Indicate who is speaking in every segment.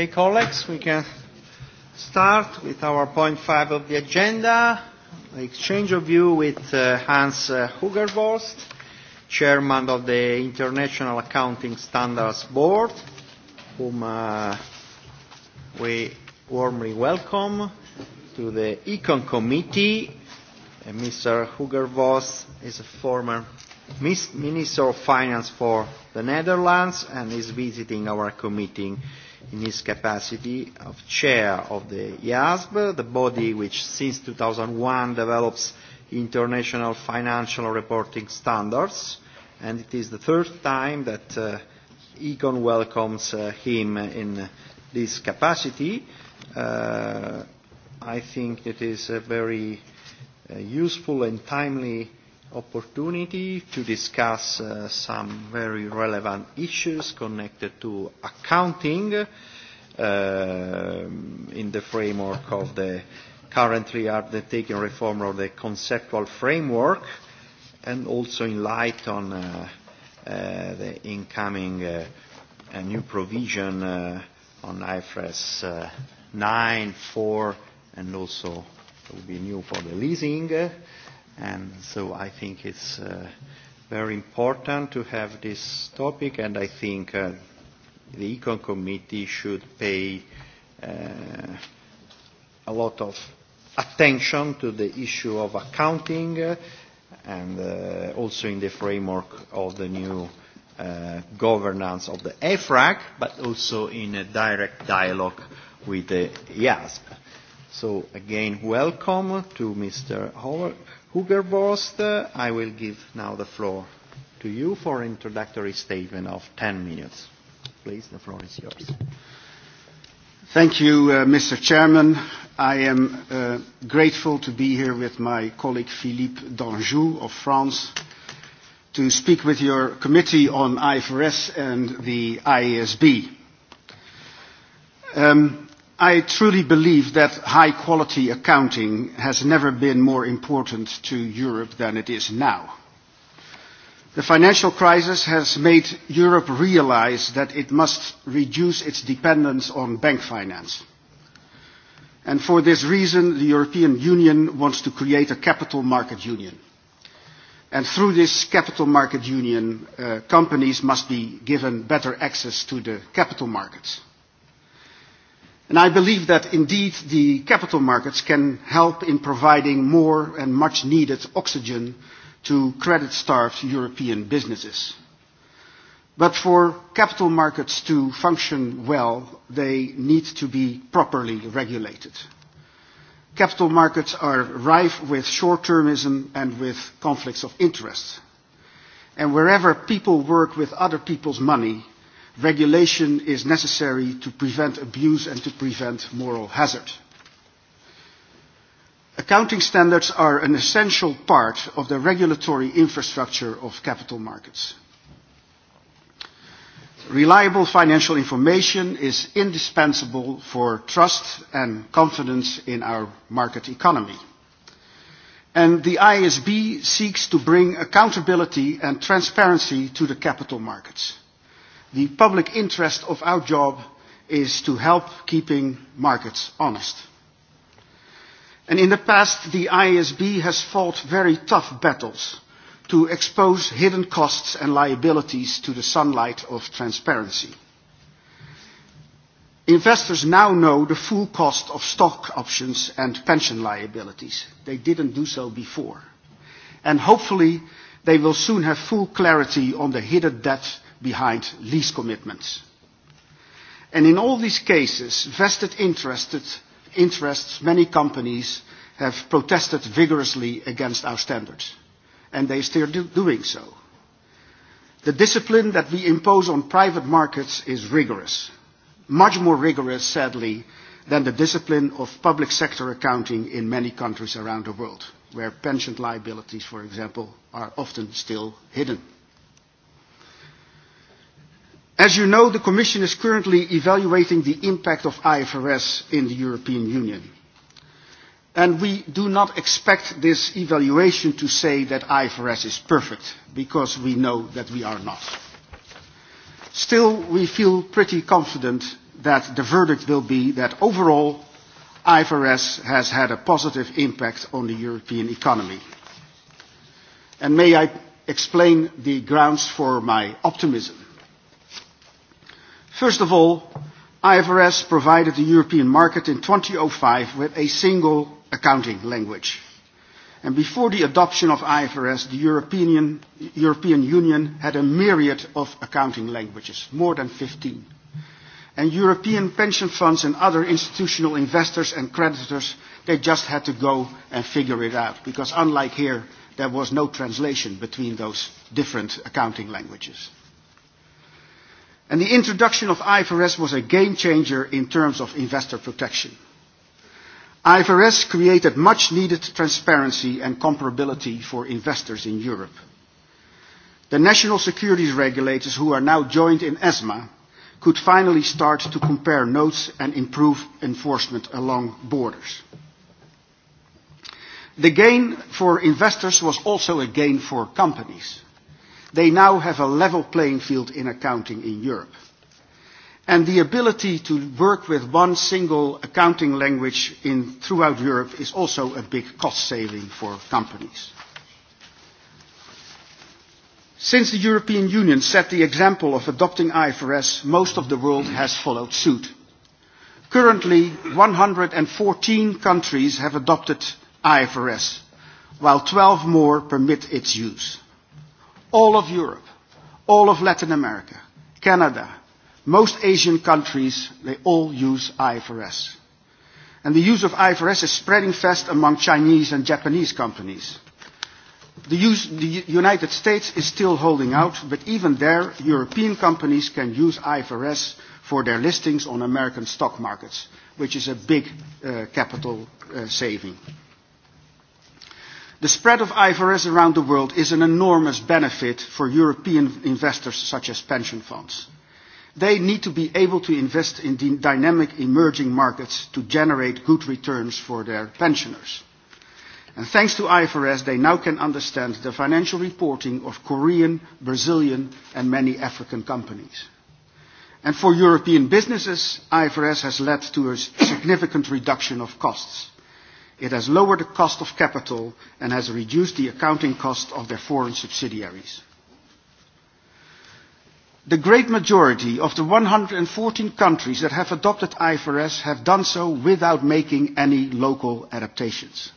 Speaker 1: Okay, colleagues, we can start with our point five of the agenda, the exchange of view with uh, Hans uh, Hugerborst, chairman of the International Accounting Standards Board, whom uh, we warmly welcome to the Econ Committee. And Mr. Hugerborst is a former Minister of Finance for the Netherlands and is visiting our committee in his capacity of chair of the IASB, the body which since 2001 develops international financial reporting standards, and it is the first time that uh, Econ welcomes uh, him in this capacity. Uh, I think it is a very uh, useful and timely opportunity to discuss uh, some very relevant issues connected to accounting uh, in the framework of the currently undertaking reform of the conceptual framework and also in light on uh, uh, the incoming uh, a new provision uh, on IFRS uh, 9, 4 and also there will be new for the leasing. Uh, And so I think it's uh, very important to have this topic, and I think uh, the Econ Committee should pay uh, a lot of attention to the issue of accounting uh, and uh, also in the framework of the new uh, governance of the EFRAC, but also in a direct dialogue with the IASP. E so again, welcome to Mr. Howard. Ugerbost. Uh, I will give now the floor to you for introductory statement of 10 minutes. Please, the floor is yours.
Speaker 2: Thank you, uh, Mr. Chairman. I am uh, grateful to be here with my colleague Philippe d'Anjou of France to speak with your committee on IFRS and the IASB. Um, I truly believe that high quality accounting has never been more important to Europe than it is now. The financial crisis has made Europe realize that it must reduce its dependence on bank finance. And for this reason, the European Union wants to create a capital market union. And through this capital market union, uh, companies must be given better access to the capital markets. And I believe that indeed the capital markets can help in providing more and much needed oxygen to credit-starved European businesses. But for capital markets to function well, they need to be properly regulated. Capital markets are rife with short-termism and with conflicts of interest. And wherever people work with other people's money, regulation is necessary to prevent abuse and to prevent moral hazard. Accounting standards are an essential part of the regulatory infrastructure of capital markets. Reliable financial information is indispensable for trust and confidence in our market economy. And the ISB seeks to bring accountability and transparency to the capital markets the public interest of our job is to help keeping markets honest. And in the past, the IASB has fought very tough battles to expose hidden costs and liabilities to the sunlight of transparency. Investors now know the full cost of stock options and pension liabilities. They didn't do so before. And hopefully, they will soon have full clarity on the hidden debt behind lease commitments. And in all these cases, vested interested, interests, many companies have protested vigorously against our standards, and they are still do doing so. The discipline that we impose on private markets is rigorous, much more rigorous, sadly, than the discipline of public sector accounting in many countries around the world, where pension liabilities, for example, are often still hidden. As you know, the Commission is currently evaluating the impact of IFRS in the European Union. And we do not expect this evaluation to say that IFRS is perfect, because we know that we are not. Still, we feel pretty confident that the verdict will be that overall, IFRS has had a positive impact on the European economy. And may I explain the grounds for my optimism? First of all, IFRS provided the European market in 2005 with a single accounting language. And before the adoption of IFRS, the European, European Union had a myriad of accounting languages, more than 15. And European pension funds and other institutional investors and creditors, they just had to go and figure it out, because unlike here, there was no translation between those different accounting languages. And the introduction of IFRS was a game changer in terms of investor protection. IFRS created much needed transparency and comparability for investors in Europe. The national securities regulators who are now joined in ESMA could finally start to compare notes and improve enforcement along borders. The gain for investors was also a gain for companies they now have a level playing field in accounting in Europe. And the ability to work with one single accounting language in, throughout Europe is also a big cost saving for companies. Since the European Union set the example of adopting IFRS, most of the world has followed suit. Currently, 114 countries have adopted IFRS, while 12 more permit its use all of Europe, all of Latin America, Canada, most Asian countries, they all use IFRS. And the use of IFRS is spreading fast among Chinese and Japanese companies. The, use, the United States is still holding out, but even there, European companies can use IFRS for their listings on American stock markets, which is a big uh, capital uh, saving. The spread of IFRS around the world is an enormous benefit for European investors such as pension funds. They need to be able to invest in the dynamic emerging markets to generate good returns for their pensioners. And thanks to IFRS, they now can understand the financial reporting of Korean, Brazilian and many African companies. And for European businesses, IFRS has led to a significant reduction of costs It has lowered the cost of capital and has reduced the accounting cost of their foreign subsidiaries. The great majority of the 114 countries that have adopted IFRS have done so without making any local adaptations.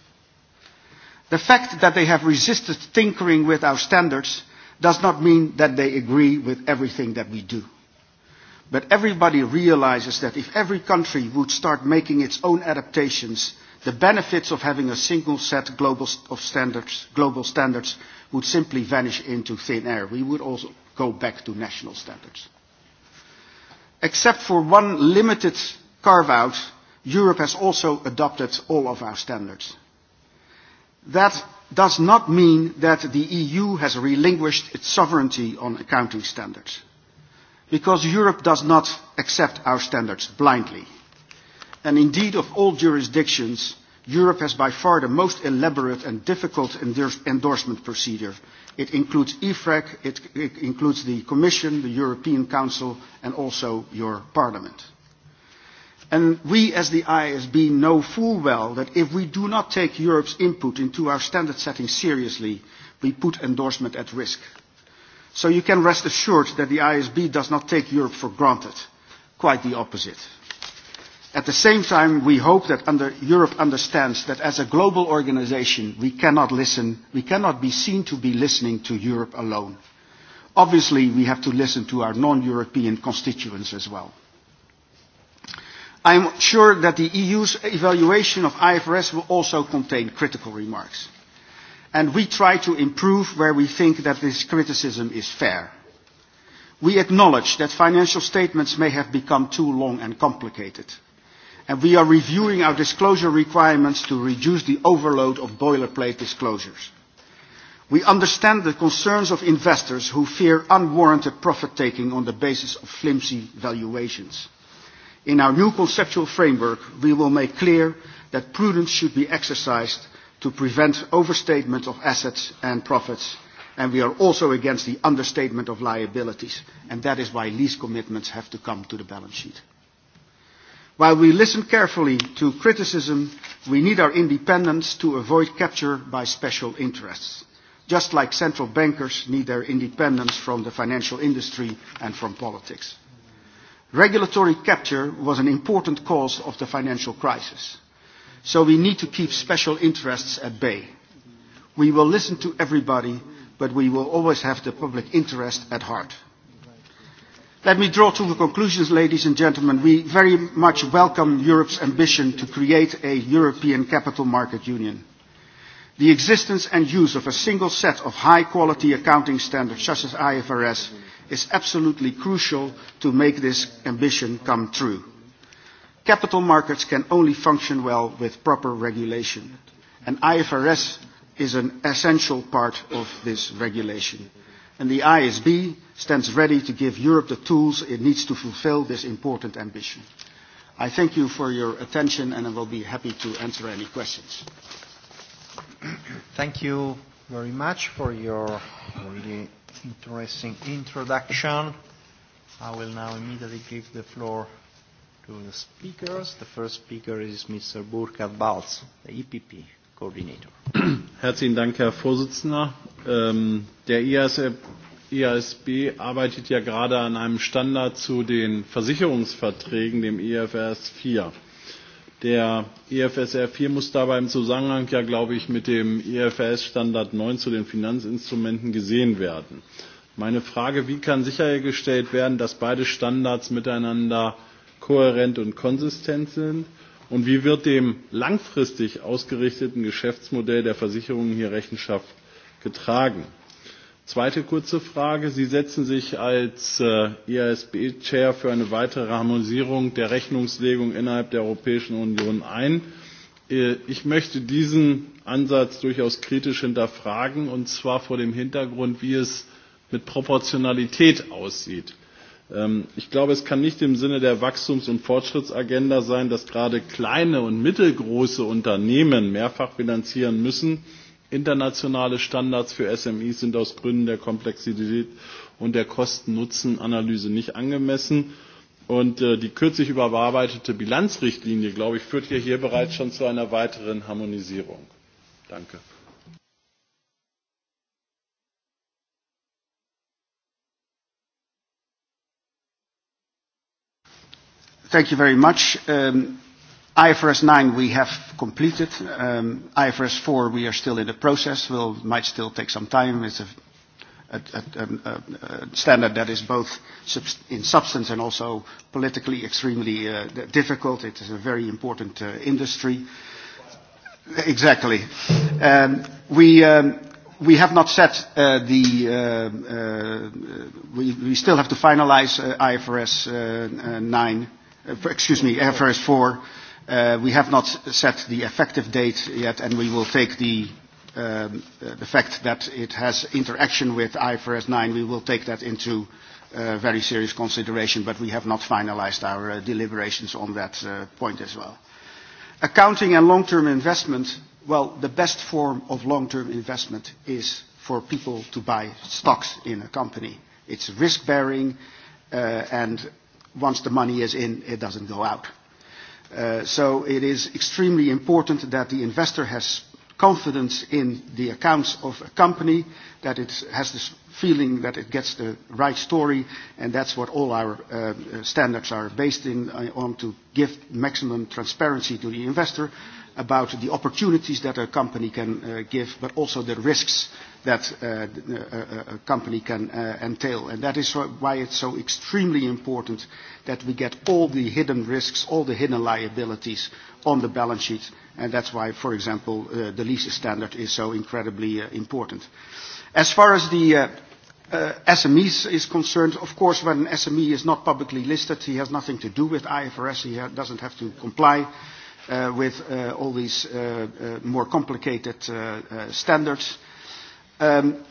Speaker 2: The fact that they have resisted tinkering with our standards does not mean that they agree with everything that we do. But everybody realizes that if every country would start making its own adaptations, The benefits of having a single set global of standards, global standards would simply vanish into thin air. We would also go back to national standards. Except for one limited carve-out, Europe has also adopted all of our standards. That does not mean that the EU has relinquished its sovereignty on accounting standards, because Europe does not accept our standards blindly. And indeed, of all jurisdictions, Europe has by far the most elaborate and difficult endorsement procedure. It includes EFRAC, e it, it includes the Commission, the European Council, and also your Parliament. And we as the ISB know full well that if we do not take Europe's input into our standard setting seriously, we put endorsement at risk. So you can rest assured that the ISB does not take Europe for granted. Quite the opposite. At the same time, we hope that under, Europe understands that as a global organization, we cannot listen, we cannot be seen to be listening to Europe alone. Obviously, we have to listen to our non-European constituents as well. I am sure that the EU's evaluation of IFRS will also contain critical remarks. And we try to improve where we think that this criticism is fair. We acknowledge that financial statements may have become too long and complicated and we are reviewing our disclosure requirements to reduce the overload of boilerplate disclosures. We understand the concerns of investors who fear unwarranted profit-taking on the basis of flimsy valuations. In our new conceptual framework, we will make clear that prudence should be exercised to prevent overstatement of assets and profits, and we are also against the understatement of liabilities, and that is why lease commitments have to come to the balance sheet. While we listen carefully to criticism, we need our independence to avoid capture by special interests, just like central bankers need their independence from the financial industry and from politics. Regulatory capture was an important cause of the financial crisis, so we need to keep special interests at bay. We will listen to everybody, but we will always have the public interest at heart. Let me draw to the conclusions, ladies and gentlemen. We very much welcome Europe's ambition to create a European capital market union. The existence and use of a single set of high-quality accounting standards such as IFRS is absolutely crucial to make this ambition come true. Capital markets can only function well with proper regulation, and IFRS is an essential part of this regulation. And the ISB stands ready to give Europe the tools it needs to fulfill this important ambition. I thank you for your attention and I will be happy to answer any questions. Thank you
Speaker 1: very much for your really interesting introduction. I will now immediately give the floor to the speakers. The first speaker
Speaker 3: is Mr. Burkhard Balz, the EPP coordinator. Herzlichen Dank, Herr Vorsitzender. Ähm, der ISF IASB arbeitet ja gerade an einem Standard zu den Versicherungsverträgen, dem IFRS 4. Der IFSR 4 muss dabei im Zusammenhang ja, glaube ich, mit dem IFRS Standard 9 zu den Finanzinstrumenten gesehen werden. Meine Frage, wie kann sichergestellt werden, dass beide Standards miteinander kohärent und konsistent sind? Und wie wird dem langfristig ausgerichteten Geschäftsmodell der Versicherungen hier Rechenschaft getragen? Zweite kurze Frage. Sie setzen sich als äh, IASB-Chair für eine weitere Harmonisierung der Rechnungslegung innerhalb der Europäischen Union ein. Äh, ich möchte diesen Ansatz durchaus kritisch hinterfragen, und zwar vor dem Hintergrund, wie es mit Proportionalität aussieht. Ähm, ich glaube, es kann nicht im Sinne der Wachstums- und Fortschrittsagenda sein, dass gerade kleine und mittelgroße Unternehmen mehrfach finanzieren müssen Internationale Standards für SMI sind aus Gründen der Komplexität und der Kosten-Nutzen-Analyse nicht angemessen. Und äh, die kürzlich überarbeitete Bilanzrichtlinie, glaube ich, führt ja hier bereits schon zu einer weiteren Harmonisierung. Danke.
Speaker 2: Thank you very much. Um, IFRS 9 we have completed. Um, IFRS 4 we are still in the process. Will might still take some time. It's a, um, standard that is both in substance and also politically extremely uh, difficult. It is a very important uh, industry. Exactly. Um, we. have not set uh, the. we, still have to finalize IFRS 9, excuse me, IFRS 4, Uh, we have not set the effective date yet, and we will take the, um, uh, the fact that it has interaction with IFRS 9, we will take that into uh, very serious consideration, but we have not finalized our uh, deliberations on that uh, point as well. Accounting and long-term investment, well, the best form of long-term investment is for people to buy stocks in a company. It's risk-bearing, uh, and once the money is in, it doesn't go out. Uh, so it is extremely important that the investor has confidence in the accounts of a company, that it has feeling that it gets the right story, and that's what all our uh, standards are based in, uh, on to give maximum transparency to the investor about the opportunities that a company can uh, give, but also the risks that uh, a, uh, uh, a company can uh, entail. And that is why it's so extremely important that we get all the hidden risks, all the hidden liabilities on the balance sheet, and that's why, for example, uh, the lease standard is so incredibly uh, important. Uh, As far as the uh, uh, SMEs is concerned, of course, when an SME is not publicly listed, he has nothing to do with IFRS. He ha doesn't have to comply uh, with uh, all these uh, uh, more complicated uh, uh, standards. Um,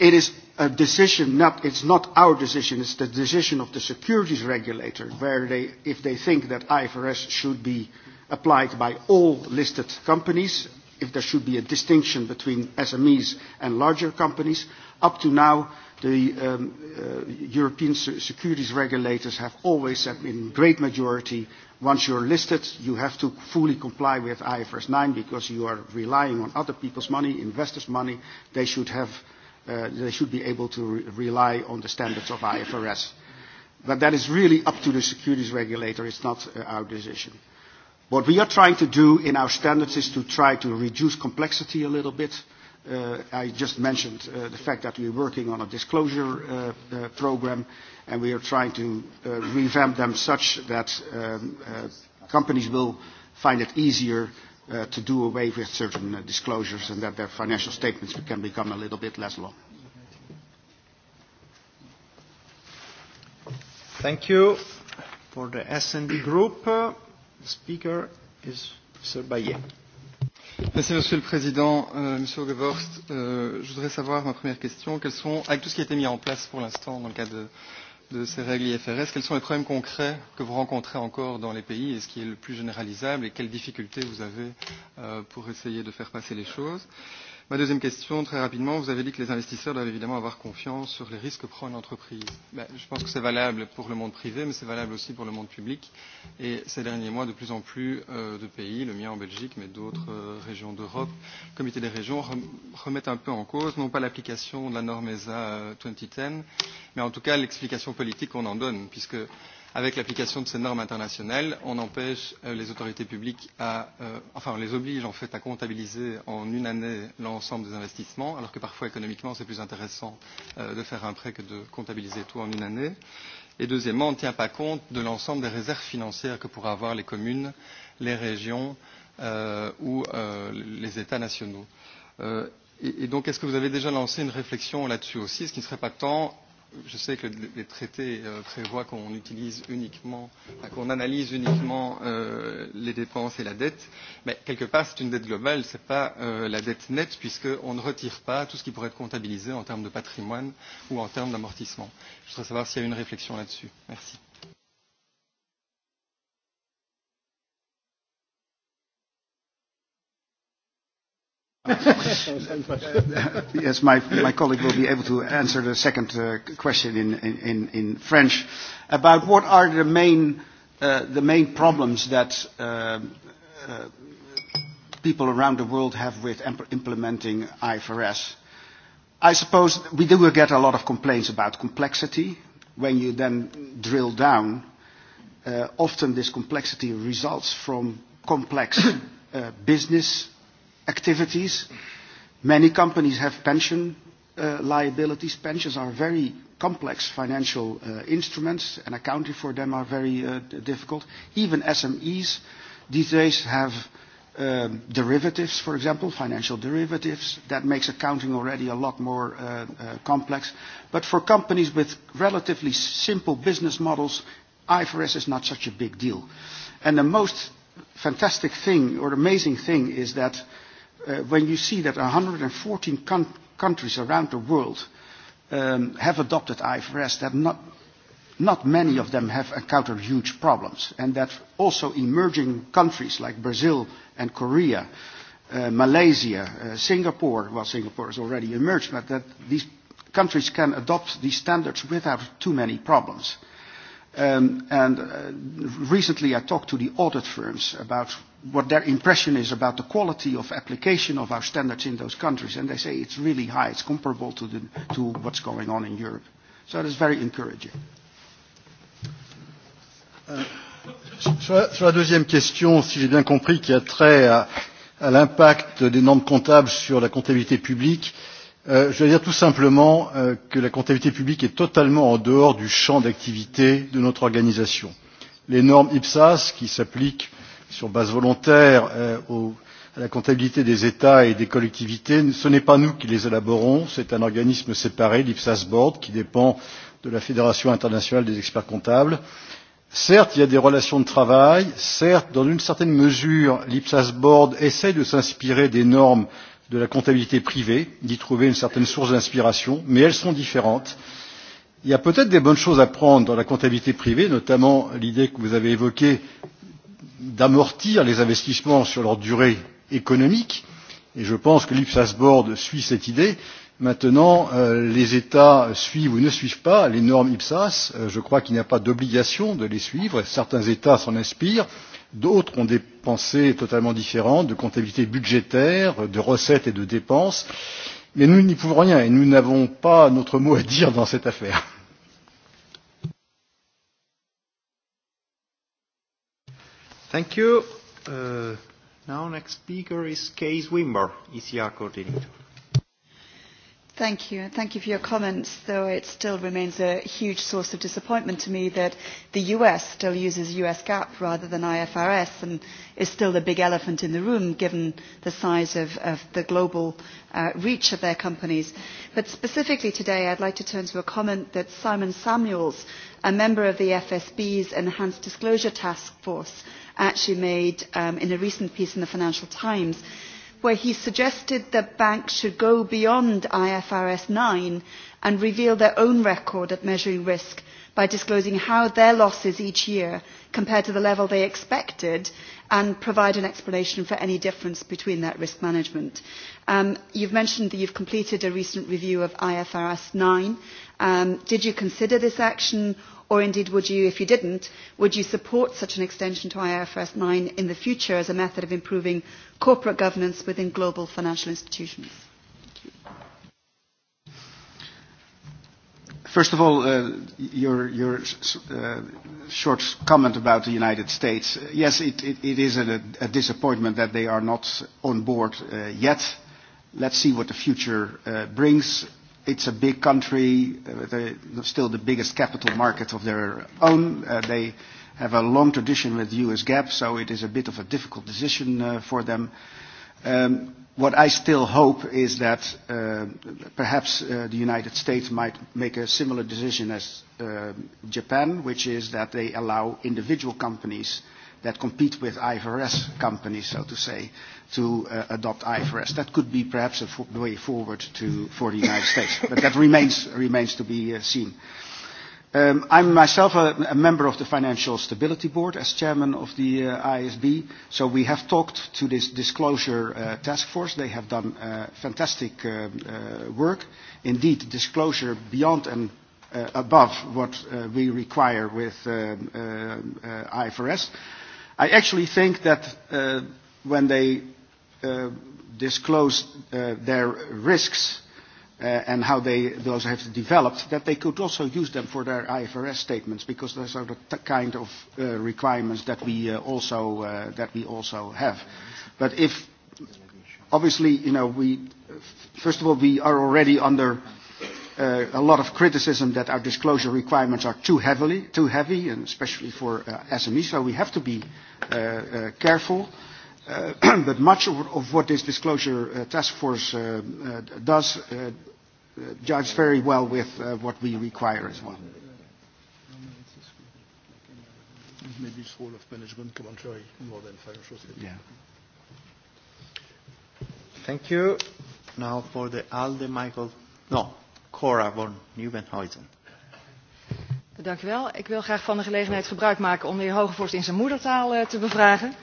Speaker 2: it is a decision, not, it's not our decision, it's the decision of the securities regulator, where they, if they think that IFRS should be applied by all listed companies, if there should be a distinction between SMEs and larger companies. Up to now, the um, uh, European securities regulators have always said in great majority, once you're listed, you have to fully comply with IFRS 9 because you are relying on other people's money, investors' money. They should, have, uh, they should be able to re rely on the standards of IFRS. But that is really up to the securities regulator. It's not uh, our decision. Uh, What we are trying to do in our standards is to try to reduce complexity a little bit. Uh, I just mentioned uh, the fact that we're working on a disclosure uh, uh, program, and we are trying to uh, revamp them such that um, uh, companies will find it easier uh, to do away with certain uh, disclosures and that their financial statements can become a little bit less long.
Speaker 1: Thank you. For the S&D group, uh, speaker
Speaker 4: is Mr. Bayet. Merci Monsieur le Président. Euh, Monsieur Gevorst. euh, je voudrais savoir, ma première question, quels sont, avec tout ce qui a été mis en place pour l'instant dans le cadre de, de ces règles IFRS, quels sont les problèmes concrets que vous rencontrez encore dans les pays et ce qui est le plus généralisable et quelles difficultés vous avez euh, pour essayer de faire passer les choses euh, Ma deuxième question, très rapidement, vous avez dit que les investisseurs doivent évidemment avoir confiance sur les risques que prend une entreprise. Ben, je pense que c'est valable pour le monde privé, mais c'est valable aussi pour le monde public. Et ces derniers mois, de plus en plus euh, de pays, le mien en Belgique, mais d'autres euh, régions d'Europe, le comité des régions remettent un peu en cause, non pas l'application de la norme ESA 2010, euh, mais en tout cas l'explication politique qu'on en donne, puisque euh, avec l'application de ces normes internationales, on empêche euh, les autorités publiques à, euh, enfin, on les oblige en fait à comptabiliser en une année l'ensemble des investissements, alors que parfois économiquement c'est plus intéressant euh, de faire un prêt que de comptabiliser tout en une année. Et deuxièmement, on ne tient pas compte de l'ensemble des réserves financières que pourraient avoir les communes, les régions euh, ou euh, les États nationaux. Euh, et, et donc, est-ce que vous avez déjà lancé une réflexion là-dessus aussi Est-ce qu'il ne serait pas temps je sais que les traités euh, prévoient qu'on utilise uniquement, qu'on analyse uniquement euh, les dépenses et la dette, mais quelque part c'est une dette globale, ce n'est pas euh, la dette nette puisqu'on ne retire pas tout ce qui pourrait être comptabilisé en termes de patrimoine ou en termes d'amortissement. Je voudrais savoir s'il y a une réflexion là-dessus. Merci.
Speaker 5: yes, my, my
Speaker 2: colleague will be able to answer the second uh, question in, in, in French about what are the main, uh, the main problems that uh, uh, people around the world have with implementing IFRS. I suppose we do get a lot of complaints about complexity. When you then drill down, uh, often this complexity results from complex uh, business activities. Many companies have pension uh, liabilities. Pensions are very complex financial uh, instruments, and accounting for them are very uh, difficult. Even SMEs these days have um, derivatives, for example, financial derivatives. That makes accounting already a lot more uh, uh, complex. But for companies with relatively simple business models, IFRS is not such a big deal. And the most fantastic thing or amazing thing is that uh, when you see that 114 con- countries around the world um, have adopted IFRS, that not, not many of them have encountered huge problems, and that also emerging countries like Brazil and Korea, uh, Malaysia, uh, Singapore, well, Singapore has already emerged, but that these countries can adopt these standards without too many problems. Um, and uh, recently I talked to the audit firms about what their impression is about the quality of application of our standards in those countries, and they say it's really high. It's comparable to, the, to what's going on in Europe. So is very encouraging.
Speaker 6: Uh, sur, la, sur la deuxième question, si j'ai bien compris, qui a trait à, à l'impact des normes comptables sur la comptabilité publique, euh, je vais dire tout simplement euh, que la comptabilité publique est totalement en dehors du champ d'activité de notre organisation. Les normes IPSAS, qui s'appliquent sur base volontaire euh, au, à la comptabilité des États et des collectivités, ce n'est pas nous qui les élaborons, c'est un organisme séparé, l'IPSAS Board, qui dépend de la Fédération internationale des experts comptables. Certes, il y a des relations de travail, certes, dans une certaine mesure, l'IPSAS Board essaie de s'inspirer des normes de la comptabilité privée, d'y trouver une certaine source d'inspiration, mais elles sont différentes. Il y a peut-être des bonnes choses à prendre dans la comptabilité privée, notamment l'idée que vous avez évoquée d'amortir les investissements sur leur durée économique et je pense que l'ipsas board suit cette idée. maintenant euh, les états suivent ou ne suivent pas les normes ipsas euh, je crois qu'il n'y a pas d'obligation de les suivre certains états s'en inspirent d'autres ont des pensées totalement différentes de comptabilité budgétaire de recettes et de dépenses mais nous n'y pouvons rien et nous n'avons pas notre mot à dire dans cette affaire.
Speaker 1: Thank you. Uh, now next speaker is Case Wimber, ECR coordinator.
Speaker 7: Thank you. Thank you for your comments, though it still remains a huge source of disappointment to me that the US still uses US GAAP rather than IFRS and is still the big elephant in the room given the size of, of the global uh, reach of their companies. But specifically today, I'd like to turn to a comment that Simon Samuels, a member of the FSB's Enhanced Disclosure Task Force, actually made um, in a recent piece in the Financial Times, where he suggested that banks should go beyond IFRS 9 and reveal their own record at measuring risk by disclosing how their losses each year compare to the level they expected and provide an explanation for any difference between that risk management. Um, you've mentioned that you've completed a recent review of IFRS 9. Um, did you consider this action or indeed would you, if you didn't, would you support such an extension to IFRS 9 in the future as a method of improving corporate governance within global financial institutions?
Speaker 2: First of all, uh, your, your uh, short comment about the United States. Yes, it, it, it is a, a disappointment that they are not on board uh, yet. Let's see what the future uh, brings it's a big country. Uh, still the biggest capital market of their own. Uh, they have a long tradition with US GAAP, so it is a bit of a difficult decision uh, for them. Um, what I still hope is that uh, perhaps uh, the United States might make a similar decision as uh, Japan, which is that they allow individual companies uh, that compete with IFRS companies, so to say, to uh, adopt IFRS. That could be perhaps a fo way forward to, for the United States, but that remains, remains to be uh, seen. Um, I'm myself a, a member of the Financial Stability Board as chairman of the uh, ISB, so we have talked to this disclosure uh, task force. They have done uh, fantastic uh, uh, work. Indeed, disclosure beyond and uh, above what uh, we require with um, uh, um, uh, IFRS I actually think that uh, when they uh, disclosed uh, their risks uh, and how they, those have developed, that they could also use them for their IFRS statements because those are the t kind of uh, requirements that we, uh, also, uh, that we also have. But if, obviously, you know, we, first of all, we are already under uh, a lot of criticism that our disclosure requirements are too heavily, too heavy, and especially for uh, SMEs. So we have to be uh, uh, careful. Uh, but much of, of what this disclosure uh, task force uh, uh, does uh, uh, jives very well with uh, what we require as well.
Speaker 6: Maybe it's role of management commentary more than financial statement. Yeah.
Speaker 1: Thank you. Now for the ALDE, Michael. No, Cora von Nieuwenhuizen.
Speaker 8: Dank u wel. Ik wil graag van de gelegenheid gebruik maken om de heer Hogevorst in zijn moedertaal eh, te bevragen.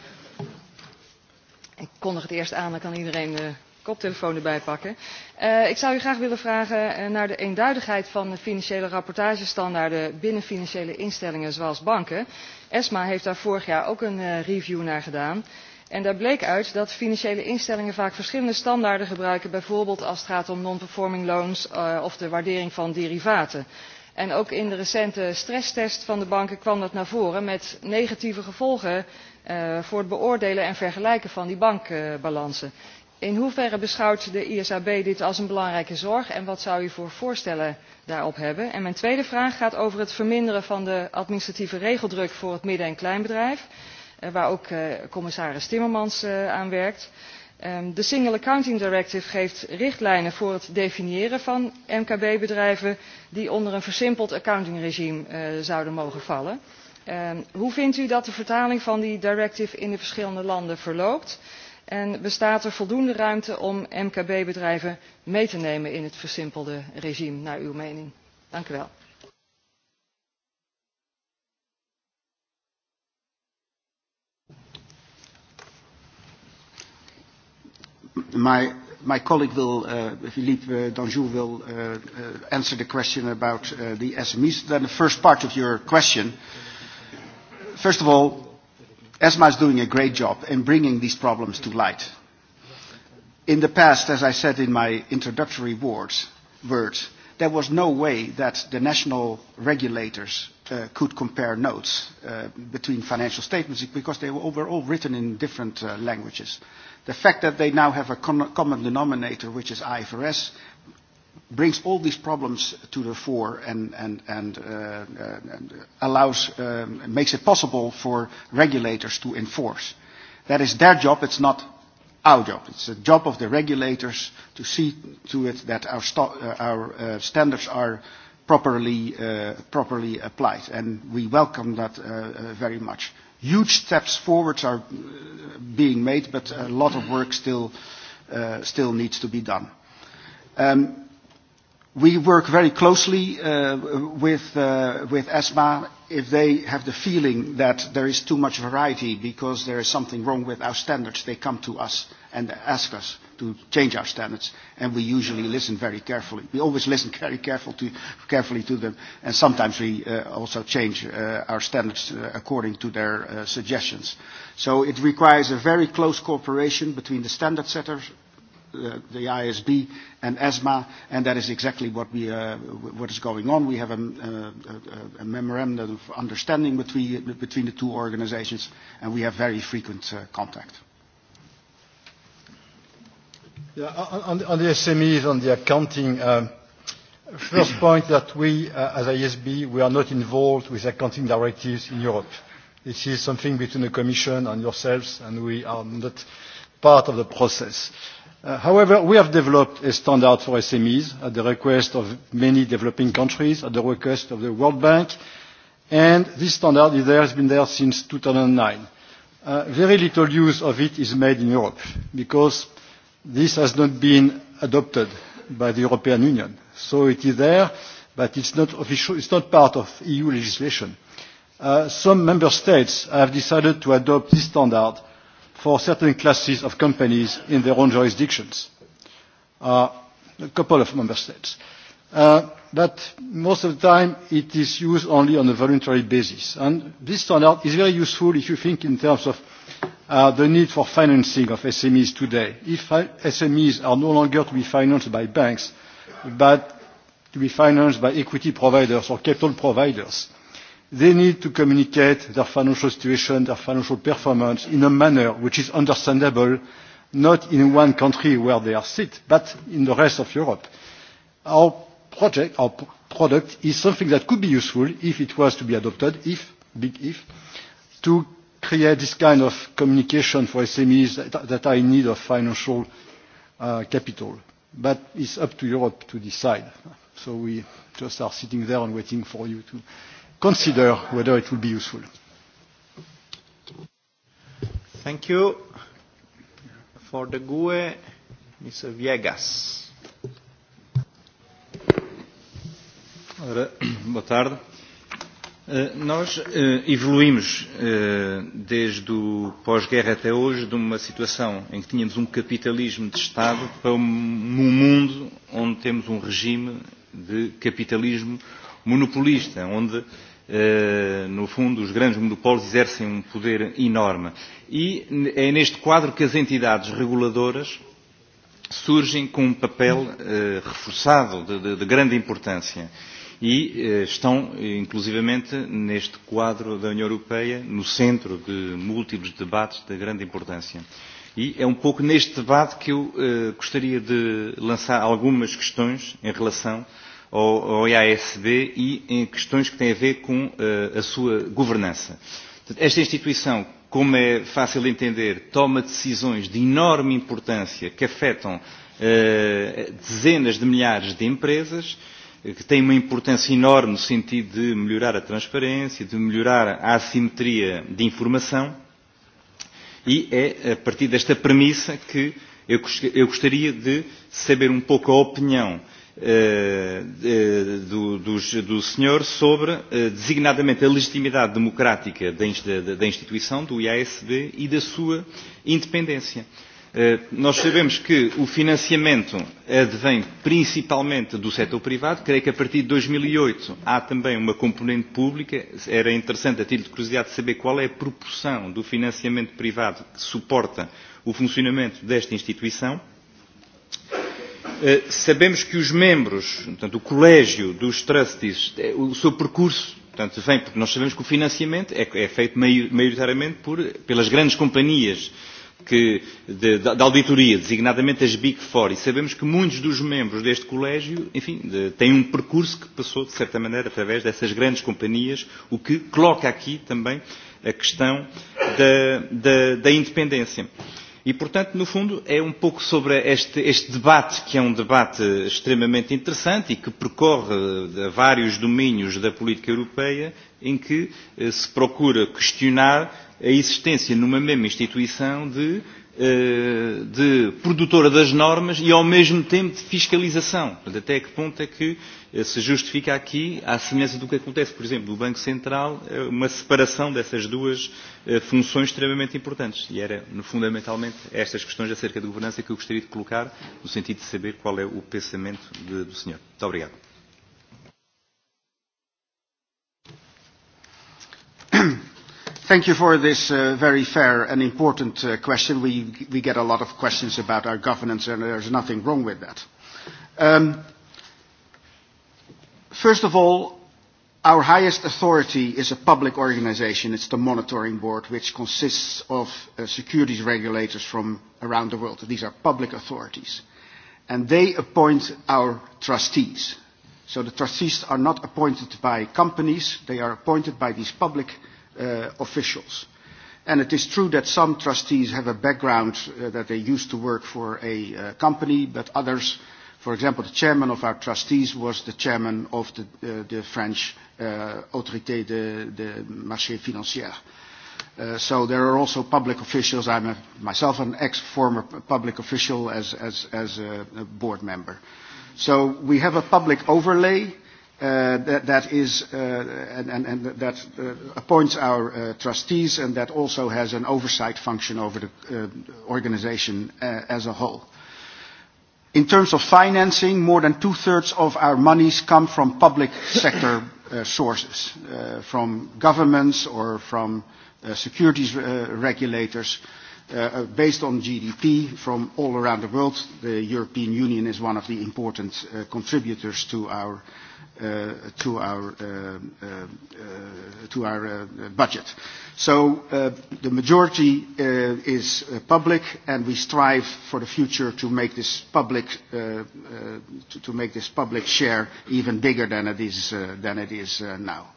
Speaker 8: Ik kondig het eerst aan, dan kan iedereen de eh, koptelefoon erbij pakken. Eh, ik zou u graag willen vragen naar de eenduidigheid van de financiële rapportagestandaarden binnen financiële instellingen zoals banken. ESMA heeft daar vorig jaar ook een review naar gedaan en daar bleek uit dat financiële instellingen vaak verschillende standaarden gebruiken bijvoorbeeld als het gaat om non performing loans eh, of de waardering van derivaten. En ook in de recente stresstest van de banken kwam dat naar voren met negatieve gevolgen eh, voor het beoordelen en vergelijken van die bankbalansen. in hoeverre beschouwt de isab dit als een belangrijke zorg en wat zou u voor voorstellen daarop hebben? mijn tweede vraag gaat over het verminderen van de administratieve regeldruk voor het midden en kleinbedrijf Eh, waar ook eh, commissaris Timmermans eh, aan werkt. Ehm, de Single Accounting Directive geeft richtlijnen voor het definiëren van MKB-bedrijven die onder een versimpeld accountingregime zouden mogen vallen. Ehm, hoe vindt u dat de vertaling van die directive in de verschillende landen verloopt? En bestaat er voldoende ruimte om MKB-bedrijven mee te nemen in het versimpelde regime, naar uw mening?
Speaker 2: my my colleague will, uh, Philippe uh, Danjou, will uh, uh, answer the question about uh, the SMEs. Then the first part of your question. First of all, ESMA is doing a great job in bringing these problems to light. In the past, as I said in my introductory words, words there was no way that the national regulators uh, could compare notes uh, between financial statements because they were all, written in different uh, languages. Uh, The fact that they now have a common denominator, which is IFRS, brings all these problems to the fore and, and, and, uh, and allows, um, makes it possible for regulators to enforce. That is their job, it's not our job. It's the job of the regulators to see to it that our, st uh, our uh, standards are properly, uh, properly applied, and we welcome that uh, uh, very much. Huge steps forwards are uh, being made, but a lot of work still, uh, still needs to be done. Um, we work very closely uh, with, uh, with ESMA. If they have the feeling that there is too much variety because there is something wrong with our standards, they come to us and ask us to change our standards, and we usually listen very carefully. We always listen very careful to, carefully to them, and sometimes we uh, also change uh, our standards uh, according to their uh, suggestions. So it requires a very close cooperation between the standard setters, uh, the ISB and ESMA, and that is exactly what, we, uh, what is going on. We have a, um, a, uh, uh, a memorandum of understanding between, between the two organizations, and we have very frequent uh, contact.
Speaker 6: Yeah, on, on the SMEs, on the accounting, um, first point that we, uh, as ISB, we are not involved with accounting directives in Europe. This is something between the Commission and yourselves, and we are not part of the process. Uh, however, we have developed a standard for SMEs at the request of many developing countries, at the request of the World Bank, and this standard is there, has been there since 2009. Uh, very little use of it is made in Europe because this has not been adopted by the European Union. So it is there, but it's not official, it's not part of EU legislation. Uh, some member states have decided to adopt this standard for certain classes of companies in their own jurisdictions. Uh, a couple of member states. Uh, but most of the time it is used only on a voluntary basis. And this standard is very useful if you think in terms of are the need for financing of SMEs today. If SMEs are no longer to be financed by banks, but to be financed by equity providers or capital providers, they need to communicate their financial situation, their financial performance in a manner which is understandable, not in one country where they are sit, but in the rest of Europe. Our project, our product is something that could be useful if it was to be adopted, if, big if, to create this kind of communication for SMEs that, that are in need of financial uh, capital. But it's up to Europe to decide. So we just are sitting there and waiting for you to consider whether it will be useful.
Speaker 1: Thank you. For the GUE, Mr. Viegas. Ora, boa tarde.
Speaker 9: Eh, nós eh, evoluímos eh, desde o pós-guerra até hoje de uma situação em que tínhamos um capitalismo de Estado para um um mundo onde temos um regime de capitalismo monopolista, onde, no fundo, os grandes monopólios exercem um poder enorme. E é neste quadro que as entidades reguladoras surgem com um papel reforçado de, de, de grande importância e eh, estão, eh, inclusivamente, neste quadro da União Europeia, no centro de múltiplos debates de grande importância. E é um pouco neste debate que eu eh, gostaria de lançar algumas questões em relação ao, ao IASB e, e em questões que têm a ver com eh, a sua governança. Esta instituição, como é fácil de entender, toma decisões de enorme importância que afetam eh, dezenas de milhares de empresas, eh, Eh, que tem uma importância enorme no sentido de melhorar a transparência, de melhorar a assimetria de informação, e é a partir desta premissa que eu, gostaria de saber um pouco a opinião uh, do, do, do senhor sobre, uh, designadamente, a legitimidade democrática da, instituição, do IASB, e da sua independência. Eh, nós sabemos que o financiamento advém principalmente do setor privado. Creio que a partir de 2008 e há também uma componente pública. Era interessante, a título de curiosidade, saber qual é a proporção do financiamento privado que suporta o funcionamento desta instituição. Eh, sabemos que os membros, portanto, o colégio dos trustees, eh, o seu percurso Portanto, vem, porque nós sabemos que o financiamento é, feito maioritariamente por, pelas grandes companhias que, de, de, de auditoria, designadamente as Big Four, e sabemos que muitos dos membros deste colégio, enfim, de, têm um percurso que passou, de certa maneira, através dessas grandes companhias, o que coloca aqui também a questão da, da, da independência. E, portanto, no fundo, é um pouco sobre este, este debate, que é um debate extremamente interessante e que percorre eh, a vários domínios da política europeia, em que eh, se procura questionar a existência numa mesma instituição de, eh, de produtora das normas e ao mesmo tempo de fiscalização. Portanto, até que ponto é que eh, se justifica aqui, à semelhança do que acontece, por exemplo, do Banco Central, eh, uma separação dessas duas funções extremamente importantes. E era, no, fundamentalmente, estas questões acerca de governança que eu gostaria de colocar, no sentido de saber qual é o pensamento
Speaker 2: de, do senhor. Muito obrigado. Thank you for this uh, very fair and important uh, question. We, we get a lot of questions about our governance, and there's nothing wrong with that. Um, first of all, our highest authority is a public organization. It's the monitoring board, which consists of uh, securities regulators from around the world. These are public authorities. And they appoint our trustees. So the trustees are not appointed by companies. They are appointed by these public authorities uh, officials. And it is true that some trustees have a background uh, that they used to work for a uh, company, but others, for example, the chairman of our trustees was the chairman of the, uh, the French uh, Autorité de, de Marché Financier. Uh, so there are also public officials. I'm a, myself an ex-former public official as, as, as a, a board member. So we have a public overlay Uh, that, that is uh, and, and, and that uh, appoints our uh, trustees and that also has an oversight function over the uh, organization uh, as a whole. In terms of financing, more than two-thirds of our monies come from public sector uh, sources, uh, from governments or from uh, securities uh, regulators, uh, uh based on GDP from all around the world. The European Union is one of the important uh, contributors to our uh, Uh, to our, uh, uh, uh, to our uh, budget. So uh, the majority uh, is uh, public, and we strive for the future to make this public, uh, uh, to, to make this public share even bigger than it is, uh, than it is uh, now.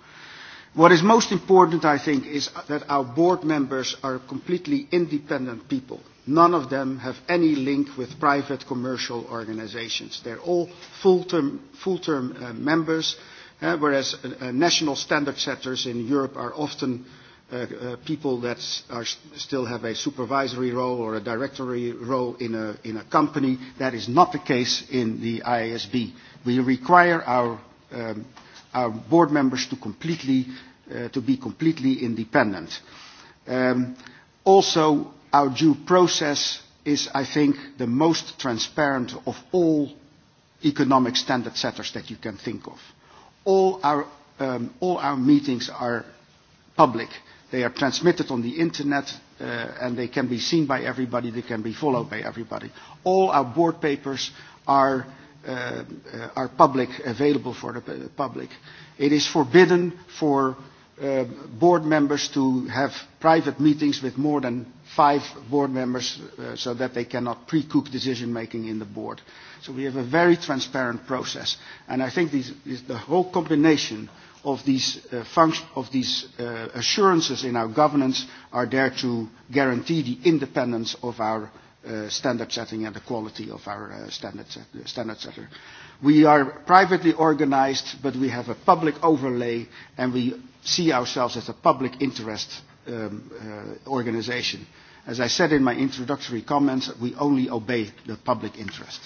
Speaker 2: What is most important, I think, is that our board members are completely independent people None of them have any link with private commercial organizations. They're all full-term full -term, uh, members, uh, whereas uh, uh, national standard setters in Europe are often uh, uh, people that are still have a supervisory role or a directory role in a, in a company. That is not the case in the IASB. We require our, um, our board members to, completely, uh, to be completely independent. Um, also, Our due process is, I think, the most transparent of all economic standard setters that you can think of. All our, um, all our meetings are public. They are transmitted on the internet uh, and they can be seen by everybody, they can be followed by everybody. All our board papers are, uh, uh are public, available for the public. It is forbidden for Uh, board members to have private meetings with more than five board members uh, so that they cannot pre-cook decision making in the board. So we have a very transparent process. And I think these, these, the whole combination of these, uh, function, of these uh, assurances in our governance are there to guarantee the independence of our uh, standard setting and the quality of our uh, standard, set, uh, standard setter. We are privately organized, but we have a public overlay, and we see ourselves as a public interest um, uh, organization. As I said in my introductory comments, we only obey the public interest.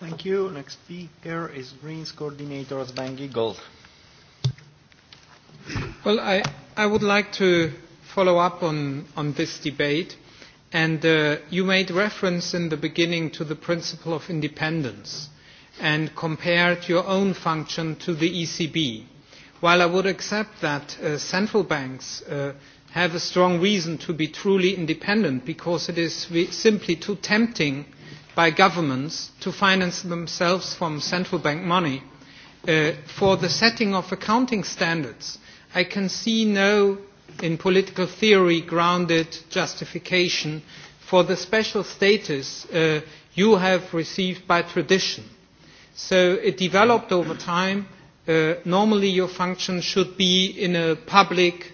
Speaker 1: Thank you. Next speaker is Greens coordinator Sven Giegold. Well, I,
Speaker 10: I would like to follow up on, on this debate. And uh, you made reference in the beginning to the principle of independence. Uh, and compared your own function to the ECB. While I would accept that uh, central banks uh, have a strong reason to be truly independent because it is simply too tempting by governments to finance themselves from central bank money, uh, for the setting of accounting standards, I can see no, in political theory, grounded justification for the special status uh, you have received by tradition. So it developed over time. Uh, normally your function should be in a public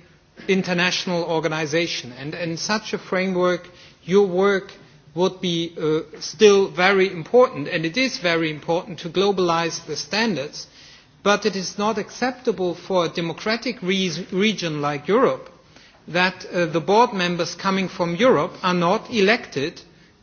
Speaker 10: international organization. And in such a framework, your work would be uh, still very important, and it is very important to globalize the standards, but it is not acceptable for a democratic re region like Europe that uh, the board members coming from Europe are not elected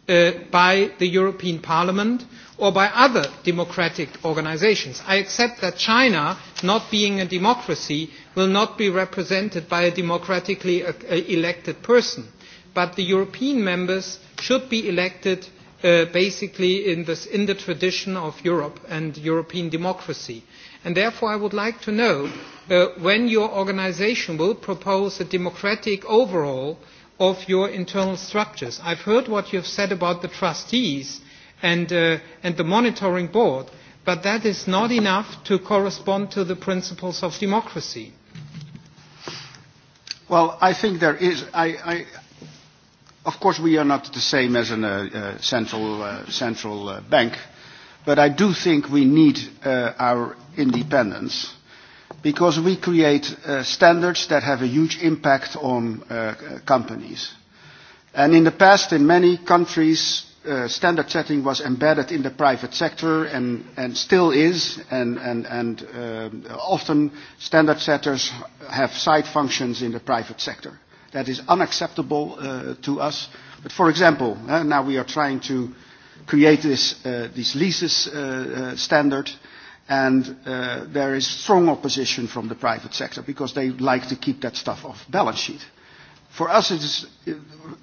Speaker 10: uh, by the European Parliament or by other democratic organizations. I accept that China, not being a democracy, will not be represented by a democratically uh, uh, elected person. But the European members should be elected uh, basically in, this, in the tradition of Europe and European democracy. And therefore, I would like to know uh, when your organization will propose a democratic overhaul of your internal structures. I've heard what you've said about the trustees, and, uh, and the monitoring board, but that is not enough to correspond to the principles of democracy.
Speaker 2: Well, I think there is. I, I, of course, we are not the same as a uh, uh, central, uh, central uh, bank, but I do think we need uh, our independence because we create uh, standards that have a huge impact on uh, companies. And in the past, in many countries, uh, standard setting was embedded in the private sector and, and still is, and, and, and uh, often standard setters have side functions in the private sector. That is unacceptable uh, to us. But for example, uh, now we are trying to create this, uh, this leases uh, uh, standard, and uh, there is strong opposition from the private sector because they like to keep that stuff off balance sheet. For us, it is uh,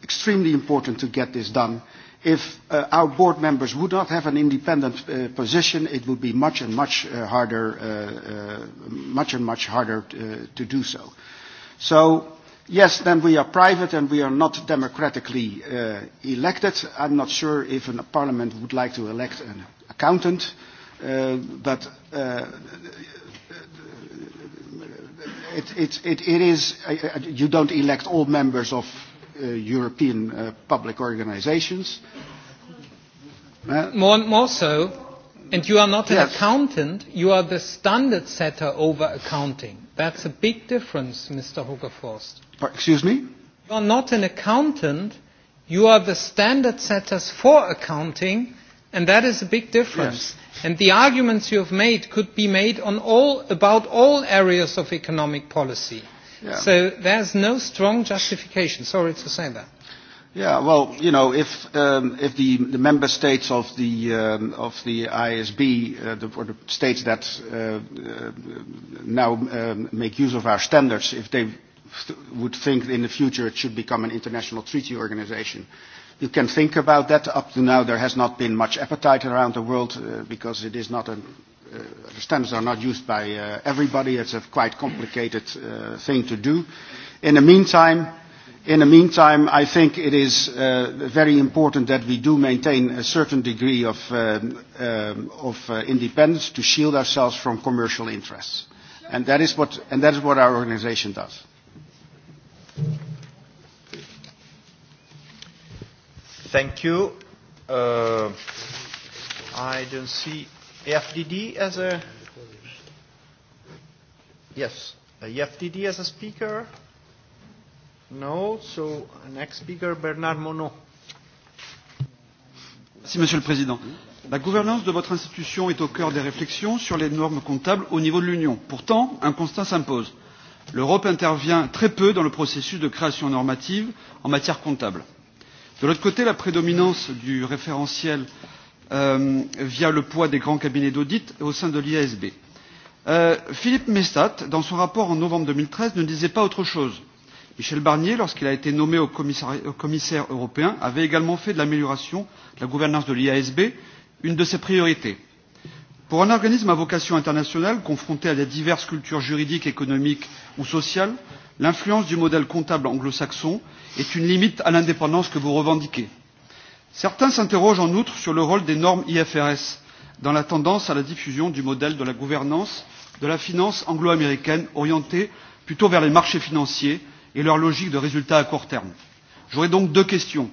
Speaker 2: extremely important to get this done If uh, our board members would not have an independent uh, position, it would be much and much uh, harder, uh, uh, much and much harder uh, to do so. So yes, then we are private and we are not democratically uh, elected. I'm not sure if a parliament would like to elect an accountant, uh, but uh, it, it, it, it is, uh, you don't elect all members of Uh, European uh, public organizations. Uh, more, more so, and you are not yes. an accountant,
Speaker 10: you are the standard setter over accounting. That's a big difference, Mr. Hogerforst. Excuse me? You are not an accountant, you are the standard setters for accounting, and that is a big difference. Yes. And the arguments you have made could be made on all, about all areas of economic policy. Yeah. So there's no strong justification, sorry to say that.
Speaker 2: Yeah, well, you know, if um, if the, the member states of the um, of the ISB uh, the, or the states that uh, uh, now um, make use of our standards, if they th would think in the future it should become an international treaty organization, you can think about that. Up to now, there has not been much appetite around the world uh, because it is not a uh, stamps are not used by uh, everybody. It's a quite complicated uh, thing to do. In the meantime, in the meantime, I think it is uh, very important that we do maintain a certain degree of, um, um, of uh, independence to shield ourselves from commercial interests. And that is what, and that is what our organization does.
Speaker 1: Thank you. Uh, I don't see FDD as a yes, a FDD as a speaker. No, so next speaker Bernard Monod.
Speaker 11: Merci Monsieur le Président. La gouvernance de votre institution est au cœur des réflexions sur les normes comptables au niveau de l'Union. Pourtant, un constat s'impose. L'Europe intervient très peu dans le processus de création normative en matière comptable. De l'autre côté, la prédominance du référentiel Euh, via le poids des grands cabinets d'audit au sein de l'IASB. Euh, Philippe Mestat, dans son rapport en novembre 2013, ne disait pas autre chose. Michel Barnier, lorsqu'il a été nommé au commissaire, au commissaire européen, avait également fait de l'amélioration de la gouvernance de l'IASB une de ses priorités. Pour un organisme à vocation internationale, confronté à des diverses cultures juridiques, économiques ou sociales, l'influence du modèle comptable anglo-saxon est une limite à l'indépendance que vous revendiquez. Certains s'interrogent en outre sur le rôle des normes IFRS dans la tendance à la diffusion du modèle de la gouvernance de la finance anglo-américaine orientée plutôt vers les marchés financiers et leur logique de résultats à court terme. J'aurais donc deux questions.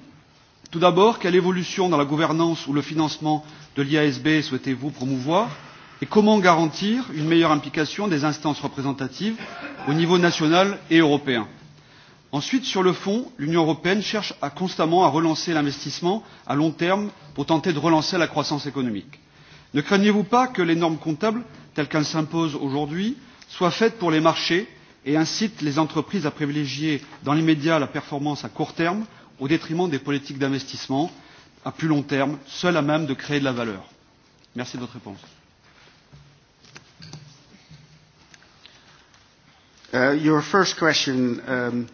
Speaker 11: Tout d'abord, quelle évolution dans la gouvernance ou le financement de l'IASB souhaitez-vous promouvoir et comment garantir une meilleure implication des instances représentatives au niveau national et européen Ensuite, sur le fond, l'Union européenne cherche à constamment à relancer l'investissement à long terme pour tenter de relancer la croissance économique. Ne craignez-vous pas que les normes comptables, telles qu'elles s'imposent aujourd'hui, soient faites pour les marchés et incitent les entreprises à privilégier dans l'immédiat la performance à court terme au détriment des politiques d'investissement à plus long terme, seules à même de créer de la valeur Merci de votre réponse.
Speaker 2: Uh, your first question um,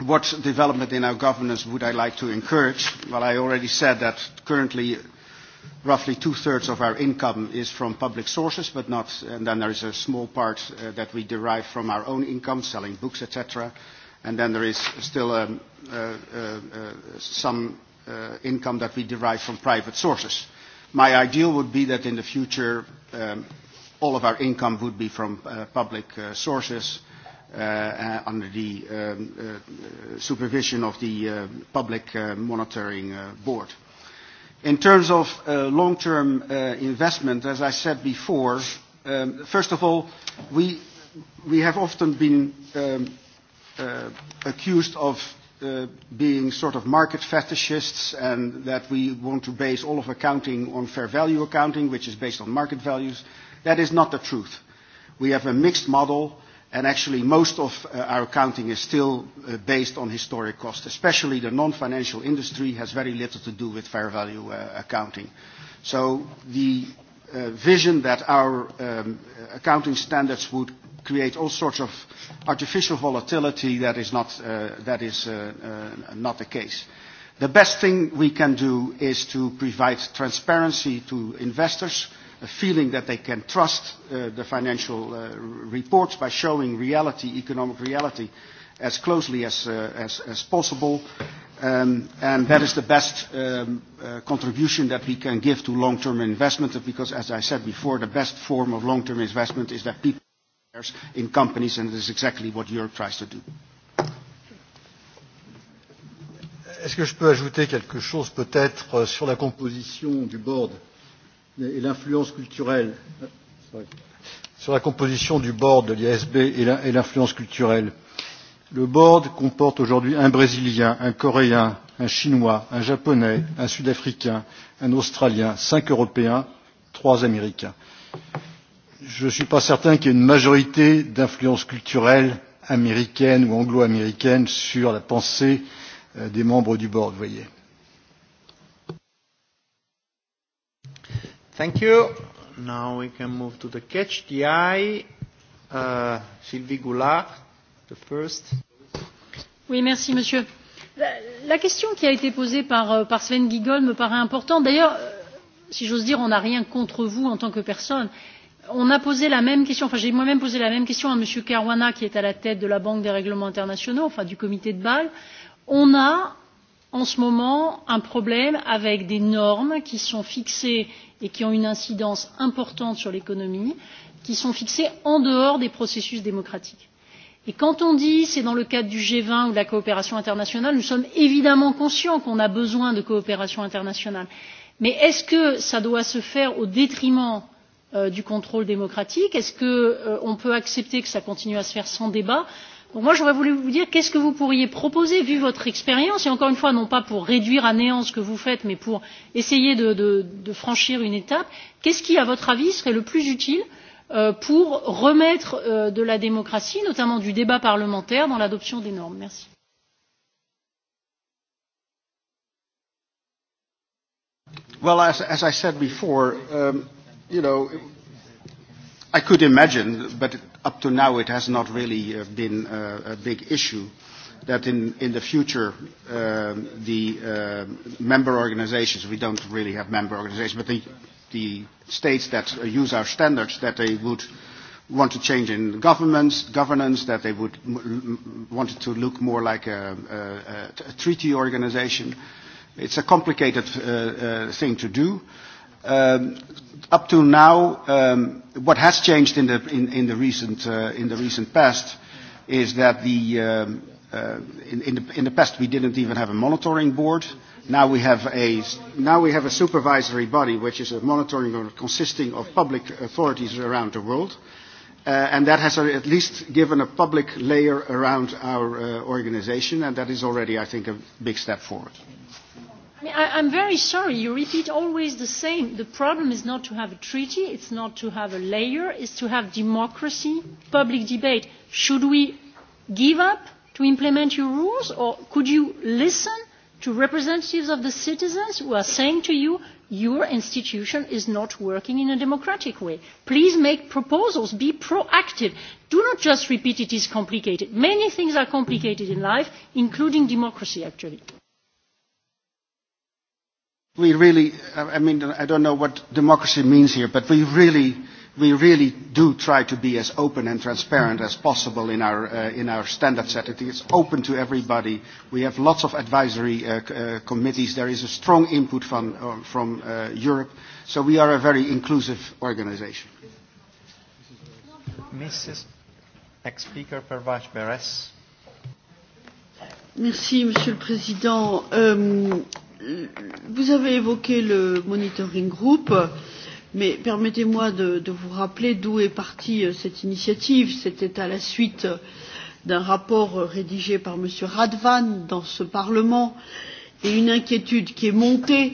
Speaker 2: what development in our governance would I like to encourage? Well, I already said that currently roughly two-thirds of our income is from public sources, but not, and then there is a small part uh, that we derive from our own income, selling books, etc. And then there is still um, uh, uh, uh, some uh, income that we derive from private sources. My ideal would be that in the future um, all of our income would be from uh, public uh, sources, uh, Uh, uh, under the um, uh, supervision of the uh, Public uh, Monitoring uh, Board. In terms of uh, long-term uh, investment, as I said before, um, first of all, we, we have often been um, uh, accused of uh, being sort of market fetishists and that we want to base all of accounting on fair value accounting, which is based on market values. That is not the truth. We have a mixed model and actually most of uh, our accounting is still uh, based on historic cost. Especially the non-financial industry has very little to do with fair value uh, accounting. So the uh, vision that our um, accounting standards would create all sorts of artificial volatility that is not, uh, that is, uh, uh, not the case. The best thing we can do is to provide transparency to investors uh, a feeling that they can trust uh, the financial uh, reports by showing reality, economic reality, as closely as, uh, as, as possible. Um, and that is the best um, uh, contribution that we can give to long-term investment because, as I said before, the best form of long-term investment is that people shares in companies, and it is exactly what Europe tries to do.
Speaker 6: Est-ce que je peux ajouter quelque chose peut-être sur la composition du board et l'influence culturelle sur la composition du board de l'ISB et l'influence culturelle. Le board comporte aujourd'hui un Brésilien, un Coréen, un Chinois, un Japonais, un Sud-Africain, un Australien, cinq Européens, trois Américains. Je ne suis pas certain qu'il y ait une majorité d'influence culturelle américaine ou anglo-américaine sur la pensée euh, des membres du board, vous voyez.
Speaker 1: Thank you. Now we can move to the catch the eye. Uh, Sylvie Goulard, the first.
Speaker 12: Oui, merci, monsieur. La, la question qui a été posée par, euh, par Sven Giegold me paraît importante. D'ailleurs, euh, si j'ose dire, on n'a rien contre vous en tant que personne. On a posé la même question, enfin j'ai moi-même posé la même question à M. Caruana qui est à la tête de la Banque des règlements internationaux, enfin du comité de Bâle. On a en ce moment un problème avec des normes qui sont fixées et qui ont une incidence importante sur l'économie qui sont fixées en dehors des processus démocratiques. Et quand on dit c'est dans le cadre du G20 ou de la coopération internationale, nous sommes évidemment conscients qu'on a besoin de coopération internationale. Mais est-ce que ça doit se faire au détriment euh, du contrôle démocratique Est-ce qu'on euh, peut accepter que ça continue à se faire sans débat euh, moi j'aurais voulu vous dire qu'est ce que vous pourriez proposer vu votre expérience et encore une fois non pas pour réduire à néant ce que vous faites mais pour essayer de, de, de franchir une étape qu'est ce qui à votre avis serait le plus utile euh, pour remettre euh, de la démocratie notamment du débat parlementaire dans l'adoption des normes? merci.
Speaker 2: Well, as, as I said before, um, you know, I could imagine, but it up to now it has not really uh, been uh, a big issue that in, in the future uh, the uh, member organizations, we don't really have member organizations, but the, the states that uh, use our standards, that they would want to change in governments, governance, that they would m- want to look more like a, a, a treaty organization. It's a complicated uh, uh, thing to do. Uh, Um, up to now, um, what has changed in the, in, in the, recent, uh, in the recent past is that the, um, uh, in, in, the, in the past we didn't even have a monitoring board. Now we, have a, now we have a supervisory body, which is a monitoring board consisting of public authorities around the world. Uh, and that has at least given a public layer around our uh, organization, and that is already, I think, a big step forward.
Speaker 12: I, I'm very sorry, you repeat always the same. The problem is not to have a treaty, it's not to have a layer, it's to have democracy, public debate. Should we give up to implement your rules, or could you listen to representatives of the citizens who are saying to you, your institution is not working in a democratic way. Please make proposals, be proactive. Do not just repeat it is complicated. Many things are complicated in life, including democracy, actually.
Speaker 2: We really, I mean, I don't know what democracy means here, but we really, we really do try to be as open and transparent as possible in our, uh, in our standard setting. It's open to everybody. We have lots of advisory uh, uh, committees. There is a strong input from, uh, from uh, Europe. So we are a very inclusive organization.
Speaker 1: Mrs. Next speaker, Pervash Beres.
Speaker 13: Merci, Monsieur le Président. um vous avez évoqué le monitoring group, mais permettez-moi de, de vous rappeler d'où est partie euh, cette initiative. C'était à la suite d'un rapport euh, rédigé par M. Radvan dans ce Parlement et une inquiétude qui est montée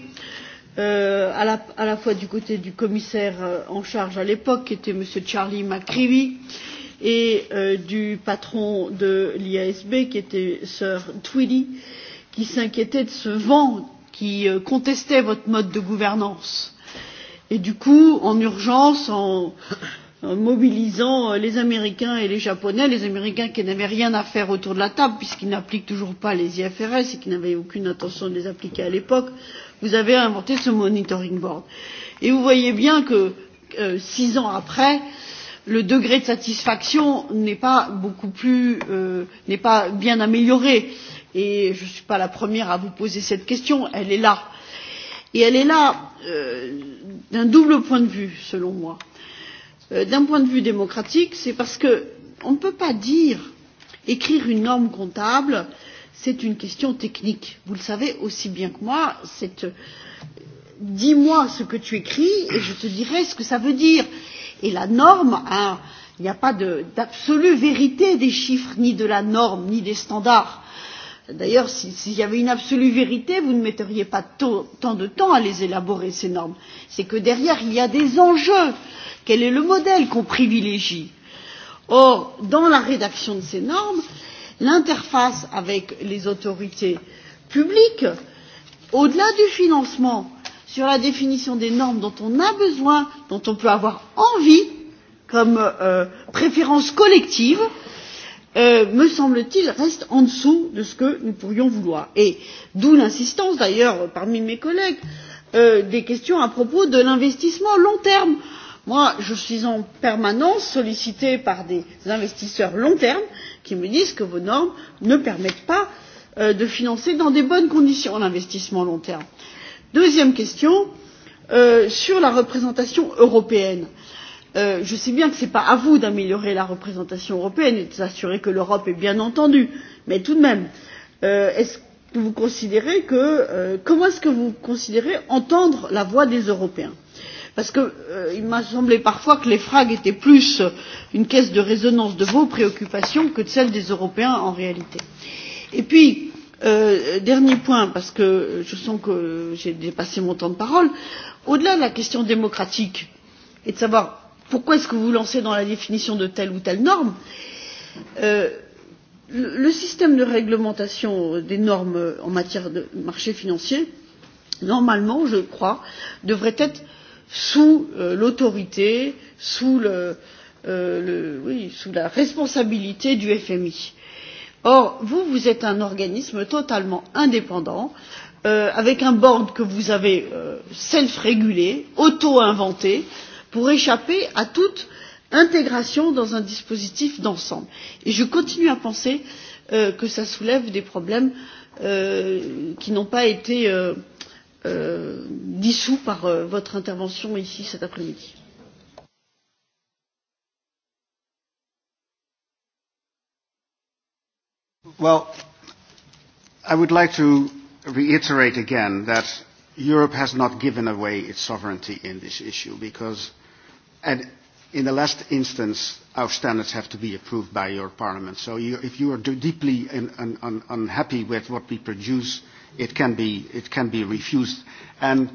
Speaker 13: euh, à, la, à la fois du côté du commissaire euh, en charge à l'époque, qui était M. Charlie McCreevy, et euh, du patron de l'IASB, qui était Sir Tweedy, qui s'inquiétait de ce vent qui euh, contestaient votre mode de gouvernance et du coup en urgence en en mobilisant euh, les américains et les japonais les américains qui n'avaient rien à faire autour de la table puisqu'ils n'appliquent toujours pas les ifrs et qui n'avaient aucune intention de les appliquer à l'époque vous avez inventé ce monitoring board. et vous voyez bien que euh, six ans après le degré de satisfaction n'est pas beaucoup plus euh, n'est pas bien amélioré. Euh, et je ne suis pas la première à vous poser cette question elle est là et elle est là euh, d'un double point de vue selon moi. Euh, d'un point de vue démocratique c'est parce qu'on ne peut pas dire écrire une norme comptable c'est une question technique vous le savez aussi bien que moi c'est euh, dis moi ce que tu écris et je te dirai ce que ça veut dire et la norme a un, il n'y a pas d'absolue vérité des chiffres ni de la norme ni des standards D'ailleurs, s'il si y avait une absolue vérité, vous ne mettriez pas tôt, tant de temps à les élaborer, ces normes. C'est que derrière, il y a des enjeux. Quel est le modèle qu'on privilégie Or, dans la rédaction de ces normes, l'interface avec les autorités publiques, au delà du financement, sur la définition des normes dont on a besoin, dont on peut avoir envie, comme euh, préférence collective, euh, Euh, me semble t il reste en dessous de ce que nous pourrions vouloir d'où l'insistance d'ailleurs parmi mes collègues euh, des questions à propos de l'investissement à long terme. Moi, je suis en permanence sollicitée par des investisseurs à long terme qui me disent que vos normes ne permettent pas euh, de financer dans de bonnes conditions l'investissement à long terme. deuxième question euh, sur la représentation européenne. Euh, Euh, je sais bien que ce n'est pas à vous d'améliorer la représentation européenne et de vous assurer que l'Europe est bien entendue, mais tout de même, euh, est-ce que vous considérez que, euh, comment est-ce que vous considérez entendre la voix des Européens Parce qu'il euh, m'a semblé parfois que les frags étaient plus une caisse de résonance de vos préoccupations que de celles des Européens en réalité. Et puis, euh, dernier point, parce que je sens que j'ai dépassé mon temps de parole, au-delà de la question démocratique et de savoir pourquoi est-ce que vous vous lancez dans la définition de telle ou telle norme euh, le, système de réglementation des normes en matière de marché financier normalement je crois devrait être sous euh, l'autorité sous, le, euh, le, oui, sous la responsabilité du fmi. or vous vous êtes un organisme totalement indépendant euh, avec un board que vous avez euh, self régulé auto inventé euh, pour échapper à toute intégration dans un dispositif d'ensemble. et je continue à penser euh, que ça soulève des problèmes euh, qui n'ont pas été euh, euh, dissous par euh, votre intervention ici cet après midi.
Speaker 2: Well, I would like to reiterate again that Europe has not given away its sovereignty in this issue because And in the last instance, our standards have to be approved by your parliament. So you, if you are deeply in, un, un, unhappy with what we produce, it can be, it can be refused. And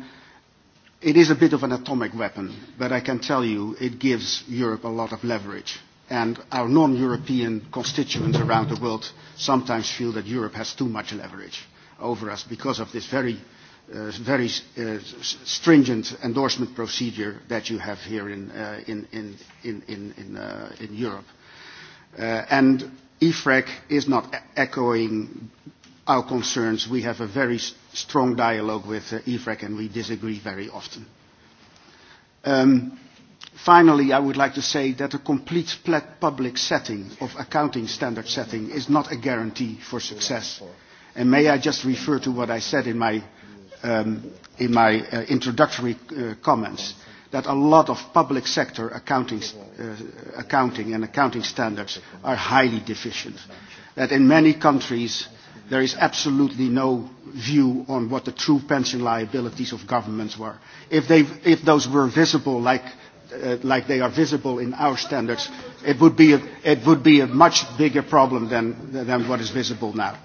Speaker 2: it is a bit of an atomic weapon, but I can tell you it gives Europe a lot of leverage. And our non-European constituents around the world sometimes feel that Europe has too much leverage over us because of this very uh, very uh, stringent endorsement procedure that you have here in, uh, in, in, in, in, in, uh, in Europe. Uh, and EFRAC e is not e-, echoing our concerns. We have a very strong dialogue with uh, EFRAC e and we disagree very often. Um, finally, I would like to say that a complete public setting of accounting standard setting is not a guarantee for success. And may I just refer to what I said in my um, in my uh, introductory uh, comments that a lot of public sector accounting, uh, accounting and accounting standards are highly deficient. That in many countries there is absolutely no view on what the true pension liabilities of governments were. If, if those were visible like, uh, like they are visible in our standards, it would be a, it would be a much bigger problem than, than what is visible now.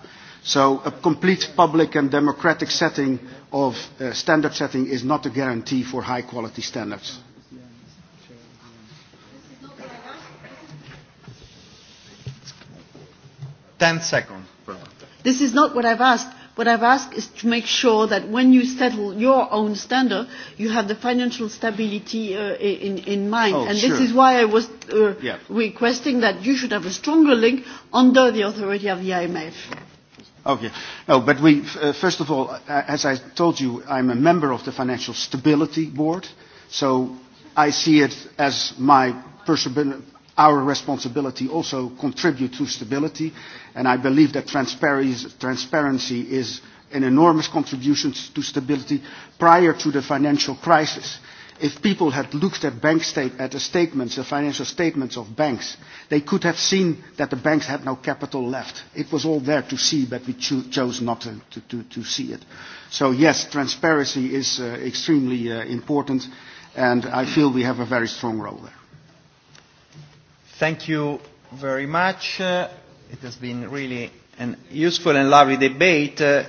Speaker 2: So a complete public and democratic setting of uh, standard setting is not a guarantee for high quality standards.
Speaker 1: Ten seconds.
Speaker 13: This is not what I've asked. What I've asked is to make sure that when you settle your own standard, you have the financial stability uh, in, in mind. Oh, and sure. this is why I was uh, yeah. requesting that you should have a stronger link under the authority of the IMF.
Speaker 2: Okay. No, but we, uh, first of all, as I told you, I'm a member of the Financial Stability Board, so I see it as my our responsibility also contribute to stability, and I believe that transparency is an enormous contribution to stability prior to the financial crisis If people had looked at bank state, at the statements, the financial statements of banks, they could have seen that the banks had no capital left. It was all there to see, but we cho chose not to, to, to, to see it. So yes, transparency is uh, extremely uh, important, and I feel we have a very strong role there.
Speaker 1: Thank you very much. Uh, it has been really an useful and lovely debate. Uh,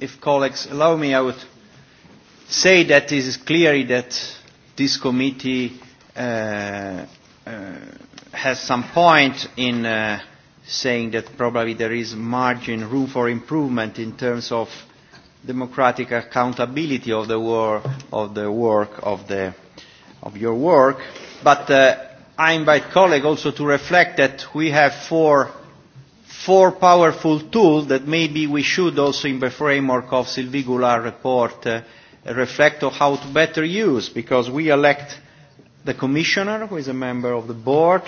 Speaker 1: if colleagues allow me, I would say that it is clear that this committee uh, uh, has some point in uh, saying that probably there is margin, room for improvement in terms of democratic accountability of the, war, of the work of, the, of your work. But uh, I invite colleagues also to reflect that we have four, four powerful tools that maybe we should also in the framework of Sylvie Goulard report uh, reflect on how to better use, because we elect the commissioner, who is a member of the board.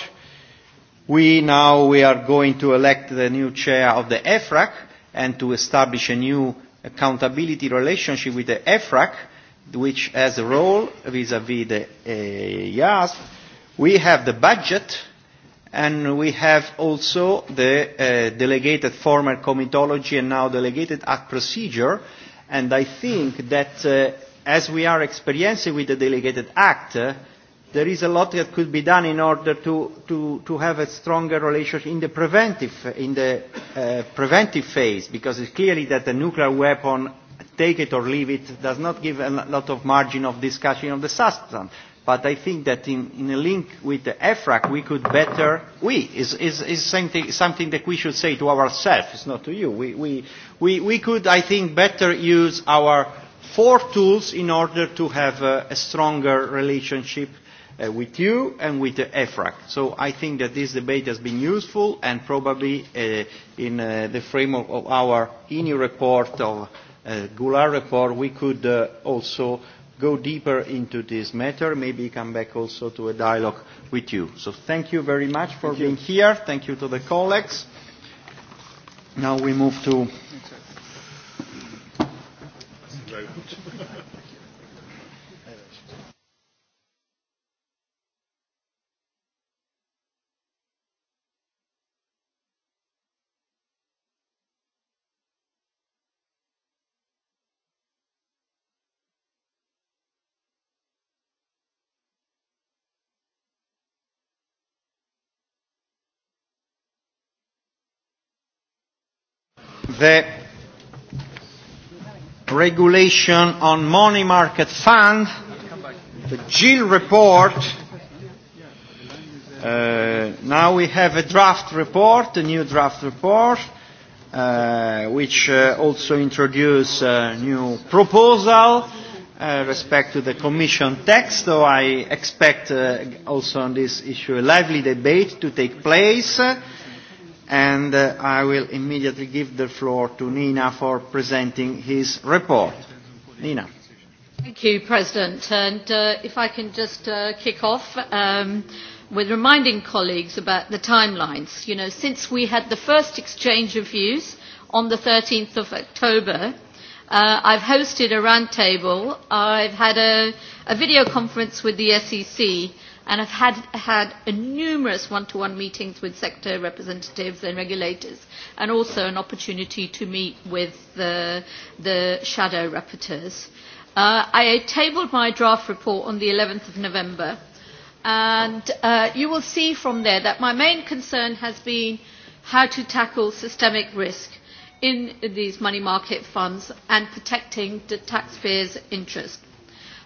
Speaker 1: We now we are going to elect the new chair of the EFRAC and to establish a new accountability relationship with the EFRAC, which has a role vis-à-vis -vis the uh, YAS. We have the budget, and we have also the uh, delegated former comitology and now delegated act procedure And I think that uh, as we are experiencing with the delegated act, uh, there is a lot that could be done in order to, to, to have a stronger relationship in the preventive, in the, uh, preventive phase, because it's clearly that the nuclear weapon, take it or leave it, does not give a lot of margin of discussion of the substance. But I think that in, in a link with the EFRAC, we could better, we, is, is, is something, something that we should say to ourselves, it's not to you. We, we, we, we could, I think, better use our four tools in order to have a, a stronger relationship uh, with you and with the EFRAC. So I think that this debate has been useful and probably uh, in uh, the framework of our INI report, of uh, Goulart report, we could uh, also go deeper into this matter, maybe come back also to a dialogue with you. So thank you very much for thank being you. here. Thank you to the colleagues.
Speaker 6: Now we move to
Speaker 1: the regulation on money market fund, the GIL report. Uh, now we have a draft report, a new draft report, uh, which uh, also introduces a new proposal uh, respect to the Commission text, so I expect uh, also on this issue a lively debate to take place. Uh, and uh, I will immediately give the floor to Nina for presenting his report. Nina.
Speaker 14: Thank you, President. And uh, if I can just uh, kick off um, with reminding colleagues about the timelines. You know, since we had the first exchange of views on the 13th of October, uh, I've hosted a roundtable. I've had a, a video conference with the SEC and have had, had a numerous one-to-one -one meetings with sector representatives and regulators, and also an opportunity to meet with the, the shadow rapporteurs. Uh, I tabled my draft report on the 11th of November, and uh, you will see from there that my main concern has been how to tackle systemic risk in these money market funds and protecting the taxpayers' interest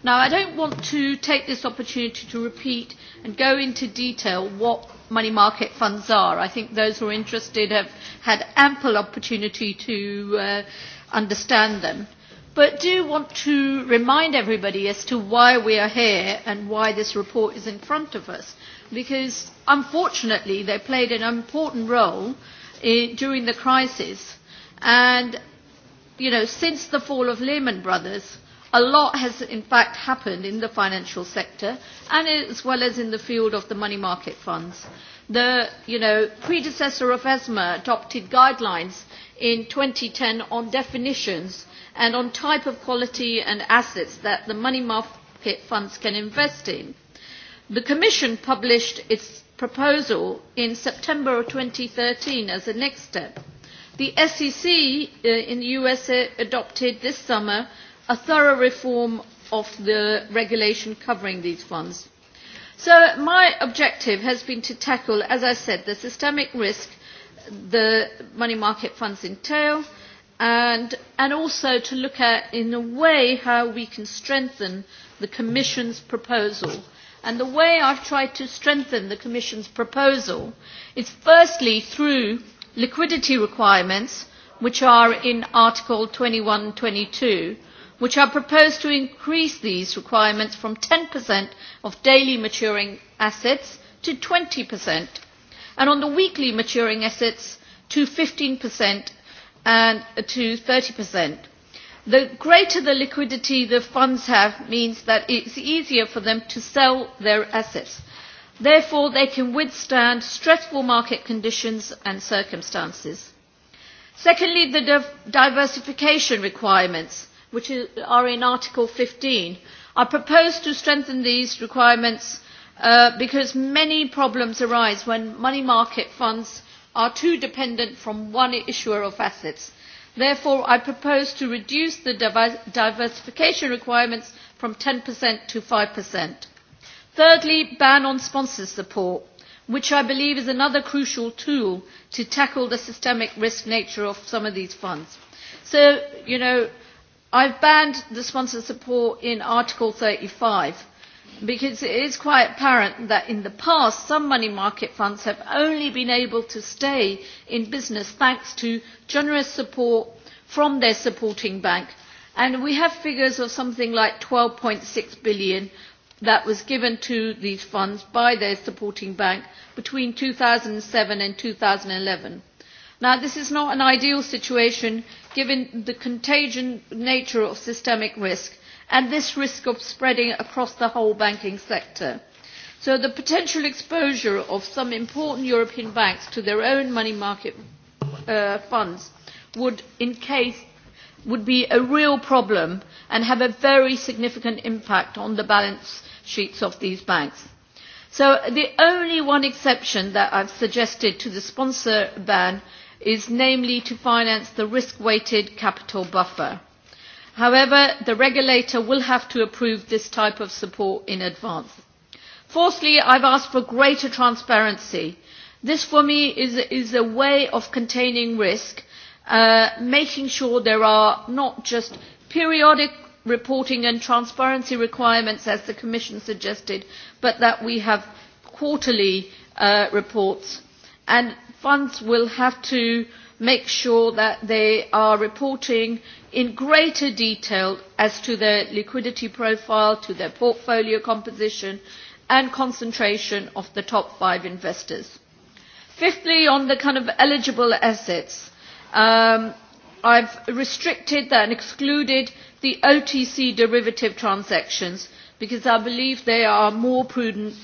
Speaker 14: Now, I don't want to take this opportunity to repeat and go into detail what money market funds are. I think those who are interested have had ample opportunity to uh, understand them. But do want to remind everybody as to why we are here and why this report is in front of us. Because unfortunately, they played an important role in, eh, during the crisis. And, you know, since the fall of Lehman Brothers, a lot has in fact happened in the financial sector and as well as in the field of the money market funds. The you know, predecessor of ESMA adopted guidelines in 2010 on definitions and on type of quality and assets that the money market funds can invest in. The Commission published its proposal in September 2013 as a next step. The SEC uh, in the USA adopted this summer a thorough reform of the regulation covering these funds. So my objective has been to tackle, as I said, the systemic risk the money market funds entail and, and also to look at, in a way, how we can strengthen the Commission's proposal. And the way I've tried to strengthen the Commission's proposal is firstly through liquidity requirements, which are in Article 2122, which are proposed to increase these requirements from ten of daily maturing assets to twenty and on the weekly maturing assets to fifteen and uh, to thirty The greater the liquidity the funds have means that it is easier for them to sell their assets. Therefore, they can withstand stressful market conditions and circumstances. Secondly, the diversification requirements which are in Article 15. I propose to strengthen these requirements uh, because many problems arise when money market funds are too dependent from one issuer of assets. Therefore, I propose to reduce the diversification requirements from 10% to 5%. Thirdly, ban on sponsor support, which I believe is another crucial tool to tackle the systemic risk nature of some of these funds. So, you know, I've banned the sponsor support in Article 35 because it is quite apparent that in the past some money market funds have only been able to stay in business thanks to generous support from their supporting bank. And we have figures of something like 12.6 billion that was given to these funds by their supporting bank between 2007 and 2011 Now, this is not an ideal situation given the contagion nature of systemic risk and this risk of spreading across the whole banking sector. So the potential exposure of some important European banks to their own money market uh, funds would, in case, would be a real problem and have a very significant impact on the balance sheets of these banks. So the only one exception that I've suggested to the sponsor ban is namely to finance the risk-weighted capital buffer. However, the regulator will have to approve this type of support in advance. Fourthly, I've asked for greater transparency. This for me is, is a way of containing risk, uh, making sure there are not just periodic reporting and transparency requirements as the Commission suggested, but that we have quarterly uh, reports. And funds will have to make sure that they are reporting in greater detail as to their liquidity profile, to their portfolio composition and concentration of the top five investors. Fifthly, on the kind of eligible assets, um, I've restricted that and excluded the OTC derivative transactions because I believe they are more prudent.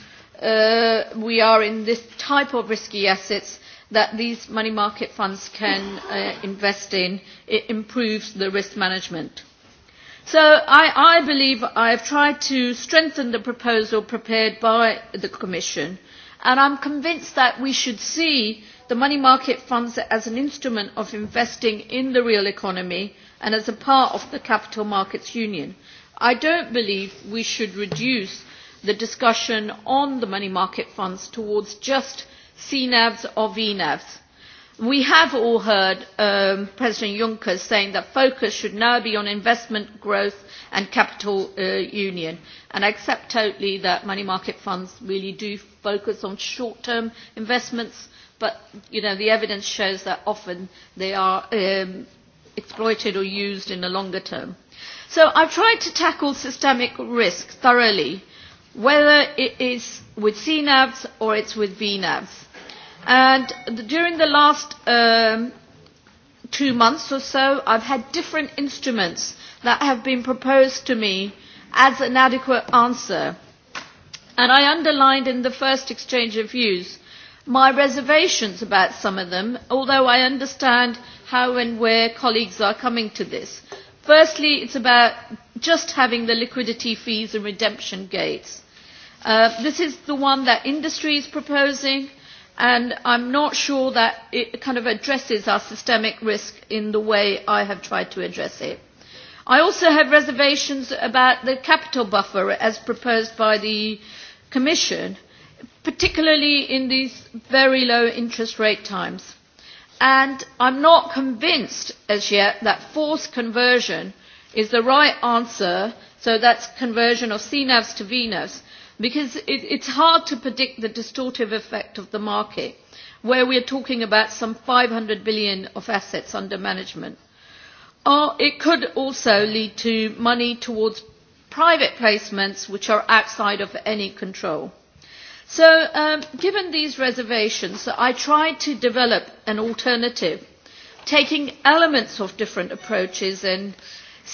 Speaker 14: Uh, we are in this type of risky assets that these money market funds can uh, invest in. It improves the risk management. So I, I believe I have tried to strengthen the proposal prepared by the Commission and I'm convinced that we should see the money market funds as an instrument of investing in the real economy and as a part of the capital markets union. I don't believe we should reduce the discussion on the money market funds towards just CNAVs or VNAVs. We have all heard um, President Juncker saying that focus should now be on investment, growth and capital uh, union. And I accept totally that money market funds really do focus on short-term investments, but you know, the evidence shows that often they are um, exploited or used in the longer term. So I've tried to tackle systemic risk thoroughly, whether it is with CNAVs or it's with VNAVs And during the last um, two months or so, I've had different instruments that have been proposed to me as an adequate answer. And I underlined in the first exchange of views my reservations about some of them, although I understand how and where colleagues are coming to this. Firstly, it's about just having the liquidity fees and redemption gates. Uh, this is the one that industry is proposing and I am not sure that it addresses our systemic risk in the way I have tried to address it. I also have reservations about the capital buffer as proposed by the Commission, particularly in these very low interest rate times. And I'm not convinced as yet that forced conversion is the right answer, so that's conversion of CNAVs to VNAVs, because it, is hard to predict the distortive effect of the market where we are talking about some eur five hundred billion of assets under management. it could also lead to money towards private placements which are outside of any control. So um, given these reservations, I tried to develop an alternative, taking elements of different approaches and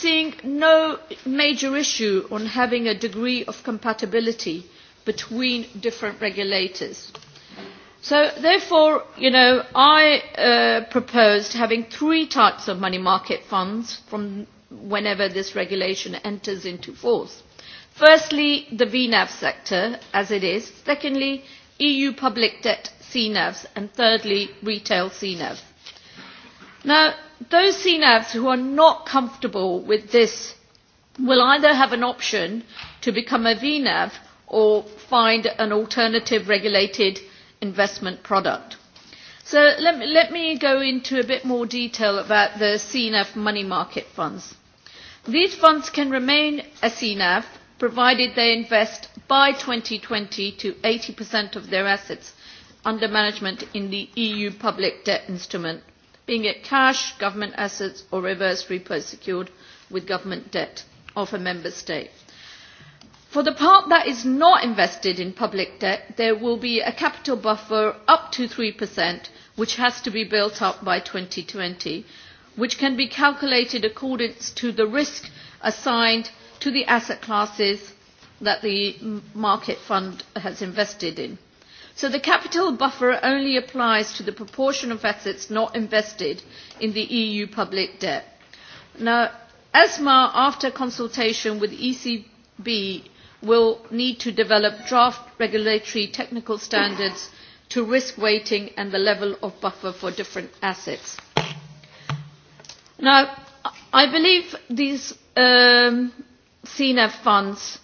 Speaker 14: seeing no major issue on having a degree of compatibility between different regulators. So therefore, you know, I uh, proposed having three types of money market funds from whenever this regulation enters into force. Firstly, the VNAV sector as it is. Secondly, EU public debt CNAVs. And thirdly, retail CNAVs. Now, those CNAVs who are not comfortable with this will either have an option to become a VNAV or find an alternative regulated investment product. So let me, let me go into a bit more detail about the CNAV money market funds. These funds can remain a CNAV provided they invest by 2020 to 80% of their assets under management in the EU public debt instrument being it cash, government assets or reverse repo secured with government debt of a member state. For the part that is not invested in public debt, there will be a capital buffer up to 3%, which has to be built up by 2020, which can be calculated according to the risk assigned to the asset classes that the market fund has invested in so the capital buffer only applies to the proportion of assets not invested in the eu public debt. now esma after consultation with the ecb will need to develop draft regulatory technical standards to risk weighting and the level of buffer for different assets. now i believe these um, cnf funds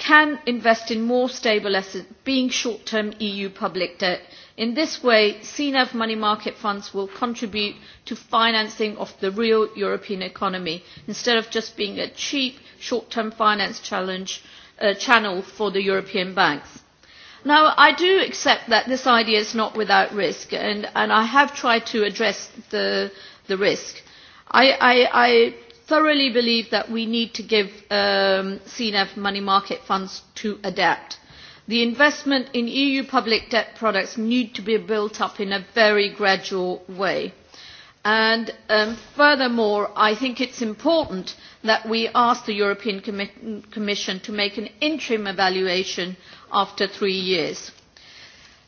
Speaker 14: can invest in more stable assets being short term eu public debt. in this way cnav money market funds will contribute to financing of the real european economy instead of just being a cheap short term finance challenge, uh, channel for the european banks. Now, I do accept that this idea is not without risk, and, and I have tried to address the, the risk. I, I, I thoroughly believe that we need to give um, CNF money market funds to adapt. The investment in EU public debt products need to be built up in a very gradual way. And um, furthermore, I think it's important that we ask the European Com Commission to make an interim evaluation after three years.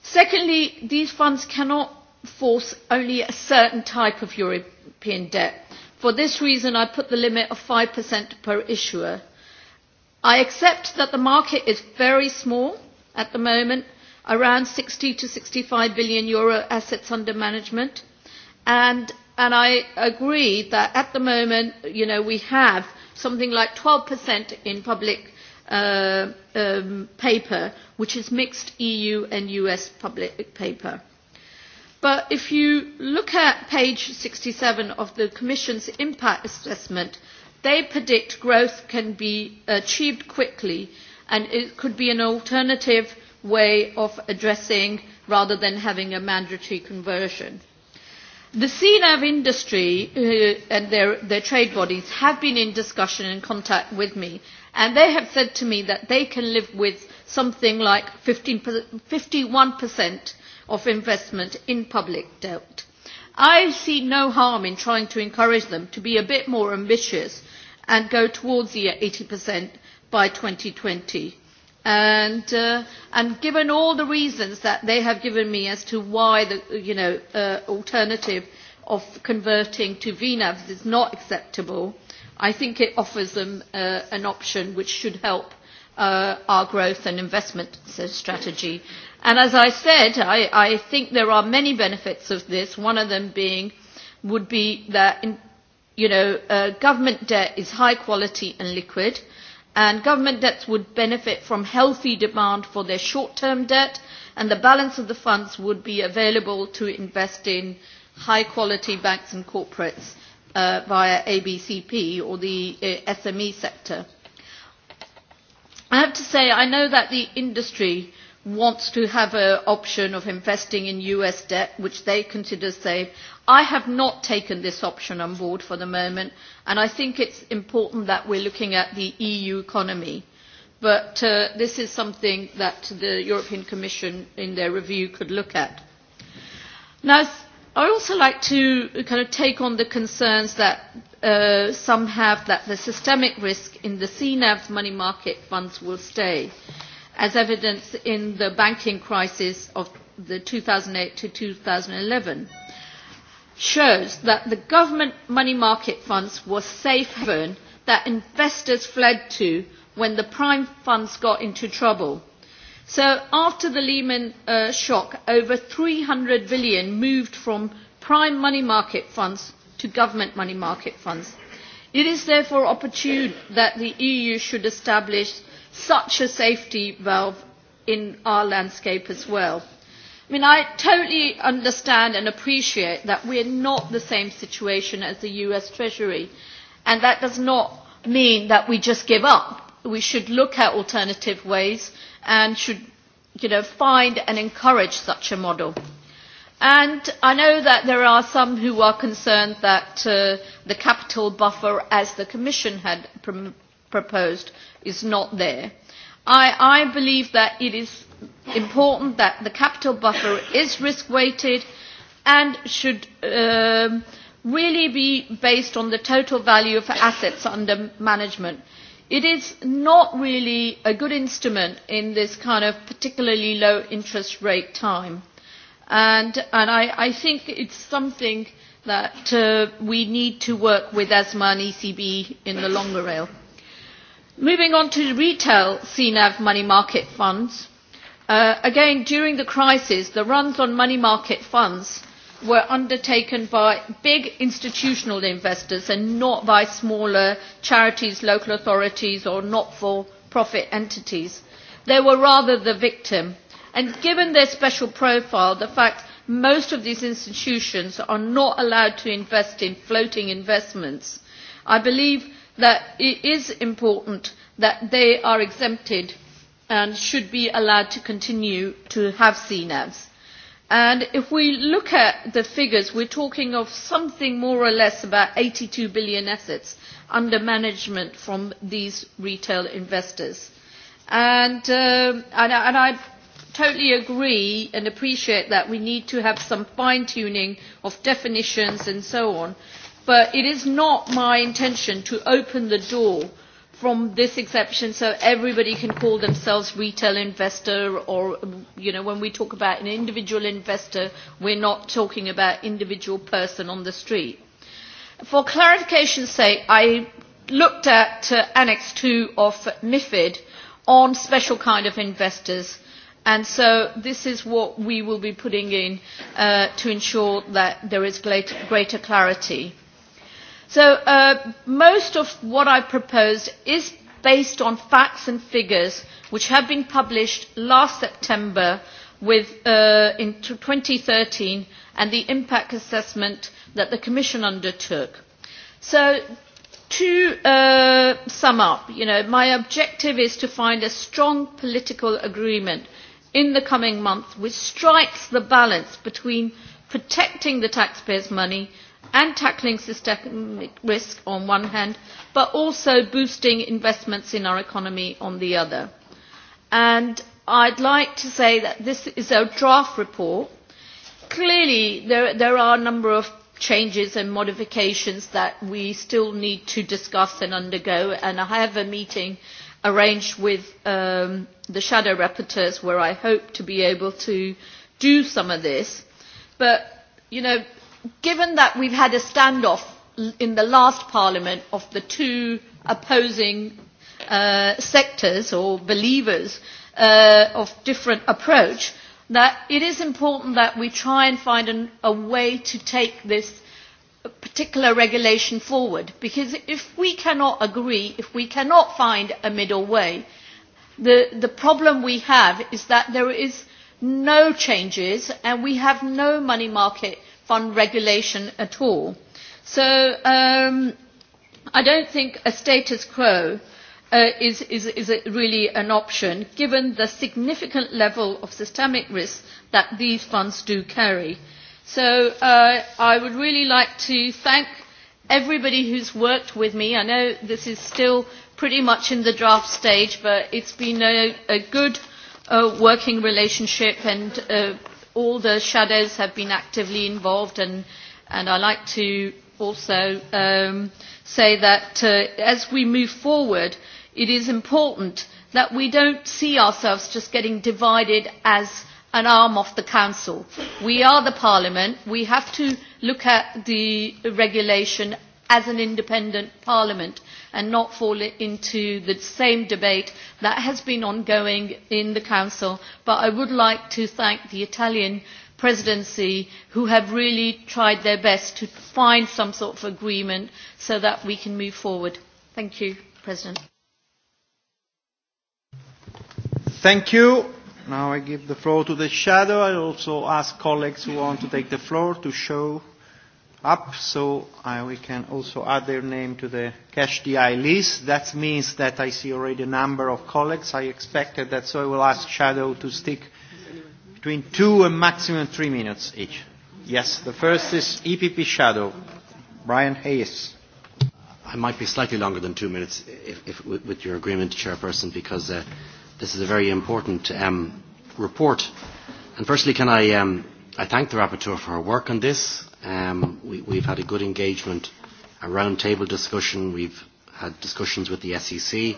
Speaker 14: Secondly, these funds cannot force only a certain type of European debt For this reason, I put the limit of 5% per issuer. I accept that the market is very small at the moment, around 60 to 65 billion euro assets under management. And, and I agree that at the moment, you know, we have something like 12% in public uh, um, paper, which is mixed EU and US public paper. But if you look at page sixty seven of the Commission's impact assessment, they predict growth can be achieved quickly and it could be an alternative way of addressing rather than having a mandatory conversion. The CNAV industry uh, and their, their trade bodies have been in discussion and contact with me and they have said to me that they can live with something like 15, 51% of investment in public debt. I see no harm in trying to encourage them to be a bit more ambitious and go towards the 80% by 2020. And, uh, and given all the reasons that they have given me as to why the you know, uh, alternative of converting to VNAVs is not acceptable, I think it offers them uh, an option which should help uh, our growth and investment strategy. And as I said, I, I think there are many benefits of this. One of them being would be that in, you know uh, government debt is high quality and liquid, and government debts would benefit from healthy demand for their short-term debt, and the balance of the funds would be available to invest in high-quality banks and corporates uh, via ABCP or the uh, SME sector. I have to say, I know that the industry wants to have an option of investing in US debt, which they consider safe. I have not taken this option on board for the moment, and I think it's important that we're looking at the EU economy. But uh, this is something that the European Commission, in their review, could look at. Now, I also like to kind of take on the concerns that uh, some have that the systemic risk in the CNAV's money market funds will stay as evidenced in the banking crisis of the 2008 to 2011 shows that the government money market funds were safe haven that investors fled to when the prime funds got into trouble. So after the Lehman uh, shock, over 300 billion moved from prime money market funds to government money market funds. It is therefore opportune that the EU should establish such a safety valve in our landscape as well. I mean, I totally understand and appreciate that we are not the same situation as the US Treasury, and that does not mean that we just give up. We should look at alternative ways and should you know, find and encourage such a model. And I know that there are some who are concerned that uh, the capital buffer, as the Commission had pr proposed, is not there. I, I believe that it is important that the capital buffer is risk weighted and should um, really be based on the total value of assets under management. It is not really a good instrument in this kind of particularly low interest rate time. And, and I, I think it's something that uh, we need to work with ESMA and ECB in the longer rail. Moving on to retail CNAV money market funds. Uh, again, during the crisis, the runs on money market funds were undertaken by big institutional investors and not by smaller charities, local authorities or not-for-profit entities. They were rather the victim. And given their special profile, the fact most of these institutions are not allowed to invest in floating investments, I believe that it is important that they are exempted and should be allowed to continue to have CNAVs. And if we look at the figures, we're talking of something more or less about 82 billion assets under management from these retail investors. And, um, and, and I totally agree and appreciate that we need to have some fine-tuning of definitions and so on but it is not my intention to open the door from this exception so everybody can call themselves retail investor or you know when we talk about an individual investor we're not talking about individual person on the street for clarification's sake i looked at uh, annex 2 of mifid on special kind of investors and so this is what we will be putting in uh, to ensure that there is greater clarity So uh, most of what I proposed is based on facts and figures which have been published last September with, uh, in 2013 and the impact assessment that the Commission undertook. So to uh, sum up, you know, my objective is to find a strong political agreement in the coming months which strikes the balance between protecting the taxpayers' money and tackling systemic risk on one hand, but also boosting investments in our economy on the other. I would like to say that this is a draft report. Clearly, there, there are a number of changes and modifications that we still need to discuss and undergo, and I have a meeting arranged with um, the shadow rapporteurs where I hope to be able to do some of this. But, you know, given that we have had a standoff in the last parliament of the two opposing uh, sectors or believers uh, of different approach, that it is important that we try and find an, a way to take this particular regulation forward because if we cannot agree, if we cannot find a middle way, the, the problem we have is that there is no changes and we have no money market on regulation at all. So um, I don't think a status quo uh, is, is, is a, really an option, given the significant level of systemic risk that these funds do carry. So uh, I would really like to thank everybody who's worked with me. I know this is still pretty much in the draft stage, but it's been a, a good uh, working relationship and uh, all the shadows have been actively involved and, and I'd like to also um, say that uh, as we move forward, it is important that we don't see ourselves just getting divided as an arm of the council. we are the parliament we have to look at the regulation as an independent parliament and not fall into the same debate that has been ongoing in the council but i would like to thank the italian presidency who have really tried their best to find some sort of agreement so that we can move forward. thank you president.
Speaker 1: thank you. now i give the floor to the shadow. i also ask colleagues who want to take the floor to show up, so I, we can also add their name to the cash DI list. That means that I see already a number of colleagues. I expected that, so I will ask Shadow to stick between two and maximum three minutes each. Yes, the first is EPP Shadow, Brian Hayes. I might be slightly longer than two minutes, if, if, with your agreement,
Speaker 15: Chairperson, because uh, this is a very important um, report. And firstly, can I, um, I thank the rapporteur for her work on this. Um, we, we've had a good engagement, a roundtable discussion. We've had discussions with the SEC.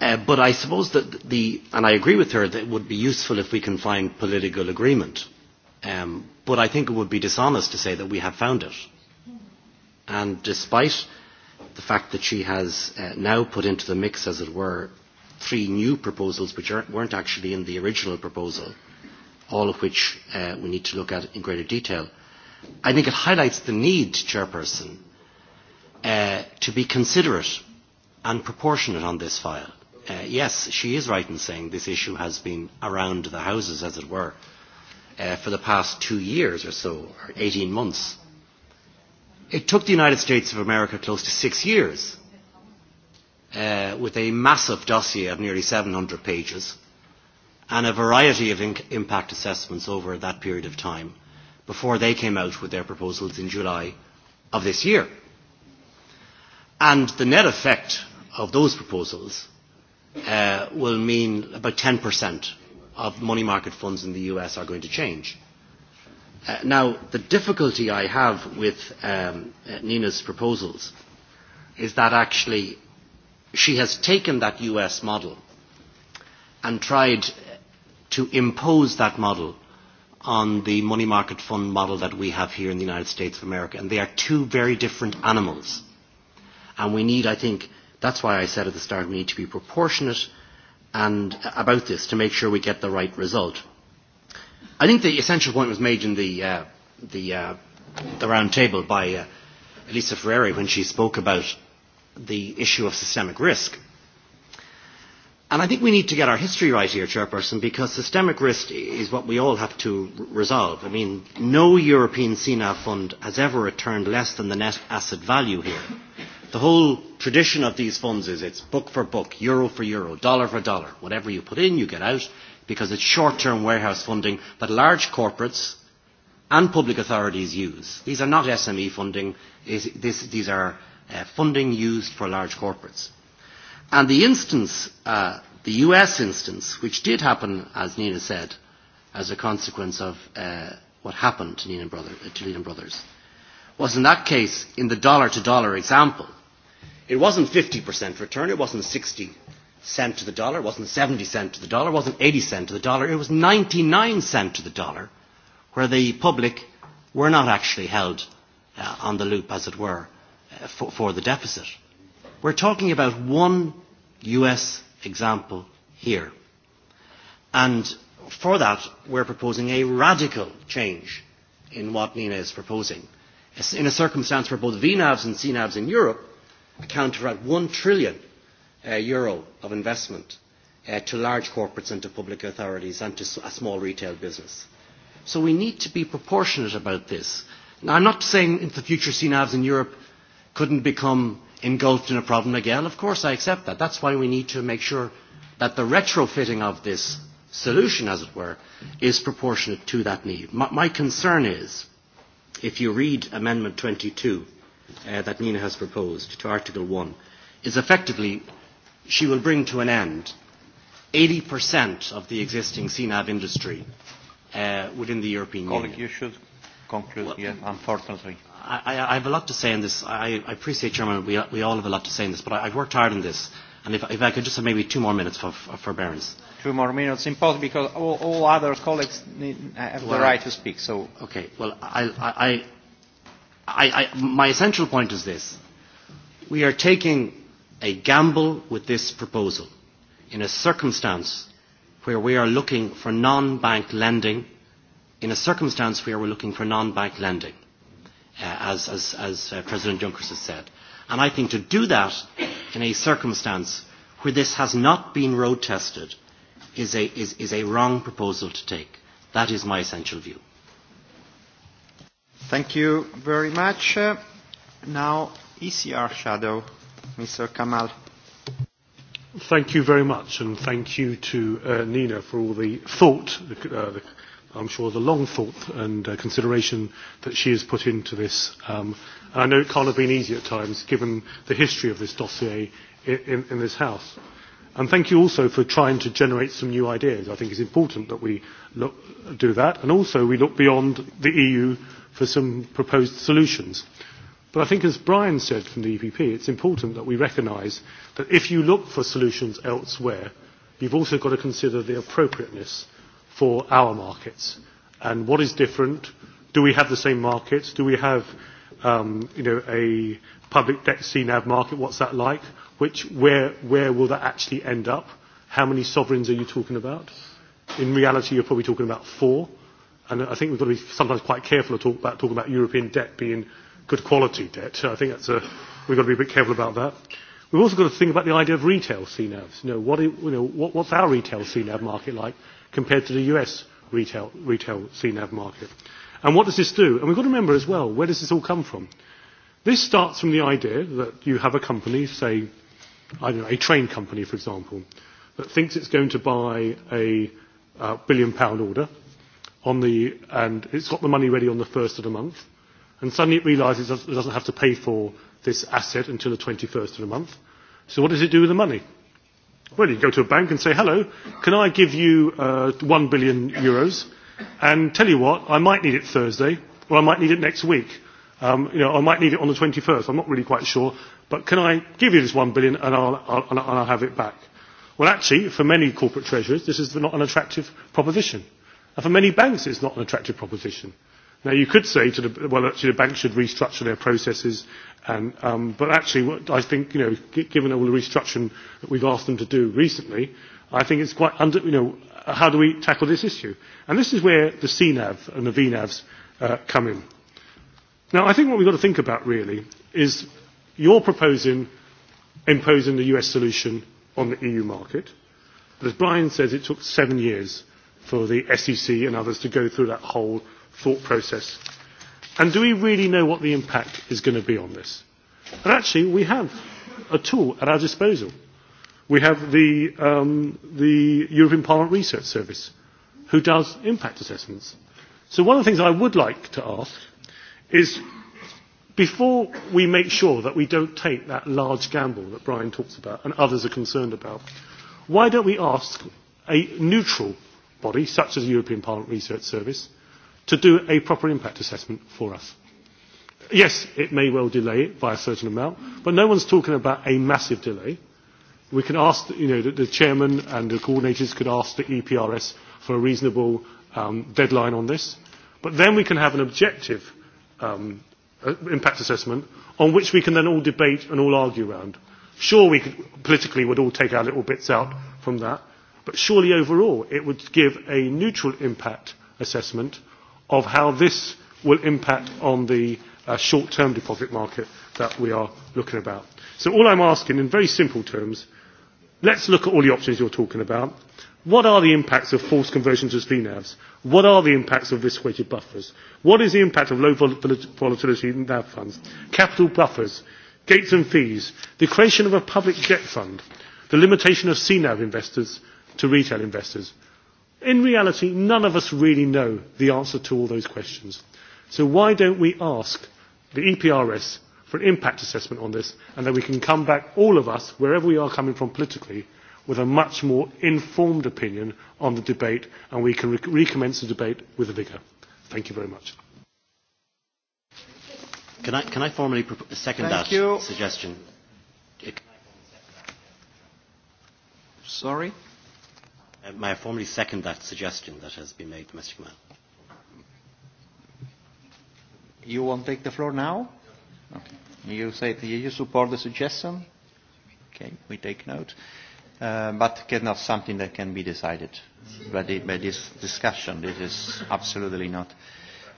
Speaker 15: Uh, but I suppose that the, and I agree with her, that it would be useful if we can find political agreement. Um, but I think it would be dishonest to say that we have found it. And despite the fact that she has uh, now put into the mix, as it were, three new proposals which aren't, weren't actually in the original proposal, all of which uh, we need to look at in greater detail, uh, I think it highlights the need, Chairperson, uh, to be considerate and proportionate on this file. Uh, yes, she is right in saying this issue has been around the houses, as it were, uh, for the past two years or so, or 18 months. It took the United States of America close to six years, uh, with a massive dossier of nearly 700 pages and a variety of in- impact assessments over that period of time before they came out with their proposals in July of this year. And the net effect of those proposals uh, will mean about 10% of money market funds in the US are going to change. Uh, now, the difficulty I have with um, Nina's proposals is that actually she has taken that US model and tried to impose that model on the money market fund model that we have here in the United States of America. And they are two very different animals. And we need, I think, that's why I said at the start, we need to be proportionate and about this to make sure we get the right result. I think the essential point was made in the, uh, the, uh, the round table by uh, Elisa Ferreri when she spoke about the issue of systemic risk. And I think we need to get our history right here, Chairperson, because systemic risk is what we all have to resolve. I mean, no European CNAV fund has ever returned less than the net asset value here. The whole tradition of these funds is it's book for book, euro for euro, dollar for dollar. Whatever you put in, you get out, because it's short-term warehouse funding that large corporates and public authorities use. These are not SME funding. These are uh, funding used for large corporates. And the instance, uh, the US instance, which did happen, as Nina said, as a consequence of uh, what happened to Nina, Brother, uh, to Nina Brothers, was in that case in the dollar to dollar example. It wasn't 50% return, it wasn't 60 cent to the dollar, it wasn't 70 cent to the dollar, it wasn't 80 cent to the dollar, it was 99 cent to the dollar, where the public were not actually held uh, on the loop, as it were, uh, for, for the deficit. We're talking about one US example here. And for that, we're proposing a radical change in what Nina is proposing. In a circumstance where both VNAVs and CNAVs in Europe account for about 1 trillion uh, euro of investment uh, to large corporates and to public authorities and to a small retail business. So we need to be proportionate about this. Now, I'm not saying in the future CNAVs in Europe couldn't become engulfed in a problem again. Of course, I accept that. That's why we need to make sure that the retrofitting of this solution, as it were, is proportionate to that need. My, my concern is, if you read Amendment 22 uh, that Nina has proposed to Article 1, is effectively she will bring to an end 80% of the existing CNAV industry uh, within the European Colleague,
Speaker 1: Union. Colleague, you should conclude, well, yeah, unfortunately.
Speaker 15: I, I, have a lot to say in this. I, I appreciate, Chairman, we, we all have a lot to say in this, but I, I've worked hard on this. And if, if I could just have maybe two more minutes for, for forbearance.
Speaker 1: Two more minutes, impossible, because all, all other colleagues need, have well, the right to
Speaker 15: speak. So. Okay. Well, I, I, I, I, my essential point is this: we are taking a gamble with this proposal in a circumstance where we are looking for non-bank lending, in a circumstance where we're looking for non-bank lending uh, as, as, as uh, President Juncker has said. And I think to do that in a circumstance where this has not been road tested is a, is, is a wrong proposal to take. That
Speaker 1: is my essential view. Thank you very much. Uh, now, ECR Shadow, Mr. Kamal.
Speaker 16: Thank you very much, and thank you to uh, Nina for all the thought, the, uh, the I'm sure, the long thought and uh, consideration that she has put into this. Um, and I know it can't have been easy at times, given the history of this dossier in, in, in this House. And thank you also for trying to generate some new ideas. I think it's important that we look, do that. And also we look beyond the EU for some proposed solutions. But I think as Brian said from the EPP, it's important that we recognise that if you look for solutions elsewhere, you've also got to consider the appropriateness for our markets and what is different. Do we have the same markets? Do we have um, you know, a public debt CNAV market? What's that like? Which, where, where will that actually end up? How many sovereigns are you talking about? In reality, you're probably talking about four. And I think we've got to be sometimes quite careful to talk about talking about European debt being good quality debt. I think that's a, we've got to be a bit careful about that. We've also got to think about the idea of retail CNAVs. You know, what, you know, what, what's our retail CNAV market like? compared to the US retail, retail CNAV market. And what does this do? And we've got to remember as well, where does this all come from? This starts from the idea that you have a company, say, I don't know, a train company, for example, that thinks it's going to buy a a uh, billion pound order on the, and it's got the money ready on the first of the month, and suddenly it realises it doesn't have to pay for this asset until the 21st of the month. So what does it do with the money? Well, you go to a bank and say, hello, can I give you uh, 1 billion euros? And tell you what, I might need it Thursday, or I might need it next week. Um, you know, I might need it on the 21st. I'm not really quite sure. But can I give you this 1 billion and I'll, I'll, and I'll have it back? Well, actually, for many corporate treasurers, this is not an attractive proposition. And for many banks, it's not an attractive proposition Now, you could say to the, well, actually, the banks should restructure their processes, and, um, but actually, what I think, you know, given all the restructuring that we've asked them to do recently, I think it's quite under, you know, how do we tackle this issue? And this is where the CNAV and the VNAVs uh, come in. Now, I think what we've got to think about really is you're proposing imposing the US solution on the EU market. But as Brian says, it took seven years for the SEC and others to go through that whole thought process. And do we really know what the impact is going to be on this? And actually, we have a tool at our disposal. We have the, um, the European Parliament Research Service, who does impact assessments. So one of the things I would like to ask is, before we make sure that we don't take that large gamble that Brian talks about and others are concerned about, why don't we ask a neutral body, such as the European Parliament Research Service, to do a proper impact assessment for us. Yes, it may well delay it by a certain amount, but no one's talking about a massive delay. We can ask, you know, the, the chairman and the coordinators could ask the EPRS for a reasonable um, deadline on this, but then we can have an objective um, uh, impact assessment on which we can then all debate and all argue around. Sure, we could, politically would all take our little bits out from that, but surely overall it would give a neutral impact assessment of how this will impact on the uh, short-term deposit market that we are looking about. So all I'm asking in very simple terms, let's look at all the options you're talking about. What are the impacts of forced conversion to CNAVs? What are the impacts of risk-weighted buffers? What is the impact of low vol- volatility in NAV funds? Capital buffers, gates and fees, the creation of a public debt fund, the limitation of CNAV investors to retail investors. In reality, none of us really know the answer to all those questions. So why don't we ask the EPRS for an impact assessment on this and then we can come back, all of us, wherever we are coming from politically, with a much more informed opinion on the debate and we can rec recommence the debate with vigour. Thank you very much. Can I, can I formally
Speaker 15: second Thank that you. suggestion? Sorry? Uh, may I formally second that suggestion that has been made, Mr. Kamal?
Speaker 1: You won't take the floor now? Okay. You say that you support the suggestion? Okay, we take note. Uh, but not something that can be decided by, the, by this discussion. This is absolutely not.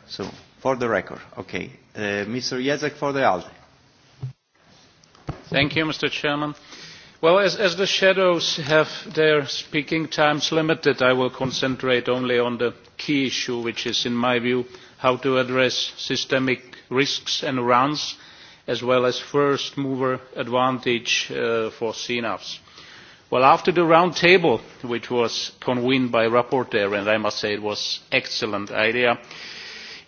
Speaker 1: So, for the record, okay. Uh, Mr. Jezek for the ALDE.
Speaker 17: Thank you, Mr. Chairman. Well, as, the shadows have their speaking times limited, I will concentrate only on the key issue, which is, in my view, how to address systemic risks and runs, as well as first mover advantage uh, for cnavs. Well, after the round table, which was convened by rapporteur, and I must say it was excellent idea,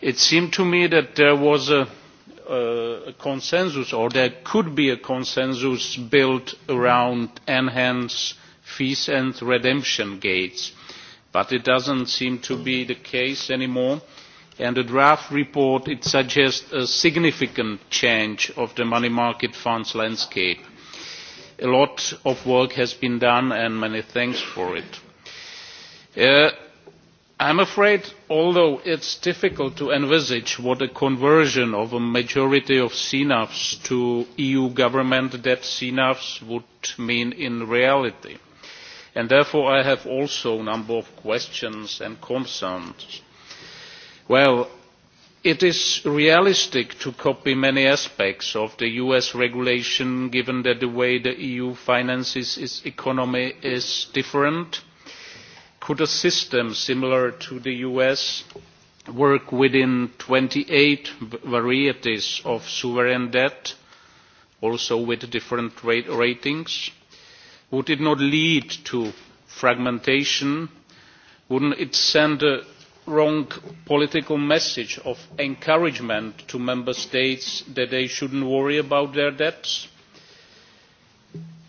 Speaker 17: it seemed to me that there was a consensus or there could be a consensus built around enhanced fees and redemption gates. But it not seem to be the case anymore. And the draft report, suggests a significant change of the money market funds landscape. A lot of work has been done and many thanks for it. Uh, i am afraid although it is difficult to envisage what a conversion of a majority of cnavs to eu government debt cnavs would mean in reality and therefore i have also a number of questions and concerns. well it is realistic to copy many aspects of the us regulation given that the way the eu finances its economy is different could a system similar to the us work within twenty eight varieties of sovereign debt also with different ratings? would it not lead to fragmentation? would it not send a wrong political message of encouragement to member states that they should not worry about their debts?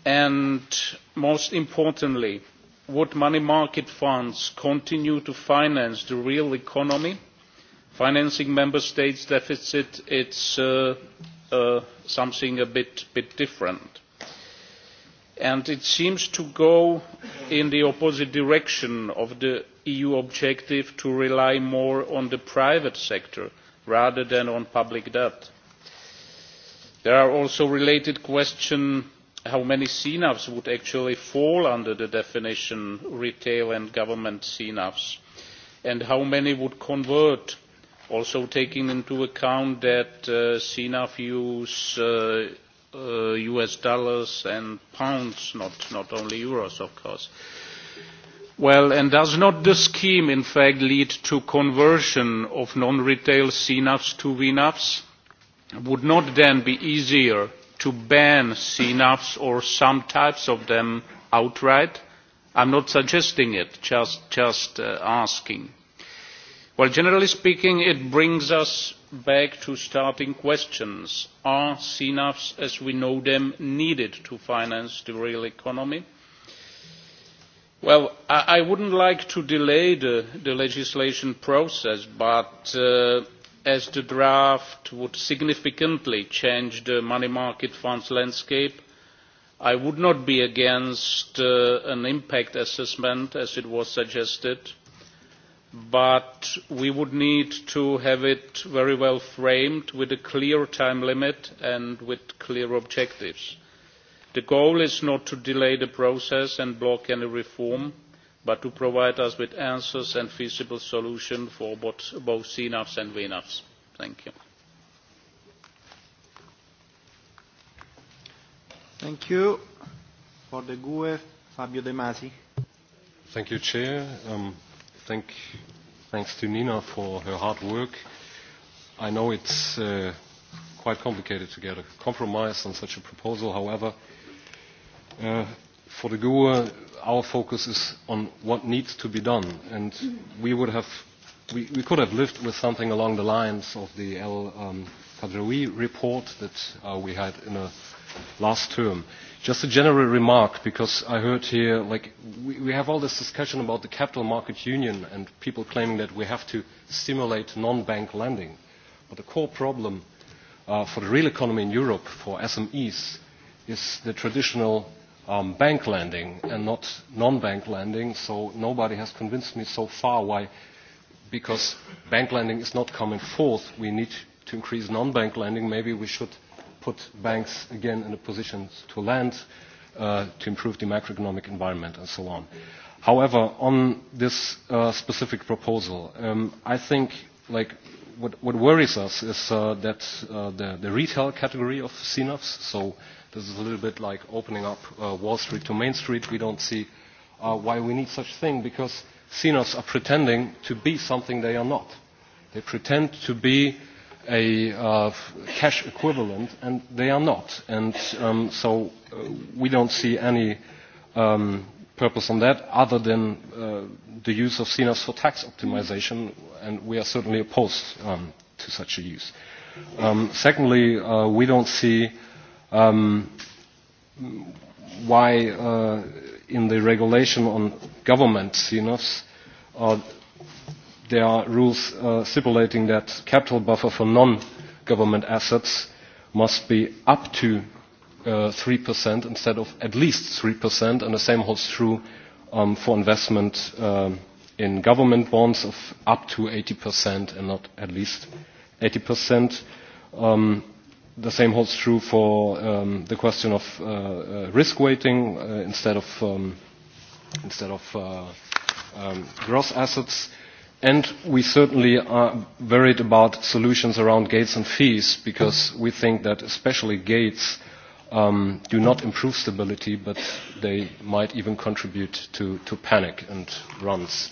Speaker 17: and most importantly would money market funds continue to finance the real economy financing member states' deficits is uh, uh, something a bit, bit different. And it seems to go in the opposite direction of the EU objective to rely more on the private sector rather than on public debt. There are also related questions how many cnavs would actually fall under the definition retail and government cnavs and how many would convert also taking into account that uh, cnavs use us uh, uh, dollars and pounds not, only euros of course well and does not the scheme in fact lead to conversion of non-retail cnavs to vnavs would not then be easier to ban cnavs or some types of them outright. I'm not suggesting it, just, just uh, asking. Well, generally speaking, it brings us back to starting questions. Are cnavs, as we know them, needed to finance the real economy? Well, I, I wouldn't like to delay the, the legislation process, but uh, as the draft would significantly change the money market funds landscape, I would not be against uh, an impact assessment as was suggested, but we would need to have it very well framed with a clear time limit and with clear objectives. The goal is not to delay the process and block any reform. Mm but to provide us with answers and feasible solutions for both, cnavs and vnavs. Thank you.
Speaker 1: Thank you. For the GUE, Fabio De Masi.
Speaker 18: Thank you, Chair. Um, thank, thanks to Nina for her hard work. I know it's uh, quite complicated to get a compromise on such a proposal. However, uh, for the GUE, our focus is on what needs to be done, and we would have, we, we could have lived with something along the lines of the El um, report that uh, we had in a last term. Just a general remark, because I heard here, like, we, we have all this discussion about the capital market union and people claiming that we have to stimulate non-bank lending. But the core problem uh, for the real economy in Europe, for SMEs, is the traditional um, bank lending and not non-bank lending, so nobody has convinced me so far why, because bank lending is not coming forth, we need to increase non-bank lending. Maybe we should put banks again in a position to lend uh, to improve the macroeconomic environment and so on. However, on this uh, specific proposal, um, I think like what, what worries us is uh, that uh, the, the retail category of CNAFs, so uh, This is a little bit like opening up uh, Wall Street to Main Street. We don't see uh, why we need such a thing because CNOs are pretending to be something they are not. They pretend to be a uh, cash equivalent, and they are not. And um, so uh, we don't see any um, purpose on that other than uh, the use of CNOs for tax optimization, and we are certainly opposed um, to such a use. Um, secondly, uh, we don't see um, why uh, in the regulation on government CNOFs uh, there are rules uh, stipulating that capital buffer for non-government assets must be up to uh, 3% instead of at least 3%, and the same holds true um, for investment um, in government bonds of up to 80% and not at least 80%. Um, the same holds true for um, the question of uh, uh, risk weighting uh, instead of um, instead of uh, um, gross assets. And we certainly are worried about solutions around gates and fees because we think that especially gates um, do not improve stability, but they might even contribute to, to panic and runs.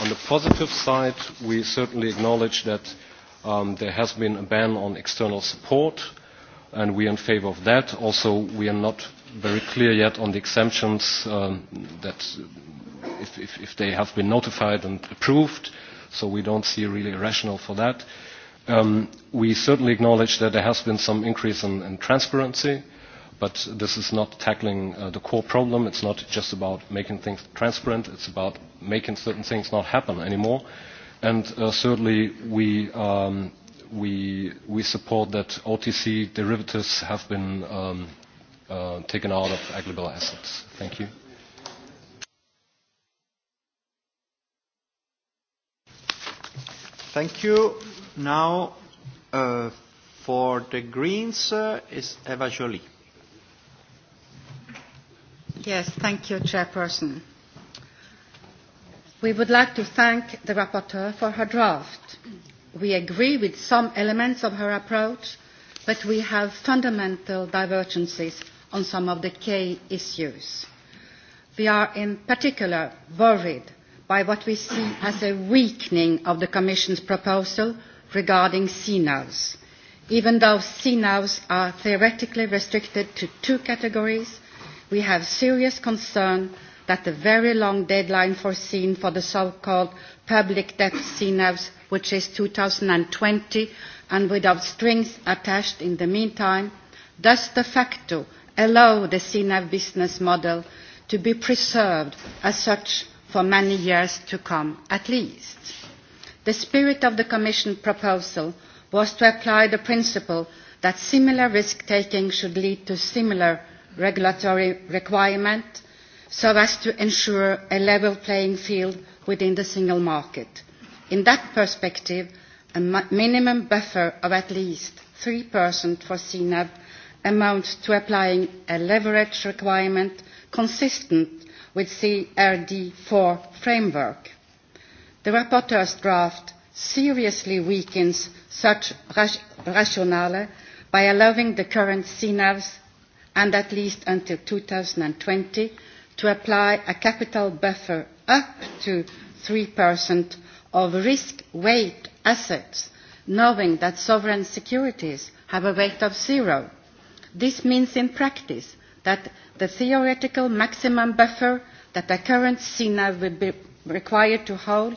Speaker 18: On the positive side, we certainly acknowledge that um, there has been a ban on external support and we are in favour of that. Also, we are not very clear yet on the exemptions um, that if, if, if they have been notified and approved, so we don't see really a rationale for that. Um, we certainly acknowledge that there has been some increase in, in transparency, but this is not tackling uh, the core problem. It's not just about making things transparent. It's about making certain things not happen anymore. And uh, certainly we um, we, we support that OTC derivatives have been um, uh, taken out of agribal assets. Thank you.
Speaker 1: Thank you. Now, uh, for the Greens, uh, is Eva Jolie.
Speaker 19: Yes, thank you, Chairperson. We would like to thank the rapporteur for her draft we agree with some elements of her approach, but we have fundamental divergences on some of the key issues. We are in particular worried by what we see as a weakening of the Commission's proposal regarding CNOs. Even though CNOs are theoretically restricted to two categories, we have serious concern that the very long deadline foreseen for the so-called public debt CNOs which is 2020, and without strings attached in the meantime, does de facto allow the CNAV business model to be preserved as such for many years to come, at least. The spirit of the Commission proposal was to apply the principle that similar risk-taking should lead to similar regulatory requirement so as to ensure a level playing field within the single market. In that perspective, a minimum buffer of at least 3% for CNAV amounts to applying a leverage requirement consistent with CRD4 framework. The rapporteur's draft seriously weakens such rationale by allowing the current CNAVs and at least until 2020 to apply a capital buffer up to 3% of risk weight assets, knowing that sovereign securities have a weight of zero. This means in practice that the theoretical maximum buffer that the current SINA would be required to hold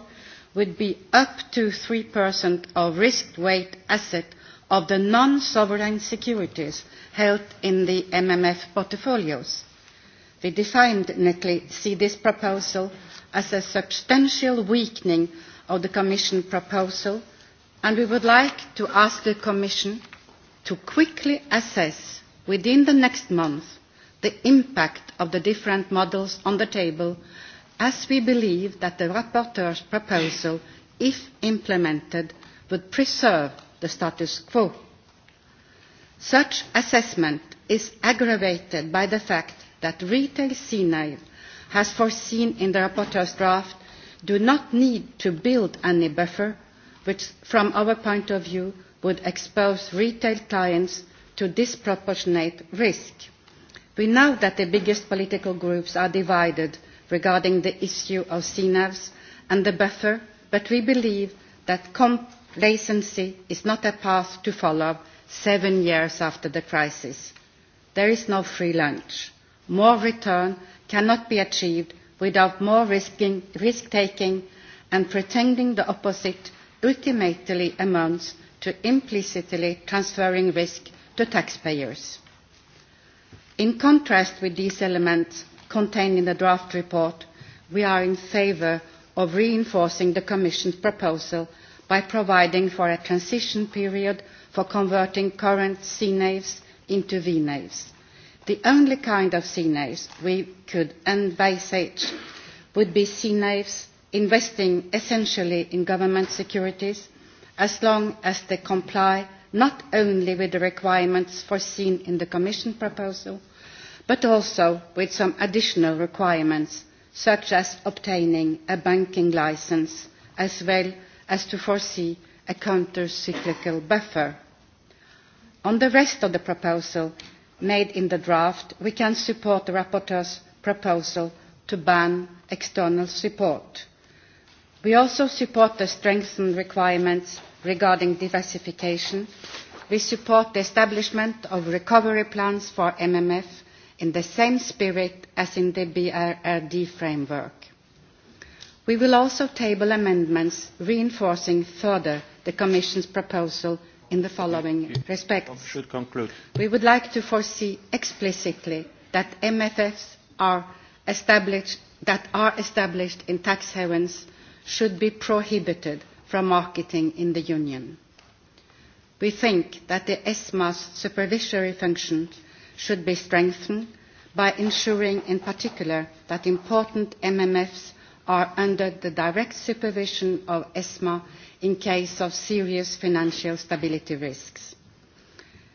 Speaker 19: would be up to 3% of risk weight asset of the non-sovereign securities held in the MMF portfolios. We definitely see this proposal as a substantial weakening of the Commission proposal, and we would like to ask the Commission to quickly assess within the next month the impact of the different models on the table, as we believe that the rapporteur's proposal, if implemented, would preserve the status quo. Such assessment is aggravated by the fact that retail CNAIL has foreseen in the rapporteur's draft do not need to build any buffer, which from our point of view would expose retail clients to disproportionate risk. We know that the biggest political groups are divided regarding the issue of CNAVs and the buffer, but we believe that complacency is not a path to follow seven years after the crisis. There is no free lunch. More return cannot be achieved without more risking, risk taking and pretending the opposite ultimately amounts to implicitly transferring risk to taxpayers. In contrast with these elements contained in the draft report, we are in favour of reinforcing the Commission's proposal by providing for a transition period for converting current CNAVs into VNAVs. The only kind of sea knaves we could envisage would be sea knaves investing essentially in government securities as long as they comply not only with the requirements foreseen in the Commission proposal, but also with some additional requirements such as obtaining a banking licence as well as to foresee a counter-cyclical buffer. On the rest of the proposal, made in the draft, we can support the rapporteur's proposal to ban external support. We also support the strengthened requirements regarding diversification. We support the establishment of recovery plans for MMF in the same spirit as in the BRRD framework. We will also table amendments reinforcing further the Commission's proposal in the following respects. We would like to foresee explicitly that MFFs are established, that are established in tax havens should be prohibited from marketing in the Union. We think that the ESMA's supervisory function should be strengthened by ensuring in particular that important MMFs are under the direct supervision of ESMA in case of serious financial stability risks.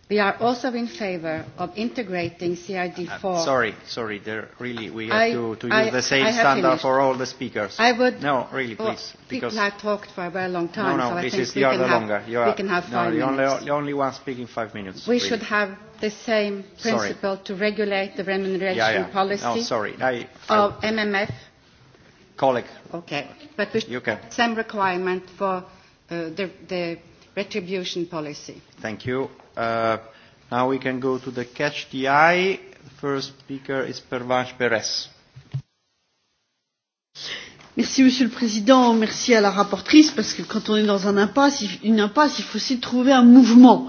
Speaker 19: We are also in favour of integrating CRD4. Uh,
Speaker 1: sorry, sorry, there really we have I, to, to use I, the same standard finished. for all the speakers. I would. No, really, please. Well, because people have
Speaker 19: talked for a very long time, no, no, so this I think is, we, you can are have, longer. You are, we can have five no, minutes. Only,
Speaker 1: only one speaking five minutes. We really. should
Speaker 19: have the same principle sorry. to regulate the remuneration yeah, yeah. policy no, sorry. I, I, of MMF.
Speaker 1: Colleague. Okay, but we should have the
Speaker 19: same requirement for Uh, the, the retribution policy.
Speaker 1: Thank you. Uh, now we can go to the catch the eye. The first speaker is Pervanche Perez.
Speaker 13: Merci Monsieur le Président, merci à la rapporteure, parce que quand on est dans un impasse, une impasse, il faut aussi trouver un mouvement.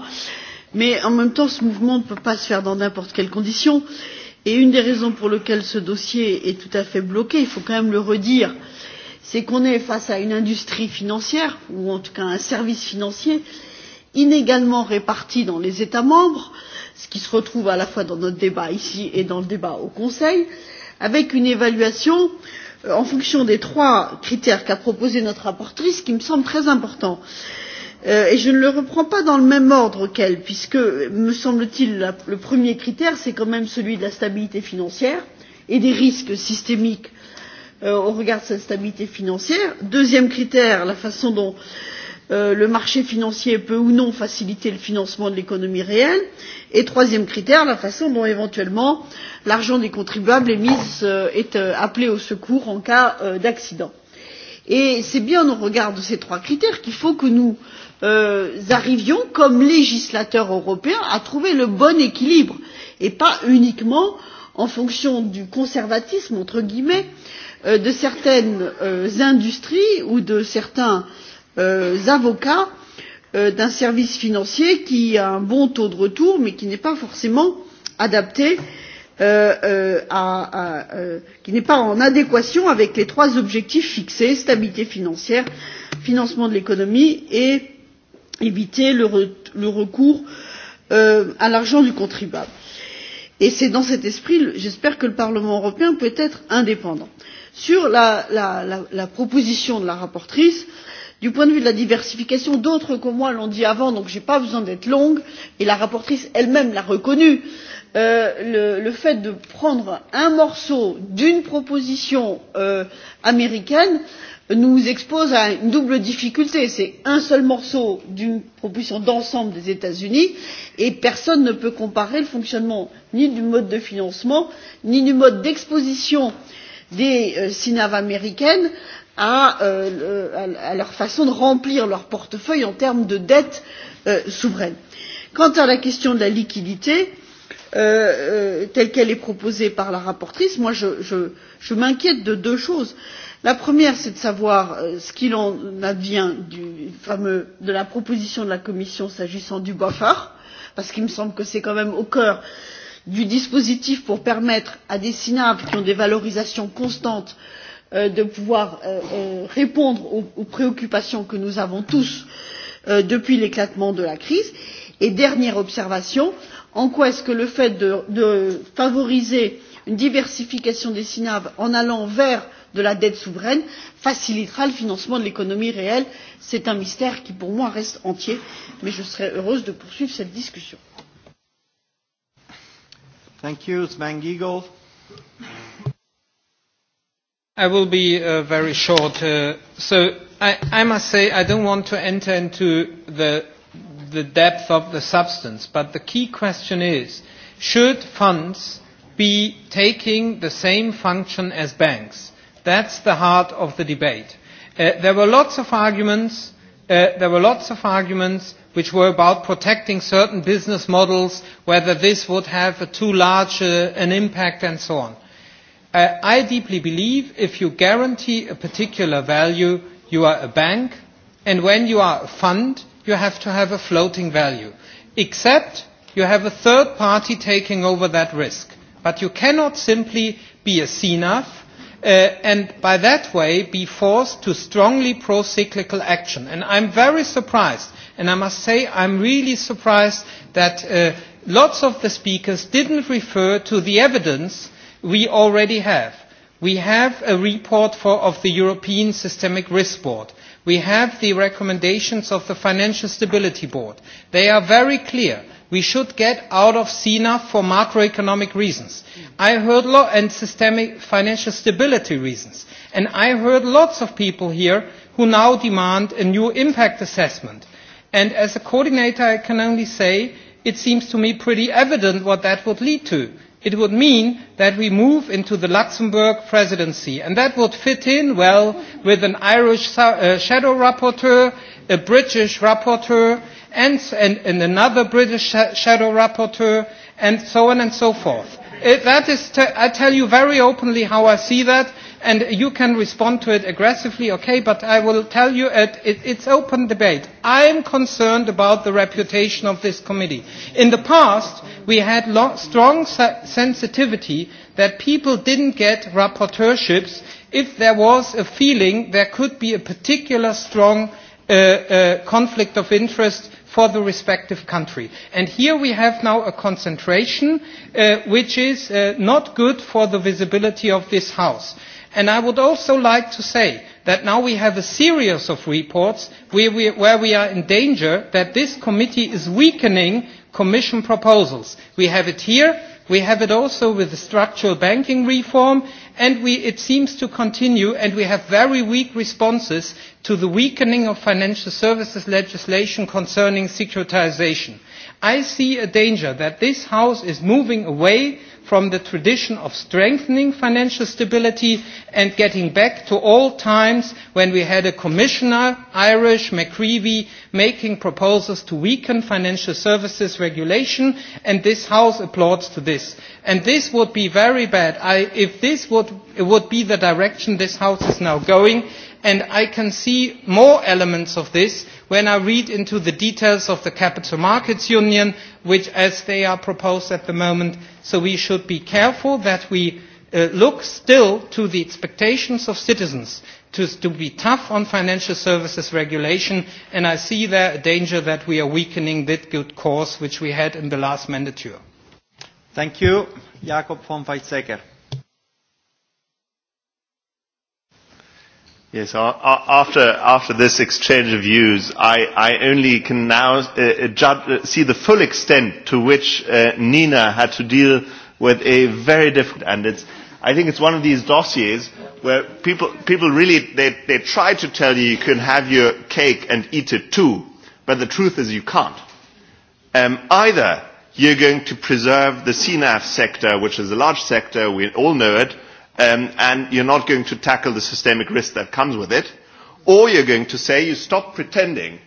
Speaker 13: Mais en même temps, ce mouvement ne peut pas se faire dans n'importe quelles conditions. Et une des raisons pour lesquelles ce dossier est tout à fait bloqué, il faut quand même le redire, euh, c'est qu'on est face à une industrie financière ou en tout cas un service financier inégalement réparti dans les états membres ce qui se retrouve à la fois dans notre débat ici et dans le débat au conseil avec une évaluation euh, en fonction des trois critères qu'a proposé notre rapporteure qui me semble très importante euh, et je ne le reprends pas dans le même ordre qu'elle puisque me semble t il le premier critère c'est quand même celui de la stabilité financière et des risques systémiques euh, au regard de sa stabilité financière. deuxième critère la façon dont euh, le marché financier peut ou non faciliter le financement de l'économie réelle et troisième critère la façon dont éventuellement l'argent des contribuables est, mis, euh, est euh, appelé au secours en cas euh, d'accident. et c'est bien au regard de ces trois critères qu'il faut que nous euh, arrivions comme législateurs européens à trouver le bon équilibre et pas uniquement en fonction du conservatisme entre guillemets euh, Euh, de certaines euh, industries ou de certains euh, avocats d'un service financier qui a un bon taux de retour mais qui n'est pas forcément adapté euh, à, à, euh, qui n'est pas en adéquation avec les trois objectifs fixés stabilité financière, financement de l'économie et éviter le, re, le recours euh, à l'argent du contribuable. Et c'est dans cet esprit, j'espère que le Parlement européen peut être indépendant sur la, la, la, la proposition de la rapporteure du point de vue de la diversification d'autres que moi l'ont dit avant donc je n'ai pas besoin d'être longue et la rapporteure elle même l'a reconnu euh, le, le fait de prendre un morceau d'une proposition euh, américaine nous expose à une double difficulté c'est un seul morceau d'une proposition d'ensemble des états unis et personne ne peut comparer le fonctionnement ni du mode de financement ni du mode d'exposition euh, des euh, cnav américaines à, euh, à leur façon de remplir leur portefeuille en termes de dette euh, souveraine. quant à la question de la liquidité euh, euh telle qu'elle est proposée par la rapporteure je, je, je m'inquiète de deux choses la première c'est de savoir euh, ce qu'il en advient du fameux, de la proposition de la commission s'agissant du buffer parce qu'il me semble que c'est quand même au cœur de du dispositif pour permettre à des cnav qui ont des valorisations constantes euh, de pouvoir euh, euh, répondre aux préoccupations que nous avons tous depuis l'éclatement de la crise et dernière observation en quoi est ce que le fait de, favoriser une diversification des cnav en allant vers de la dette souveraine facilitera le financement de l'économie réelle? c'est un mystère qui pour moi reste entier mais je serai heureuse de poursuivre cette discussion.
Speaker 1: Thank you, Sven Giegel.
Speaker 10: I will be uh, very short. Uh, so I, I must say I don't want to enter into the, the depth of the substance, but the key question is, should funds be taking the same function as banks? That's the heart of the debate. Uh, there were lots of arguments Uh, there were lots of arguments which were about protecting certain business models, whether this would have a too large uh, an impact and so on. Uh, I deeply believe if you guarantee a particular value, you are a bank, and when you are a fund, you have to have a floating value, except you have a third party taking over that risk. But you cannot simply be a CNAF uh, and by that way be forced to strongly pro-cyclical action. And I'm very surprised, and I must say I'm really surprised that uh, lots of the speakers didn't refer to the evidence we already have. We have a report for, of the European Systemic Risk Board. We have the recommendations of the Financial Stability Board. They are very clear we should get out of cena for macroeconomic reasons. i heard law and systemic financial stability reasons. and i heard lots of people here who now demand a new impact assessment. and as a coordinator, i can only say it seems to me pretty evident what that would lead to. It would mean that we move into the Luxembourg presidency, and that would fit in well with an Irish uh, shadow rapporteur, a British rapporteur, and, and, and another British sh shadow rapporteur, and so on and so forth. It, uh, that is, t I tell you very openly how I see that, and you can respond to it aggressively, okay, but I will tell you it, it, it's open debate. I am concerned about the reputation of this committee. In the past, we had lo strong se sensitivity that people didn't get rapporteurships if there was a feeling there could be a particular strong uh, uh, conflict of interest for the respective country. And here we have now a concentration uh, which is uh, not good for the visibility of this House. And I would also like to say that now we have a series of reports where we, where we are in danger that this committee is weakening Commission proposals. We have it here, we have it also with the structural banking reform and we, it seems to continue and we have very weak responses to the weakening of financial services legislation concerning securitisation. i see a danger that this house is moving away from the tradition of strengthening financial stability and getting back to old times when we had a commissioner, Irish McCreevy, making proposals to weaken financial services regulation, and this House applauds to this. And this would be very bad if this would, would be the direction this House is now going and I can see more elements of this when I read into the details of the Capital Markets Union, which as they are proposed at the moment. So we should be careful that we uh, look still to the expectations of citizens to, to be tough on financial services regulation, and I see there a danger that we are weakening that good course which we had in the last mandature.
Speaker 1: Thank you. Jakob von Weizsäcker.
Speaker 5: Yes, after, after this exchange of views, I, I only can now uh, uh judge, uh, see the full extent to which uh, Nina had to deal with a very difficult, and it's, I think it's one of these dossiers where people, people really, they, they try to tell you you can have your cake and eat it too, but the truth is you can't. Um, either you're going to preserve the CNAF sector, which is a large sector, we all know it, and um, and you're not going to tackle the systemic risk that comes with it, or you're going to say you stop pretending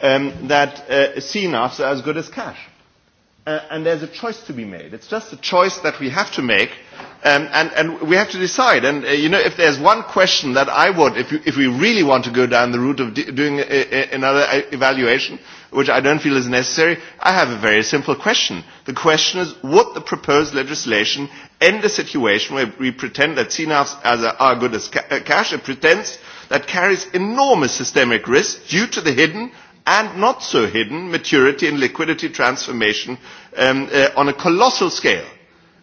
Speaker 5: um, that uh, CNAFs are as good as cash. Uh, and there's a choice to be made. It's just a choice that we have to make, um, and, and we have to decide. And uh, you know, if there's one question that I would, if, you, if we really want to go down the route of doing a, a, another e, evaluation, which I don't feel is necessary, I have a very simple question. The question is, would the proposed legislation end the situation where we pretend that CNAFs are good as ca- cash, a pretense that carries enormous systemic risk due to the hidden and not so hidden maturity and liquidity transformation um, uh, on a colossal scale.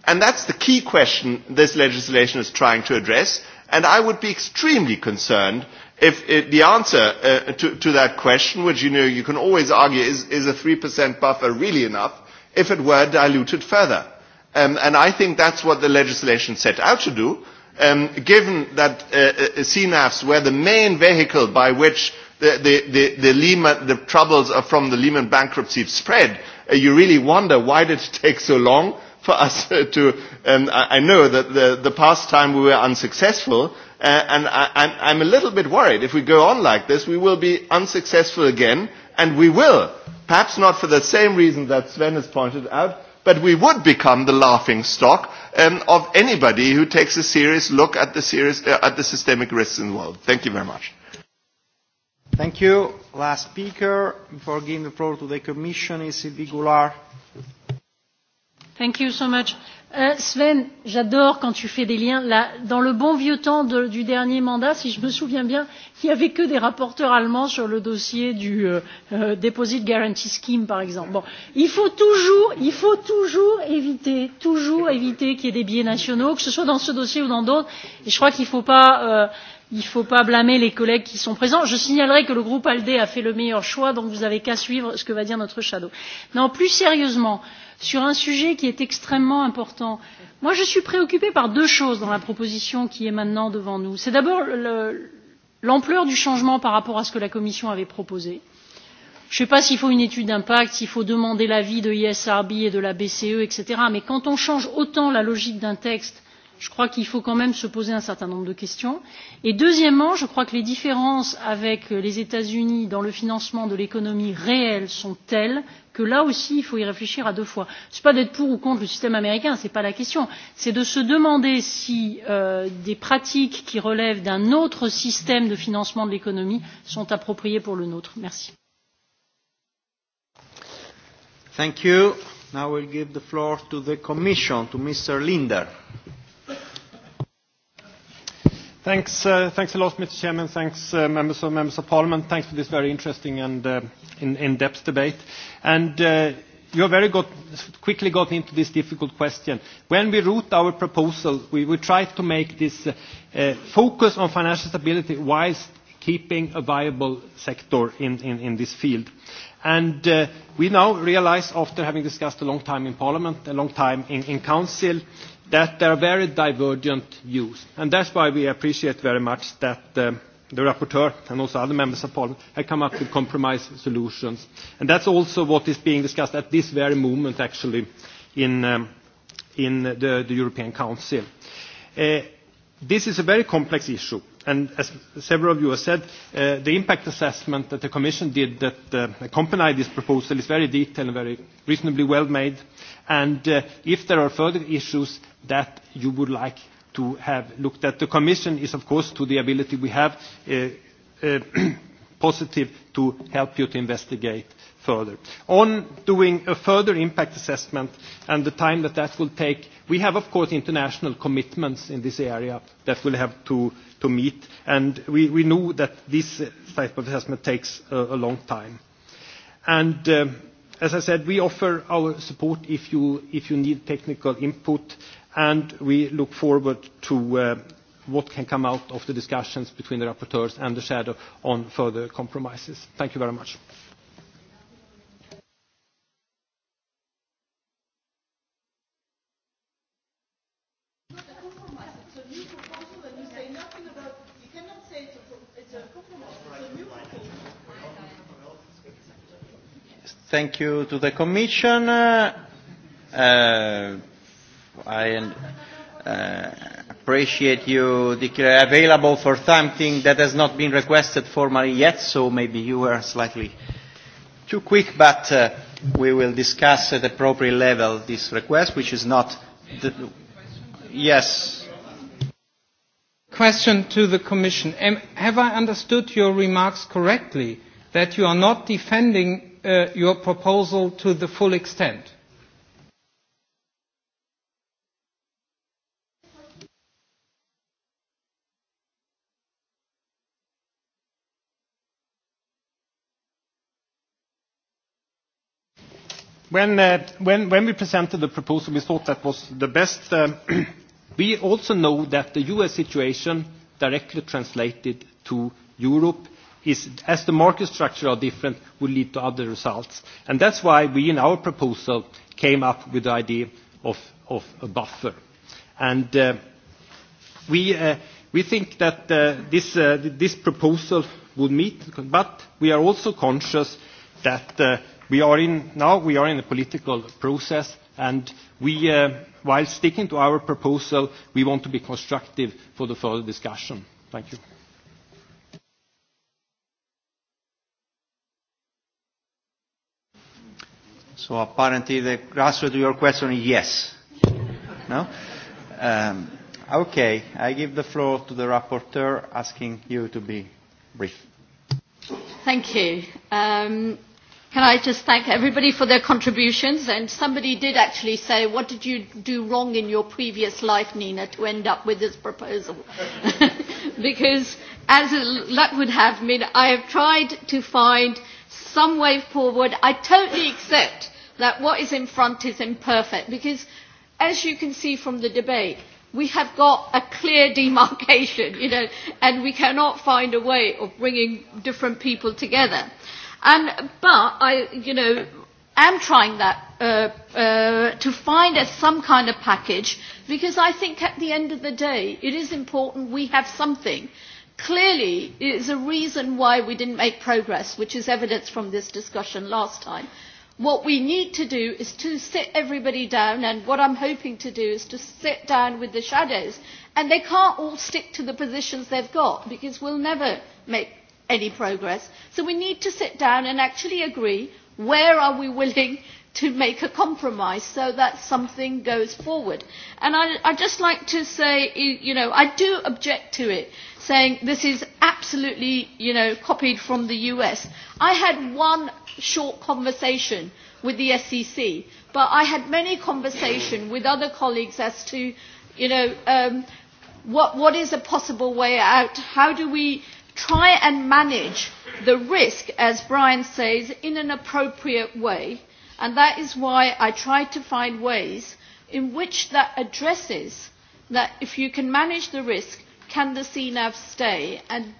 Speaker 5: And that's the key question this legislation is trying to address. And I would be extremely concerned if it, uh, the answer uh, to, to that question, which you know you can always argue is, is a 3% buffer really enough, if it were diluted further Um, and I think that's what the legislation set out to do, um, given that uh, uh, CNAFs were the main vehicle by which the, the, the, the, Lehman, the troubles are from the Lehman bankruptcy spread. Uh, you really wonder why did it take so long for us uh, to, um, I, I know that the, the past time we were unsuccessful, uh, and I, I'm, I'm a little bit worried if we go on like this, we will be unsuccessful again, and we will. Perhaps not for the same reason that Sven has pointed out, but we would become the laughing stock um, of anybody who takes a serious look at the, serious, uh, at the systemic risks in the world. Thank you very much.
Speaker 1: Thank you. Last speaker, before giving the floor to the Commission, is Sylvie Goulart.
Speaker 12: Thank you so much. Euh, Sven, j'adore quand tu fais des liens. Là, dans le bon vieux temps de, du dernier mandat, si je me souviens bien, il n'y avait que des rapporteurs allemands sur le dossier du euh, euh, Deposit Guarantee Scheme, par exemple. Bon, il faut toujours, il faut toujours éviter, toujours éviter qu'il y ait des billets nationaux, que ce soit dans ce dossier ou dans d'autres. Et je crois qu'il ne faut pas. Euh, il ne faut pas blâmer les collègues qui sont présents. Je signalerai que le groupe ALDE a fait le meilleur choix, donc vous n'avez qu'à suivre ce que va dire notre shadow. Non, plus sérieusement, euh, sur un sujet qui est extrêmement important. Moi, je suis préoccupée par deux choses dans la proposition qui est maintenant devant nous. C'est d'abord l'ampleur du changement par rapport à ce que la Commission avait proposé. Je ne sais pas s'il faut une étude d'impact, s'il faut demander l'avis de ISRB et de la BCE, etc. Mais quand on change autant la logique d'un texte, je crois qu'il faut quand même se poser un certain nombre de questions. Et deuxièmement, je crois que les différences avec les États-Unis dans le financement de l'économie réelle sont telles que là aussi il faut y réfléchir à deux fois. ce n'est pas d'être pour ou contre le système américain ce n'est pas la question c'est de se demander si euh, des pratiques qui relèvent d'un autre système de financement de l'économie sont appropriées pour le nôtre. merci.
Speaker 1: Thank you. Now we'll give the floor to the Commission, to Mr. Linder.
Speaker 20: Thanks, uh, thanks a lot, Mr. Chairman. Thanks, uh, members of members of Parliament. Thanks for this very interesting and uh, in, depth in debate. And uh, you have very got, quickly gotten into this difficult question. When we wrote our proposal, we, we tried to make this uh, uh, focus on financial stability whilst keeping a viable sector in, in, in this field. And uh, we now realize, after having discussed a long time in Parliament, a long time in, in Council, that there are very divergent views. And that's why we appreciate very much that uh, the rapporteur and also other members of parliament have come up with compromise solutions. And that's also what is being discussed at this very moment, actually, in, um, in the, the European Council. Uh, this is a very complex issue. And as several of you have said, uh, the impact assessment that the Commission did that uh, accompanied this proposal is very detailed and very reasonably well made. And uh, if there are further issues, that you would like to have looked at. The Commission is, of course, to the ability we have, uh, uh, positive to help you to investigate further. On doing a further impact assessment and the time that that will take, we have, of course, international commitments in this area that we'll have to, to meet, and we, we know that this type of assessment takes a, a long time. And uh, as I said, we offer our support if you, if you need technical input, and we look forward to uh, what can come out of the discussions between the rapporteurs and the shadow on further compromises. Thank you very much.
Speaker 1: Thank you to the Commission. Uh, uh I uh, appreciate you declare uh, available for something that has not been requested formally yet, so maybe you were slightly too quick, but uh, we will discuss at appropriate level this request, which is not the... Yes.
Speaker 10: Question to the Commission. Um, have I understood your remarks correctly, that you are not defending uh, your proposal to the full extent?
Speaker 20: When, uh, when, when we presented the proposal, we thought that was the best. Uh, we also know that the U.S. situation directly translated to Europe is, as the market structure are different, will lead to other results. And that's why we, in our proposal, came up with the idea of, of a buffer. And uh, we, uh, we think that uh, this, uh, this proposal would meet, but we are also conscious that uh, We are in, now we are in a political process and we, uh, while sticking to our proposal, we want to be constructive for the further discussion.
Speaker 1: Thank you. So apparently the answer to your question is yes. No? Um, okay, I give the floor to the rapporteur asking you to be brief.
Speaker 14: Thank you. Um, Can I just thank everybody for their contributions? And somebody did actually say, what did you do wrong in your previous life, Nina, to end up with this proposal? because as luck would have me, I have tried to find some way forward. I totally accept that what is in front is imperfect because, as you can see from the debate, we have got a clear demarcation, you know, and we cannot find a way of bringing different people together And, but I, you know, am trying that uh, uh, to find a, some kind of package because I think at the end of the day it is important we have something. Clearly, it is a reason why we didn't make progress, which is evidence from this discussion last time. What we need to do is to sit everybody down, and what I'm hoping to do is to sit down with the shadows. And they can't all stick to the positions they've got because we'll never make any progress. So we need to sit down and actually agree where are we willing to make a compromise so that something goes forward. And I, would just like to say, you know, I do object to it, saying this is absolutely, you know, copied from the US. I had one short conversation with the SEC, but I had many conversations with other colleagues as to, you know, um, what, what is a possible way out? How do we try and manage the risk, as Brian says, in an appropriate way. And that is why I try to find ways in which that addresses that if you can manage the risk, can the CNAV stay? And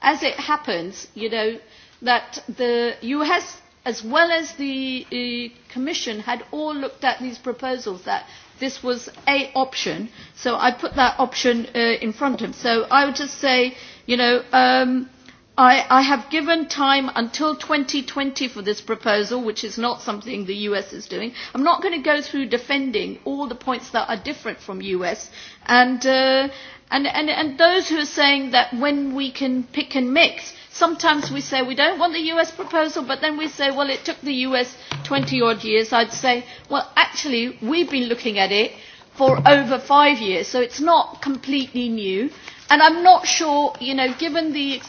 Speaker 14: as it happens, you know, that the US, as well as the uh, Commission, had all looked at these proposals that this was a option. So I put that option uh, in front of. So I would just say You know, um, I, I have given time until 2020 for this proposal, which is not something the US is doing. I'm not going to go through defending all the points that are different from US. And, uh, and, and, and those who are saying that when we can pick and mix, sometimes we say we don't want the US proposal, but then we say, well, it took the US 20 odd years. I'd say, well, actually, we've been looking at it for over five years, so it's not completely new And am not sure, you know, given the,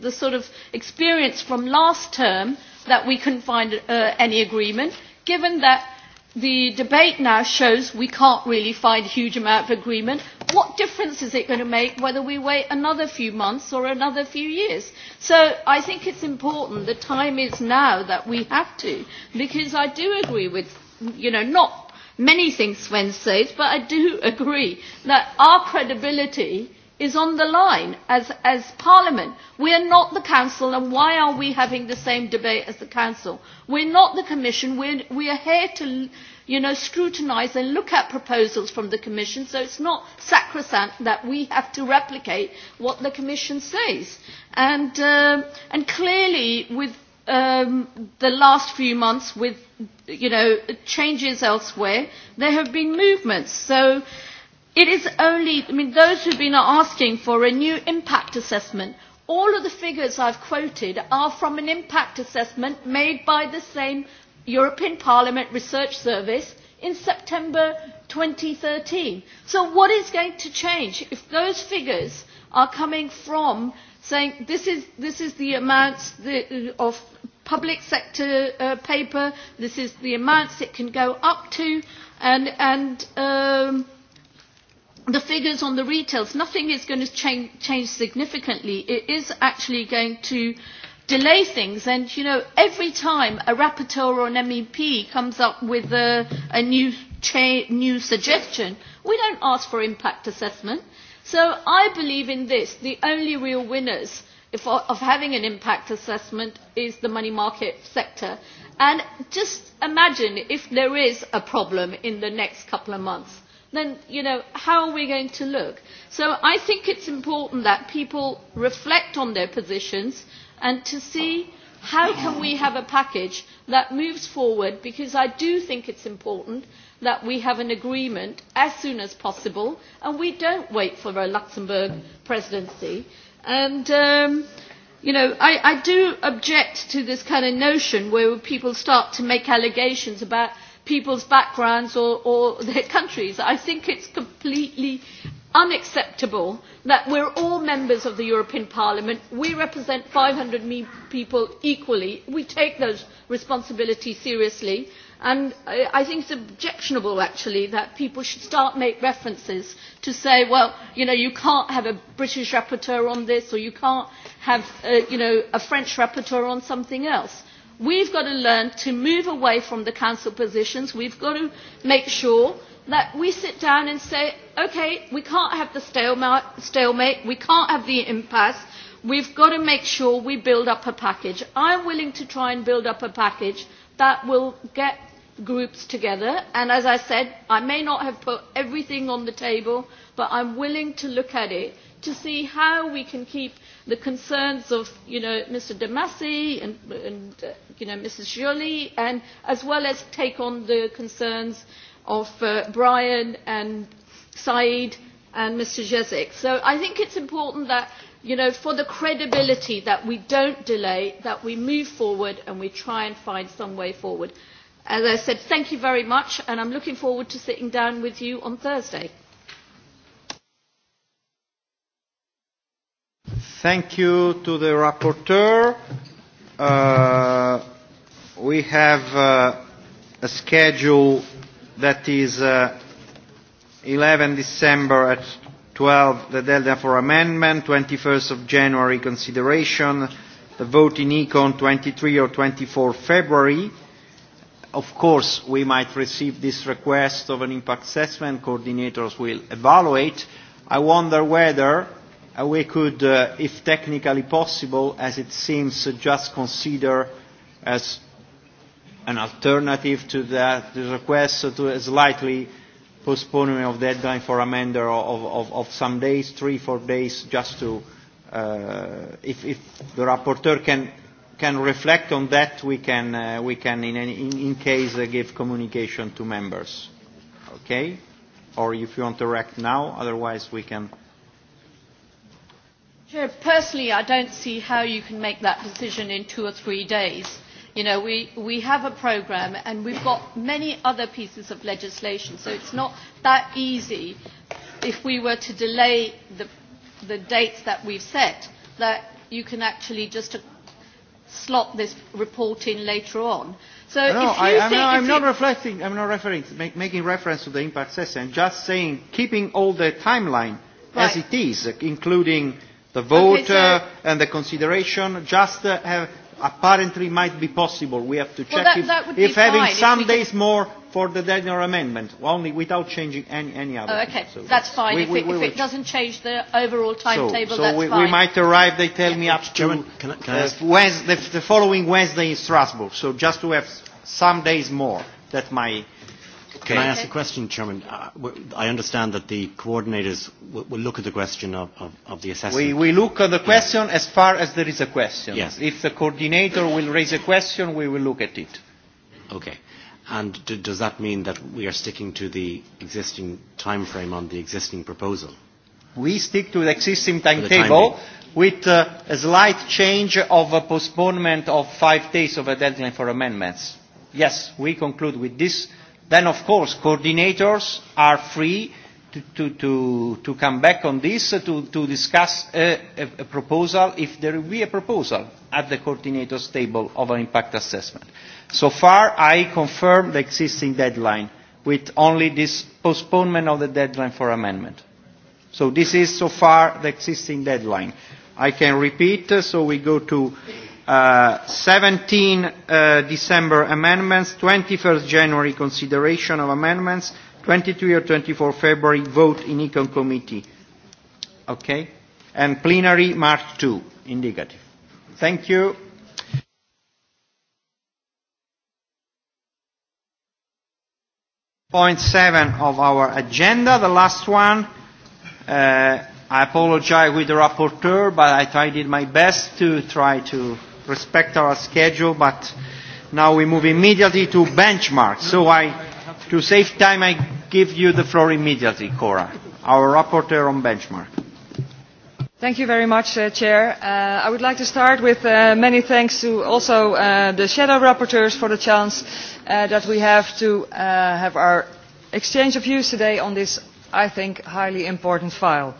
Speaker 14: the sort of experience from last term that we couldn't find uh, any agreement, given that the debate now shows we can't really find a huge amount of agreement, what difference is it going to make whether we wait another few months or another few years? So I think it's important. The time is now that we have to, because I do agree with, you know, not many things Sven says, but I do agree that our credibility is on the line as, as Parliament. We are not the Council, and why are we having the same debate as the Council? We're not the Commission. We're, we are here to you know, scrutinise and look at proposals from the Commission, so it's not sacrosanct that we have to replicate what the Commission says. And, uh, and clearly, with um, the last few months with, you know, changes elsewhere, there have been movements. So it is only, I mean, those who have been asking for a new impact assessment, all of the figures I've quoted are from an impact assessment made by the same European Parliament Research Service in September 2013. So what is going to change if those figures are coming from saying this is, this is the amount of public sector uh, paper. This is the amounts it can go up to, and and. Um, the figures on the retails, nothing is going to change, change significantly. It is actually going to delay things. And, you know, every time a rapporteur or an MEP comes up with a, a new, cha- new suggestion, we don't ask for impact assessment. So I believe in this. The only real winners of having an impact assessment is the money market sector. And just imagine if there is a problem in the next couple of months, then, you know, how are we going to look? So I think it's important that people reflect on their positions and to see how can we have a package that moves forward because I do think it's important that we have an agreement as soon as possible and we don't wait for a Luxembourg presidency. And, um, you know, I, I do object to this kind of notion where people start to make allegations about people's backgrounds or, or their countries. I think it's completely unacceptable that we're all members of the European Parliament. We represent 500 people equally. We take those responsibilities seriously And I think it is objectionable, actually, that people should start making references to say, well, you know, you cannot have a British rapporteur on this, or you cannot have, uh, a, French rapporteur on something else. we have got to learn to move away from the council positions. we have got to make sure that we sit down and say, okay, we cannot have the stalemate, we cannot have the impasse, we have got to make sure we build up a package. i am willing to try and build up a package that will get groups together and as i said i may not have put everything on the table but i am willing to look at it to see how we can keep the concerns of you know, mr damassi and, and uh, you know, mrs joly and as well as take on the concerns of uh, brian and said and mr jezik. so i think it is important that you know, for the credibility that we do not delay that we move forward and we try and find some way forward as i said thank you very much and i am looking forward to sitting down with you on thursday.
Speaker 1: Thank you to the rapporteur. Uh, we have uh, a schedule that is uh, 11 December at 12, the deadline for Amendment, 21st of January consideration, the vote in Econ 23 or 24 February, of course, we might receive this request of an impact assessment, coordinators will evaluate. I wonder whether uh, we could, uh, if technically possible, as it seems, just consider as an alternative to that the request so to a slightly postponement of deadline for amender of, of, of some days, three, four days, just to, uh, if, if the rapporteur can can reflect on that. We can, uh, we can in, any, in, in case, uh, give communication to members. Okay? Or if you want to react now, otherwise we can.
Speaker 14: Chair, personally, I don't see how you can make that decision in two or three days. You know, we, we have a program, and we've got many other pieces of legislation, so it's not that easy if we were to delay the, the dates that we've set that you can actually just slot this report in later on. So no, if you I, I'm, think not, I'm not
Speaker 1: reflecting, I'm not referring, make, making reference to the impact assessment, just saying keeping all the timeline right. as it is, including the vote okay, so uh, and the consideration, just uh, have, apparently might be possible. We have to check well, that, if, that if having fine, some if days more for the Daniel amendment, only without changing any, any other. Oh, okay, so that's fine. We, if we, it, we, if we, it
Speaker 14: doesn't change the overall timetable, so, so that's we, fine. we might
Speaker 1: arrive, they tell yeah, me, up to can I, can I uh, ask? Uh, Wednesday, the following Wednesday in Strasbourg. So just to have some days more, that my... Okay. Can I ask a question,
Speaker 15: Chairman? Uh, I understand that the coordinators will, will look at the question of, of, of the assessment. We,
Speaker 1: we look at the question yes. as far as there is a question. Yes. If the coordinator will raise a question, we will look at it.
Speaker 15: Okay. And does that mean that we are sticking to the existing time frame on the
Speaker 1: existing proposal? We stick to the existing timetable time with uh, a slight change of a postponement of five days of a deadline for amendments. Yes, we conclude with this. Then, of course, coordinators are free to, to, to, come back on this, uh, to, to discuss a, a, a proposal, if there will be a proposal at the coordinators table of an impact assessment. So far, I confirm the existing deadline with only this postponement of the deadline for amendment. So this is so far the existing deadline. I can repeat, uh, so we go to uh, 17 uh, December amendments, 21st January consideration of amendments, 23 or 24 February vote in Econ Committee. Okay? And plenary March 2, indicative. Thank you. Point seven of our agenda, the last one. Uh, I apologize with the rapporteur, but I, I did my best to try to respect our schedule, but now we move immediately to benchmarks. So I to save time, I give you the floor immediately, Cora, our rapporteur on benchmark.
Speaker 8: Thank you very much, uh, Chair. Uh, I would like to start with uh, many thanks to also uh, the shadow rapporteurs for the chance uh, that we have to uh, have our exchange of views today on this, I think, highly important file.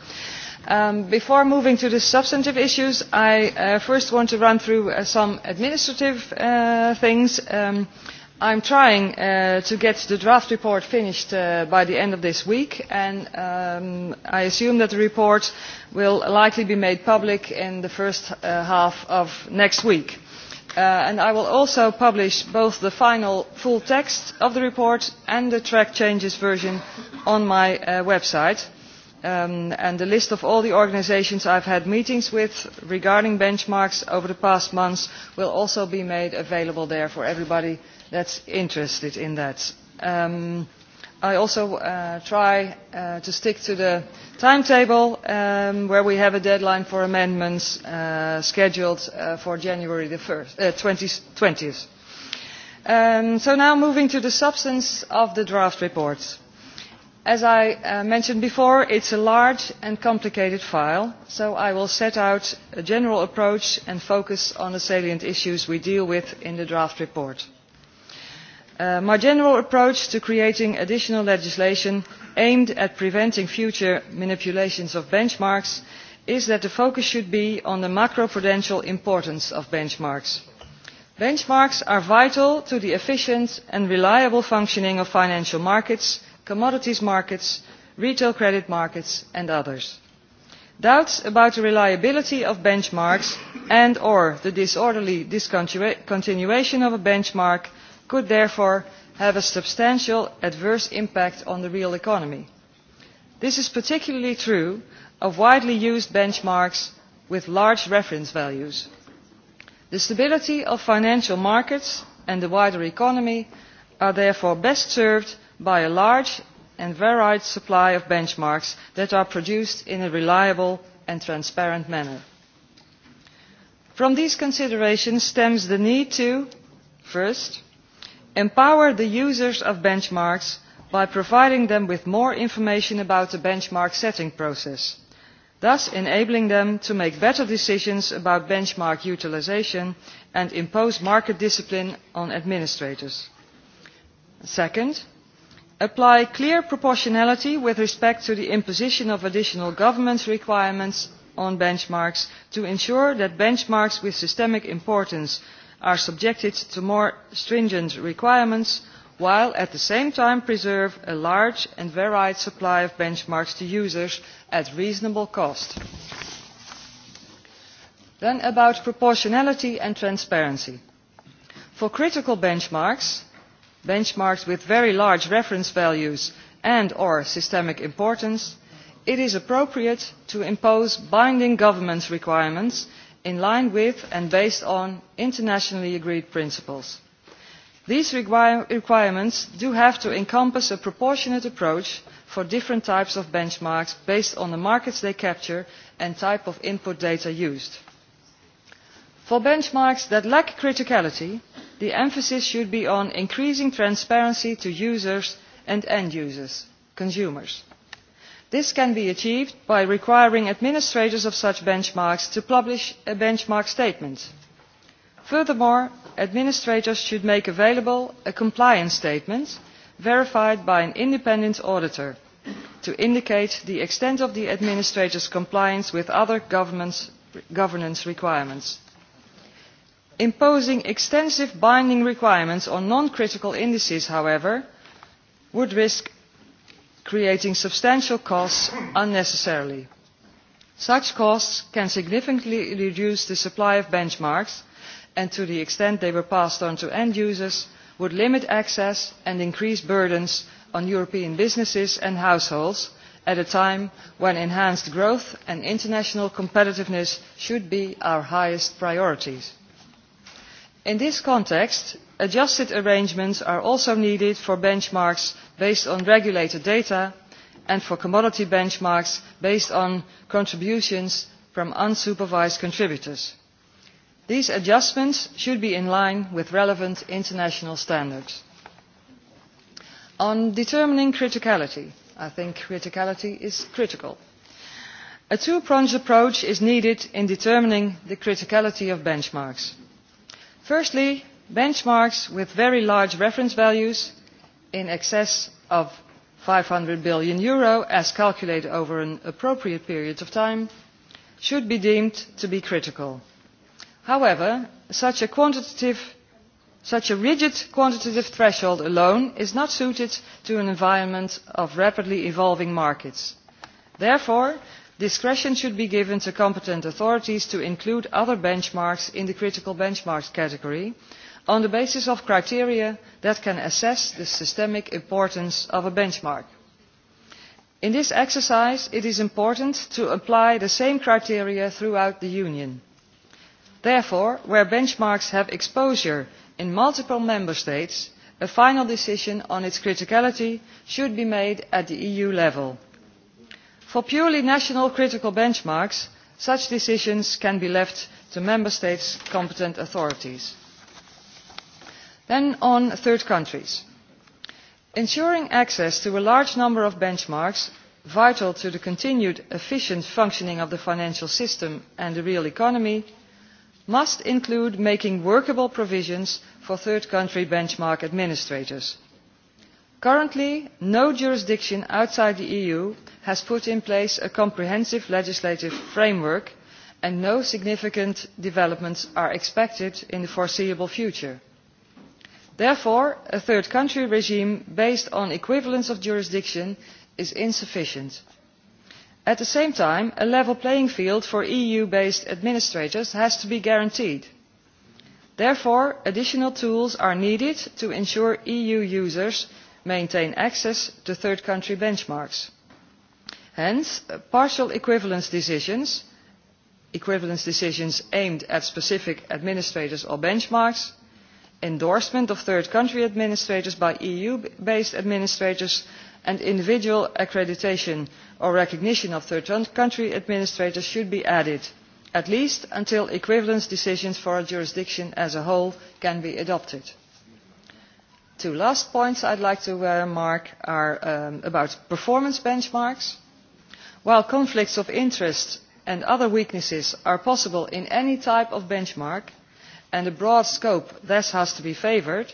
Speaker 8: Um, before moving to the substantive issues, I uh, first want to run through uh, some administrative uh, things. Um, I'm trying uh, to get the draft report finished uh, by the end of this week and um, I assume that the report will likely be made public in the first uh, half of next week. and I will also publish both the final full text of the report and the track changes version on my website. Um, and the list of all the organisations i have had meetings with regarding benchmarks over the past months will also be made available there for everybody that's interested in that. Um, I also uh, try uh, to stick to the timetable um, where we have a deadline for amendments uh, scheduled uh, for January the 1st, uh, 20th. Um, so now moving to the substance of the draft report. As I uh, mentioned before, it's a large and complicated file, so I will set out a general approach and focus on the salient issues we deal with in the draft report Uh, my general approach to creating additional legislation aimed at preventing future manipulations of benchmarks is that the focus should be on the macro prudential importance of benchmarks. benchmarks are vital to the efficient and reliable functioning of financial markets commodities markets retail credit markets and others. doubts about the reliability of benchmarks and or the disorderly discontinuation of a benchmark could therefore have a substantial adverse impact on the real economy. this is particularly true of widely used benchmarks with large reference values. the stability of financial markets and the wider economy are therefore best served by a large and varied supply of benchmarks that are produced in a reliable and transparent manner. from these considerations stems the need to first empower the users of benchmarks by providing them with more information about the benchmark setting process thus enabling them to make better decisions about benchmark utilisation and impose market discipline on administrators. second apply clear proportionality with respect to the imposition of additional government requirements on benchmarks to ensure that benchmarks with systemic importance are subjected to more stringent requirements while at the same time preserve a large and varied supply of benchmarks to users at reasonable cost. then about proportionality and transparency for critical benchmarks benchmarks with very large reference values and or systemic importance it is appropriate to impose binding governance requirements in line with and based on internationally agreed principles. these requirements do have to encompass a proportionate approach for different types of benchmarks based on the markets they capture and type of input data used. for benchmarks that lack criticality the emphasis should be on increasing transparency to users and end users consumers this can be achieved by requiring administrators of such benchmarks to publish a benchmark statement. furthermore administrators should make available a compliance statement verified by an independent auditor to indicate the extent of the administrator's compliance with other governance requirements. imposing extensive binding requirements on non critical indices however would risk creating substantial costs unnecessarily. such costs can significantly reduce the supply of benchmarks and to the extent they were passed on to end users would limit access and increase burdens on european businesses and households at a time when enhanced growth and international competitiveness should be our highest priorities in this context adjusted arrangements are also needed for benchmarks based on regulated data and for commodity benchmarks based on contributions from unsupervised contributors. these adjustments should be in line with relevant international standards. on determining criticality i think criticality is critical. a two pronged approach is needed in determining the criticality of benchmarks firstly benchmarks with very large reference values in excess of eur five hundred billion Euro, as calculated over an appropriate period of time should be deemed to be critical. however such a, quantitative, such a rigid quantitative threshold alone is not suited to an environment of rapidly evolving markets. therefore discretion should be given to competent authorities to include other benchmarks in the critical benchmarks category on the basis of criteria that can assess the systemic importance of a benchmark. in this exercise it is important to apply the same criteria throughout the union. therefore where benchmarks have exposure in multiple member states a final decision on its criticality should be made at the eu level for purely national critical benchmarks such decisions can be left to member states' competent authorities. then on third countries ensuring access to a large number of benchmarks vital to the continued efficient functioning of the financial system and the real economy must include making workable provisions for third country benchmark administrators currently no jurisdiction outside the eu has put in place a comprehensive legislative framework and no significant developments are expected in the foreseeable future. therefore a third country regime based on equivalence of jurisdiction is insufficient. at the same time a level playing field for eu based administrators has to be guaranteed. therefore additional tools are needed to ensure eu users maintain access to third country benchmarks. hence uh, partial equivalence decisions equivalence decisions aimed at specific administrators or benchmarks endorsement of third country administrators by eu based administrators and individual accreditation or recognition of third country administrators should be added at least until equivalence decisions for a jurisdiction as a whole can be adopted two last points i would like to uh, mark are um, about performance benchmarks. while conflicts of interest and other weaknesses are possible in any type of benchmark and a broad scope thus has to be favoured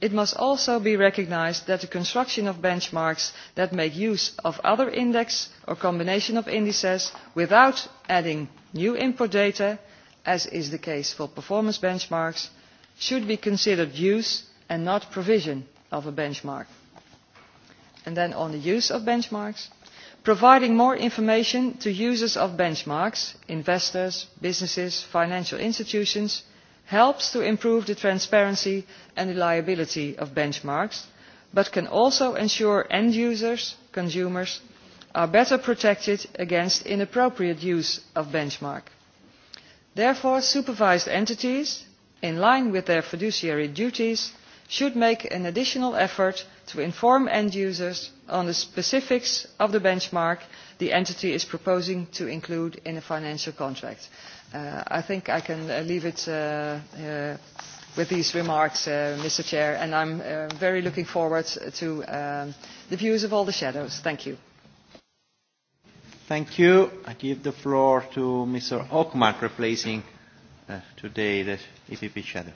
Speaker 8: it must also be recognised that the construction of benchmarks that make use of other index or combination of indices without adding new input data as is the case for performance benchmarks should be considered use and not provision of a benchmark. And then on the use of benchmarks, providing more information to users of benchmarks, investors, businesses, financial institutions, helps to improve the transparency and reliability of benchmarks, but can also ensure end users, consumers, are better protected against inappropriate use of benchmark. Therefore, supervised entities in line with their fiduciary duties should make an additional effort to inform end users on the specifics of the benchmark the entity is proposing to include in a financial contract. Uh, I think I can uh, leave it uh, with these remarks, Mr. Chair, and I'm am very looking forward to um, the views of all the shadows. Thank you.
Speaker 1: Thank you. I give the floor
Speaker 21: to Mr. hkmark replacing
Speaker 1: Uh, today the EPP shadow.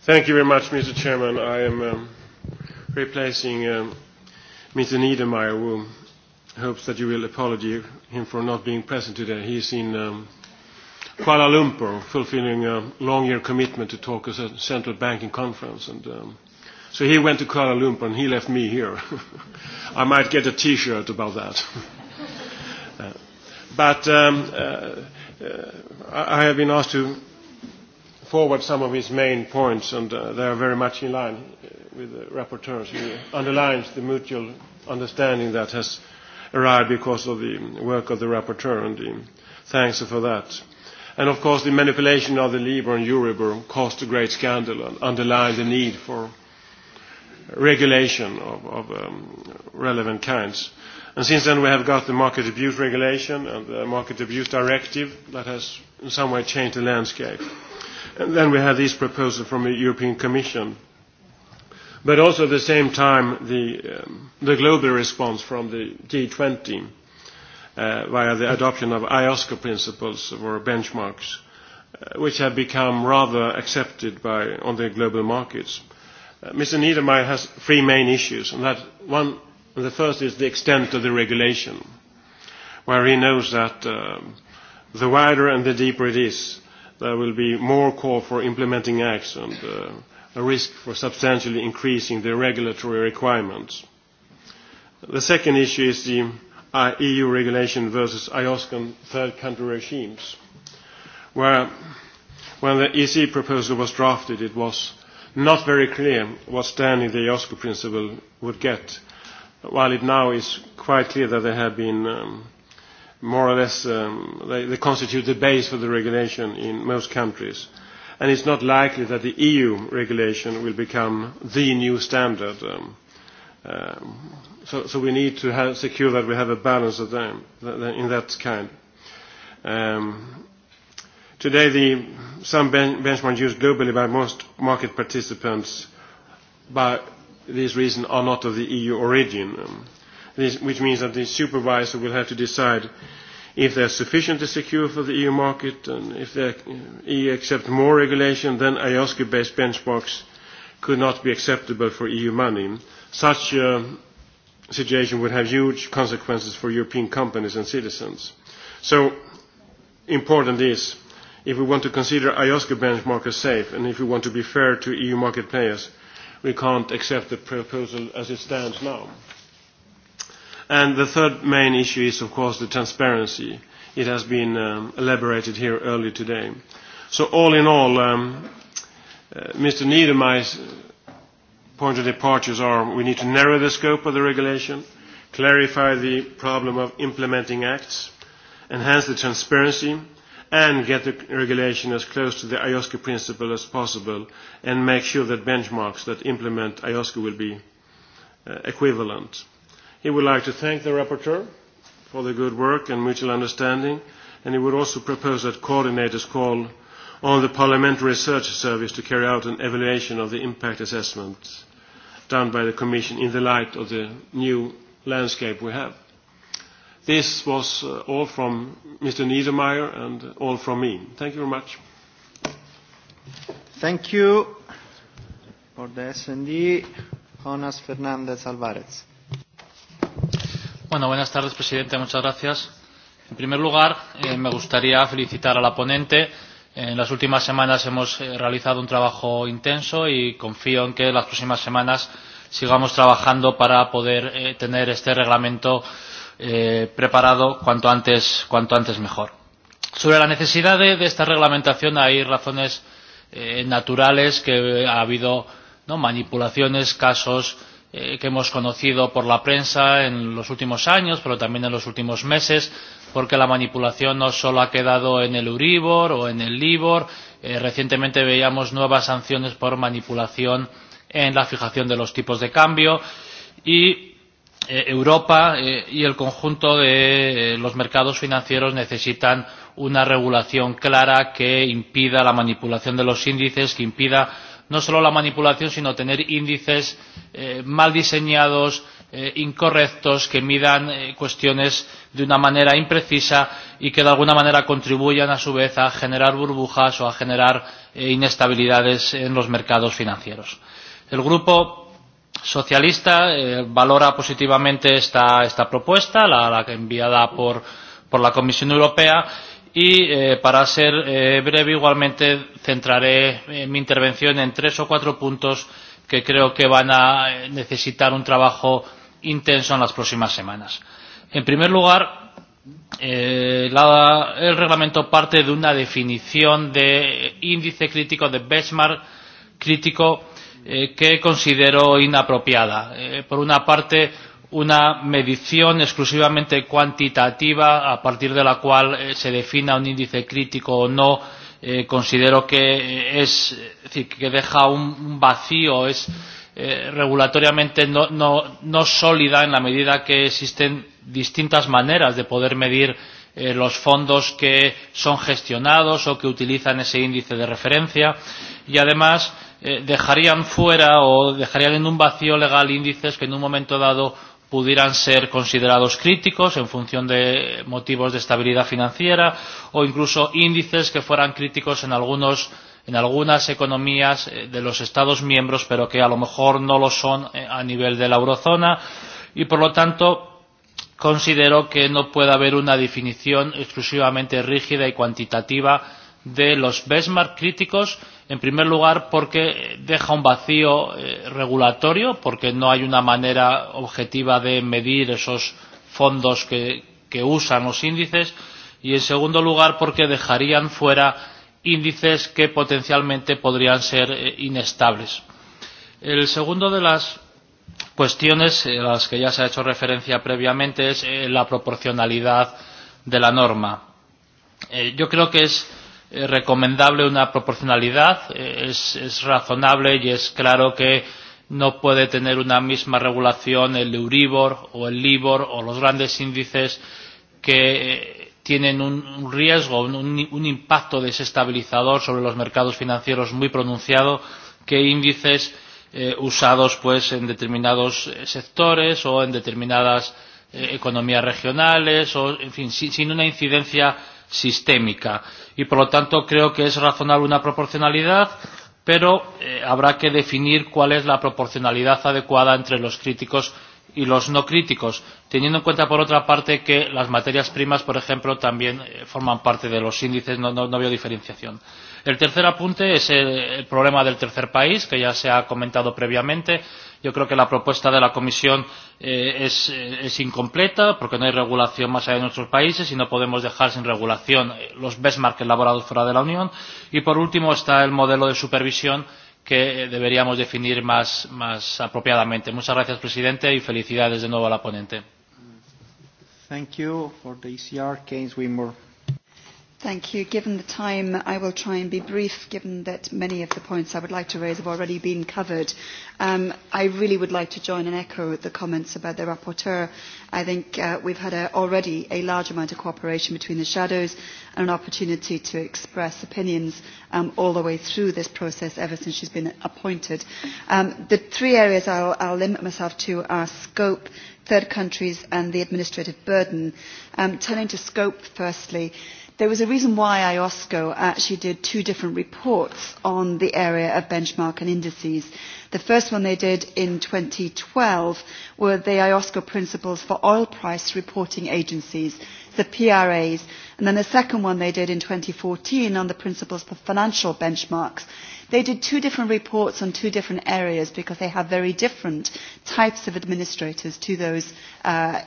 Speaker 21: Thank you very much, Mr. Chairman. I am um, replacing um, Mr. Niedermeyer, who hopes that you will apologize him for not being present today. He is in um, Kuala Lumpur, fulfilling a long-year commitment to talk at a central banking conference. And, um, so he went to Kuala Lumpur and he left me here. I might get a T-shirt about that. uh, but um, uh, uh, I have been asked to forward some of his main points, and uh, they are very much in line uh, with the rapporteurs. He underlines the mutual understanding that has arrived because of the work of the rapporteur, and the, thanks for that. And of course, the manipulation of the Libor and Euribor caused a great scandal and underlined the need for regulation of, of um, relevant kinds. And since then we have got the Market Abuse Regulation and the Market Abuse Directive that has in some way changed the landscape. And then we have these proposals from the European Commission. But also at the same time, the, um, the global response from the G20 uh, via the adoption of IOSCO principles or benchmarks, uh, which have become rather accepted by, on the global markets. Uh, Mr. Niedermeyer has three main issues, and that one the first is the extent of the regulation, where he knows that uh, the wider and the deeper it is, there will be more call for implementing acts and uh, a risk for substantially increasing the regulatory requirements. The second issue is the uh, EU regulation versus IOSCON third country regimes, where when the EC proposal was drafted, it was not very clear what standing the IOSCO principle would get while it now is quite clear that they have been um, more or less, um, they, they constitute the base for the regulation in most countries. And it's not likely that the EU regulation will become the new standard. Um, um, so, so we need to have, secure that we have a balance of them, that, that, in that kind. Um, today, the, some ben benchmarks used globally by most market participants by these reasons are not of the EU origin, um, this, which means that the supervisor will have to decide if they are sufficiently secure for the EU market and if the uh, EU accepts more regulation, then IOSCO-based benchmarks could not be acceptable for EU money. Such a uh, situation would have huge consequences for European companies and citizens. So important is if we want to consider IOSCO benchmarks safe and if we want to be fair to EU market players, we can't accept the proposal as it stands now. And the third main issue is, of course, the transparency. It has been um, elaborated here earlier today. So all in all, um, uh, Mr. Niedermeyer's point of departures are we need to narrow the scope of the regulation, clarify the problem of implementing acts, enhance the transparency, and get the regulation as close to the IOSCO principle as possible and make sure that benchmarks that implement IOSCO will be uh, equivalent. He would like to thank the rapporteur for the good work and mutual understanding, and he would also propose that coordinators call on the Parliamentary Research Service to carry out an evaluation of the impact assessment done by the Commission in the light of the new landscape we have. This was uh, all from Mr. Niedermeyer and all from me. Thank you very much.
Speaker 1: Thank you for the S&D. Jonas Fernandez Alvarez.
Speaker 22: Bueno, buenas tardes, presidente. Muchas gracias. En primer lugar, eh, me gustaría felicitar a la ponente. En las últimas semanas hemos eh, realizado un trabajo intenso y confío en que las próximas semanas sigamos trabajando para poder eh, tener este reglamento eh, preparado cuanto antes, cuanto antes mejor. Sobre la necesidad de, de esta reglamentación hay razones eh, naturales que eh, ha habido ¿no? manipulaciones, casos eh, que hemos conocido por la prensa en los últimos años, pero también en los últimos meses, porque la manipulación no solo ha quedado en el Euribor o en el Libor, eh, recientemente veíamos nuevas sanciones por manipulación en la fijación de los tipos de cambio y eh, Europa eh, y el conjunto de eh, los mercados financieros necesitan una regulación clara que impida la manipulación de los índices, que impida no solo la manipulación, sino tener índices eh, mal diseñados, eh, incorrectos, que midan eh, cuestiones de una manera imprecisa y que de alguna manera contribuyan a su vez a generar burbujas o a generar eh, inestabilidades en los mercados financieros. El grupo socialista eh, valora positivamente esta, esta propuesta, la, la enviada por, por la Comisión Europea. Y eh, para ser eh, breve, igualmente centraré eh, mi intervención en tres o cuatro puntos que creo que van a eh, necesitar un trabajo intenso en las próximas semanas. En primer lugar, eh, la, el reglamento parte de una definición de índice crítico, de benchmark crítico Eh, que considero inapropiada. Eh, por una parte, una medición exclusivamente cuantitativa a partir de la cual eh, se defina un índice crítico o no, eh, considero que es, que deja un, un vacío, es eh, regulatoriamente no, no, no sólida en la medida que existen distintas maneras de poder medir eh, los fondos que son gestionados o que utilizan ese índice de referencia y además Eh, dejarían fuera o dejarían en un vacío legal índices que en un momento dado pudieran ser considerados críticos en función de motivos de estabilidad financiera o incluso índices que fueran críticos en algunos en algunas economías eh, de los Estados miembros, pero que a lo mejor no lo son eh, a nivel de la eurozona y, por lo tanto, considero que no puede haber una definición exclusivamente rígida y cuantitativa de los benchmark críticos En primer lugar, porque deja un vacío eh, regulatorio, porque no hay una manera objetiva de medir esos fondos que, que usan los índices. Y, en segundo lugar, porque dejarían fuera índices que potencialmente podrían ser eh, inestables. El segundo de las cuestiones eh, a las que ya se ha hecho referencia previamente es eh, la proporcionalidad de la norma. Eh, yo creo que es Eh, recomendable una proporcionalidad, eh, es, es razonable y es claro que no puede tener una misma regulación el Euribor o el Libor o los grandes índices que eh, tienen un riesgo, un, un impacto desestabilizador sobre los mercados financieros muy pronunciado que índices eh, usados pues en determinados sectores o en determinadas eh, economías regionales o en fin sin, sin una incidencia sistémica. Eh, y por lo tanto creo que es razonable una proporcionalidad pero eh, habrá que definir cuál es la proporcionalidad adecuada entre los críticos y los no críticos, teniendo en cuenta, por otra parte, que las materias primas, por ejemplo, también eh, forman parte de los índices, no, no, no veo diferenciación. El tercer apunte es el, el problema del tercer país, que ya se ha comentado previamente Yo creo que la propuesta de la Comisión eh, es, eh, es incompleta porque no hay regulación más allá de nuestros países y no podemos dejar sin regulación eh, los benchmarks elaborados fuera de la Unión. Y por último está el modelo de supervisión que eh, deberíamos definir más, más apropiadamente. Muchas gracias, presidente, y felicidades de nuevo a la ponente.
Speaker 1: Thank you for the ECR, Keynes
Speaker 7: Thank you. Given the time, I will try and be brief, given that many of the points I would like to raise have already been covered. Um, I really would like to join and echo the comments about the rapporteur. I think uh, we've had a, already a large amount of cooperation between the shadows and an opportunity to express opinions um, all the way through this process ever since she's been appointed. Um, the three areas I'll, I'll limit myself to are scope, third countries and the administrative burden. Um, turning to scope firstly, There was a reason why IOSCO actually did two different reports on the area of benchmark and indices. The first one they did in 2012 were the IOSCO principles for oil price reporting agencies, the PRAs, and then the second one they did in 2014 on the principles for financial benchmarks. They did two different reports on two different areas because they have very different types of administrators to those uh,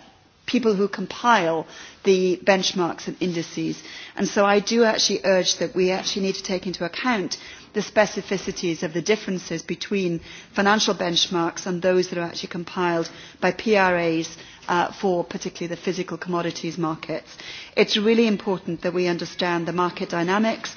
Speaker 7: people who compile the benchmarks and indices. And so I do actually urge that we actually need to take into account the specificities of the differences between financial benchmarks and those that are actually compiled by PRAs uh, for particularly the physical commodities markets. It's really important that we understand the market dynamics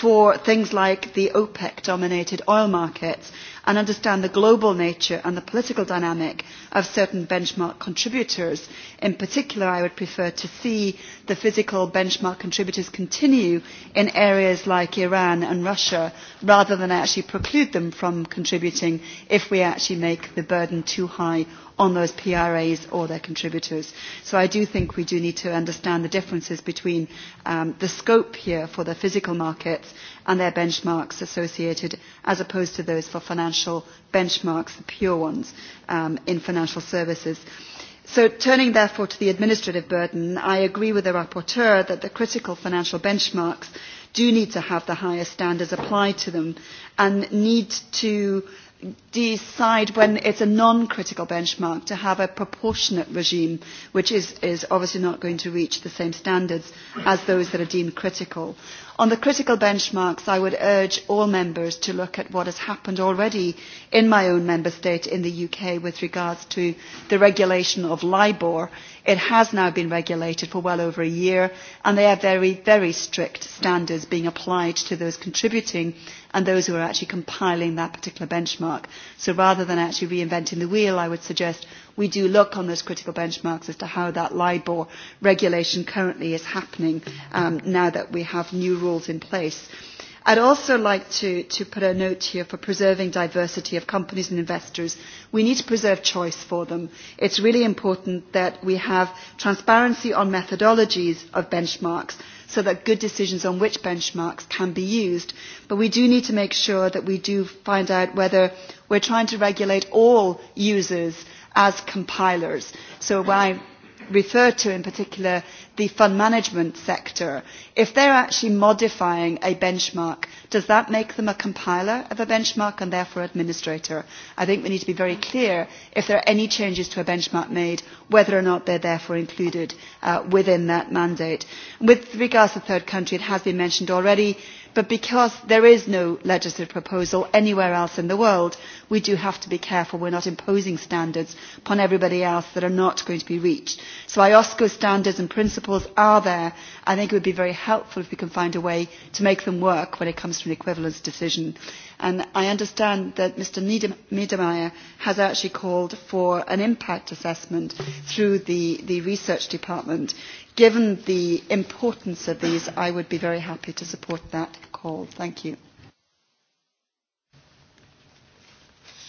Speaker 7: for things like the OPEC dominated oil markets and understand the global nature and the political dynamic of certain benchmark contributors. In particular, I would prefer to see the physical benchmark contributors continue in areas like Iran and Russia rather than actually preclude them from contributing if we actually make the burden too high on those PRAs or their contributors. So I do think we do need to understand the differences between um, the scope here for the physical markets and their benchmarks associated as opposed to those for financial benchmarks, the pure ones um, in financial services. So turning therefore to the administrative burden, I agree with the rapporteur that the critical financial benchmarks do need to have the highest standards applied to them and need to decide when it's a non-critical benchmark to have a proportionate regime which is, is obviously not going to reach the same standards as those that are deemed critical. On the critical benchmarks, I would urge all members to look at what has happened already in my own member state in the UK with regards to the regulation of LIBOR. It has now been regulated for well over a year, and there are very, very strict standards being applied to those contributing and those who are actually compiling that particular benchmark. So rather than actually reinventing the wheel, I would suggest we do look on those critical benchmarks as to how that LIBOR regulation currently is happening um, now that we have new rules in place. I'd also like to, to put a note here for preserving diversity of companies and investors. We need to preserve choice for them. It's really important that we have transparency on methodologies of benchmarks so that good decisions on which benchmarks can be used. But we do need to make sure that we do find out whether we're trying to regulate all users as compilers. So when I refer to in particular the fund management sector, if they're actually modifying a benchmark, does that make them a compiler of a benchmark and therefore administrator? I think we need to be very clear if there are any changes to a benchmark made, whether or not they're therefore included uh, within that mandate. With regards to third country, it has been mentioned already, but because there is no legislative proposal anywhere else in the world we do have to be careful we are not imposing standards upon everybody else that are not going to be reached. so iosco standards and principles are there. i think it would be very helpful if we can find a way to make them work when it comes to an equivalence decision. And i understand that mr niedermayer has actually called for an impact assessment through the, the research department given the importance of these, I would be very happy to support that call. Thank you.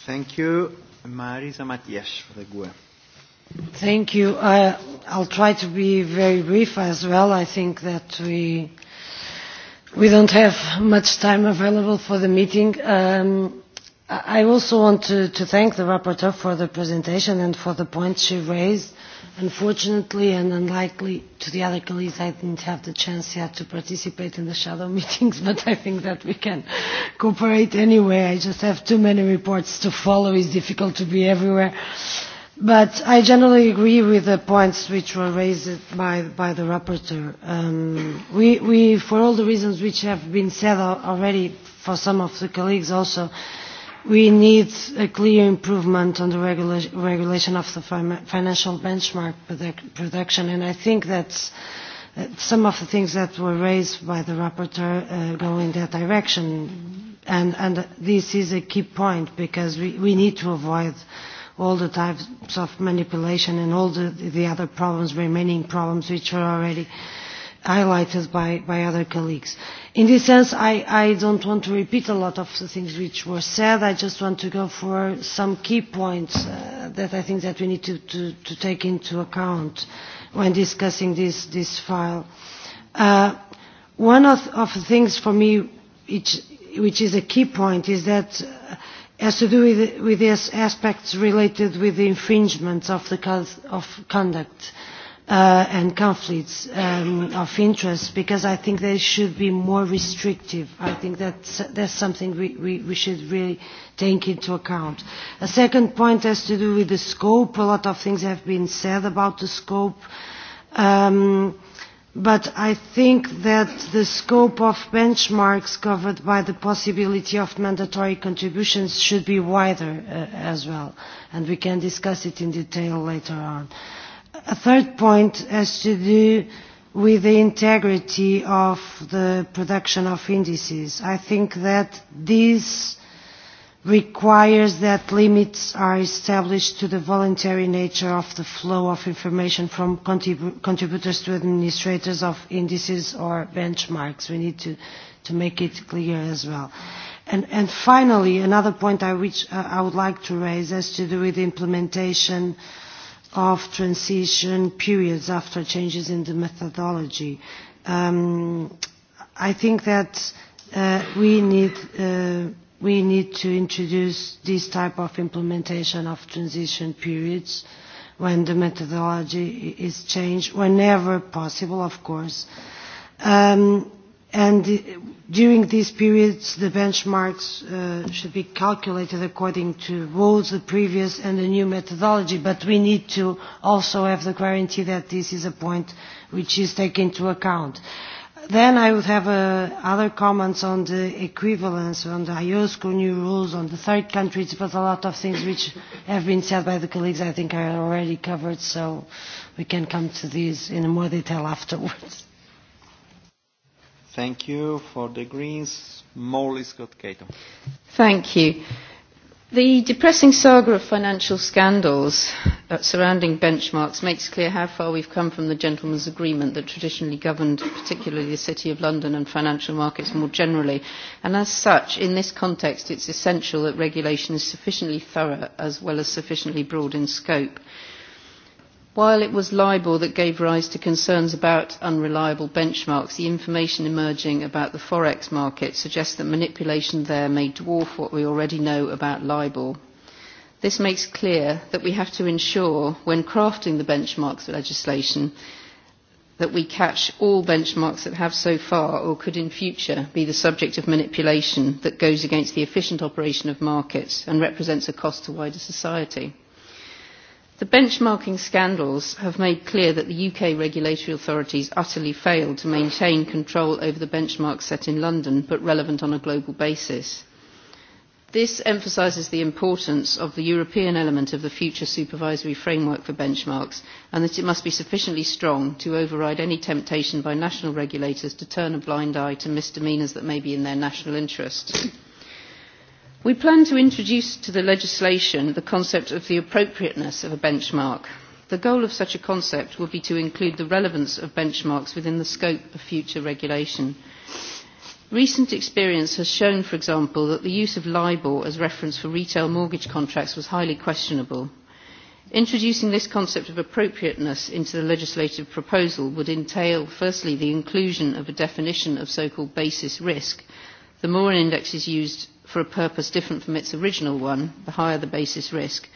Speaker 1: Thank you. Marisa Matias for the GUE.
Speaker 23: Thank you. I, I'll try to be very brief as well. I think that we, we don't have much time available for the meeting. Um, I also want to, to thank the rapporteur for the presentation and for the points she raised Unfortunately and unlikely to the other colleagues, I didn't have the chance yet to participate in the shadow meetings, but I think that we can cooperate anyway. I just have too many reports to follow. It's difficult to be everywhere. But I generally agree with the points which were raised by, by the rapporteur. Um, we, we, for all the reasons which have been said already for some of the colleagues also, uh, we need a clear improvement on the regula regulation of the financial benchmark production, and I think that uh, some of the things that were raised by the rapporteur uh, go in that direction. And, and this is a key point because we, we need to avoid all the types of manipulation and all the, the other problems, remaining problems, which were already highlighted by, by other colleagues. In this sense, I, I don't want to repeat a lot of the things which were said. I just want to go for some key points uh, that I think that we need to, to, to take into account when discussing this, this file. Uh, one of, of the things for me which, which is a key point is that uh, has to do with, with these aspects related with the infringements of the cause of conduct. Uh, uh, and conflicts um, of interest because I think they should be more restrictive. I think that's, that's something we, we, we should really take into account. A second point has to do with the scope. A lot of things have been said about the scope. Um, but I think that the scope of benchmarks covered by the possibility of mandatory contributions should be wider uh, as well, and we can discuss it in detail later on. Uh, a third point has to do with the integrity of the production of indices. I think that this requires that limits are established to the voluntary nature of the flow of information from contrib contributors to administrators of indices or benchmarks. We need to, to make it clear as well. And, and finally, another point I, which, uh, I would like to raise has to do with implementation uh, of transition periods after changes in the methodology. Um, I think that uh, we need uh, we need to introduce this type of implementation of transition periods when the methodology is changed, whenever possible, of course. Um, and During these periods, the benchmarks uh, should be calculated according to both the previous and the new methodology, but we need to also have the guarantee that this is a point which is taken into account. Then I would have uh, other comments on the equivalence, on the IOSCO new rules, on the third countries, but a lot of things which have been said by the colleagues I think are already covered, so we can come to these in more detail afterwards.
Speaker 1: Thank you for the Greens. Molly Scott Cato.
Speaker 23: Thank
Speaker 24: you. The depressing saga of financial scandals uh, surrounding benchmarks makes clear how far we've come from the gentleman's agreement that traditionally governed particularly the City of London and financial markets more generally. And as such, in this context, it's essential that regulation is sufficiently thorough as well as sufficiently broad in scope. While it was LIBOR that gave rise to concerns about unreliable benchmarks, the information emerging about the forex market suggests that manipulation there may dwarf what we already know about LIBOR. This makes clear that we have to ensure, when crafting the benchmarks legislation, that we catch all benchmarks that have so far or could in future be the subject of manipulation that goes against the efficient operation of markets and represents a cost to wider society. The benchmarking scandals have made clear that the UK regulatory authorities utterly failed to maintain control over the benchmarks set in London, but relevant on a global basis. This emphasises the importance of the European element of the future supervisory framework for benchmarks and that it must be sufficiently strong to override any temptation by national regulators to turn a blind eye to misdemeanours that may be in their national interests. We plan to introduce to the legislation the concept of the appropriateness of a benchmark. The goal of such a concept will be to include the relevance of benchmarks within the scope of future regulation. Recent experience has shown, for example, that the use of LIBOR as reference for retail mortgage contracts was highly questionable. Introducing this concept of appropriateness into the legislative proposal would entail, firstly, the inclusion of a definition of so-called basis risk. The more an index is used for a purpose different from its original one, the higher the basis risk.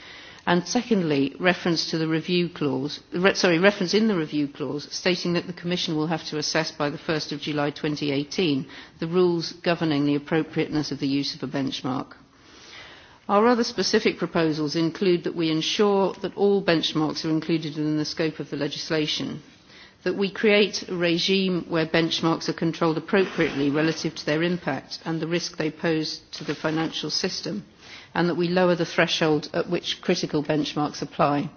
Speaker 24: And secondly, reference to the review clause, sorry, reference in the review clause stating that the Commission will have to assess by the 1st of July 2018 the rules governing the appropriateness of the use of a benchmark. Our other specific proposals include that we ensure that all benchmarks are included in the scope of the legislation, that we create a regime where benchmarks are controlled appropriately relative to their impact and the risk they pose to the financial system, and that we lower the threshold at which critical benchmarks apply.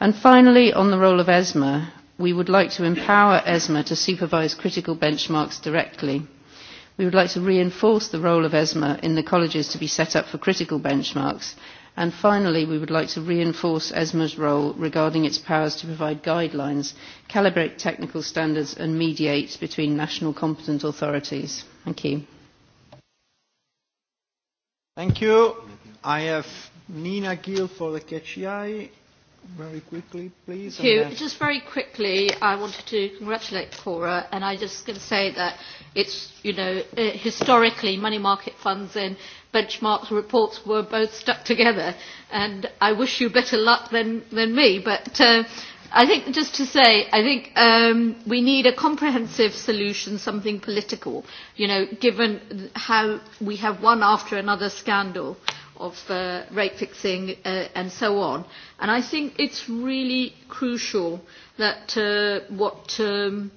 Speaker 24: And finally, on the role of ESMA, we would like to empower ESMA to supervise critical benchmarks directly. We would like to reinforce the role of ESMA in the colleges to be set up for critical benchmarks And finally, we would like to reinforce ESMA's role regarding its powers to provide guidelines, calibrate technical standards and mediate between national competent authorities. Thank you.
Speaker 1: Thank you. I have Nina Gill for the KCI. Very
Speaker 3: quickly, please. Thank you. Uh, just
Speaker 14: very quickly, I wanted to congratulate Cora, and I'm just going to say that it's, you know, uh, historically money market funds in benchmarks reports were both stuck together. And I wish you better luck than, than me. But uh, I think just to say, I think um, we need a comprehensive solution, something political, you know, given how we have one after another scandal of uh, rate fixing uh, and so on. And I think it's really crucial that uh, what um,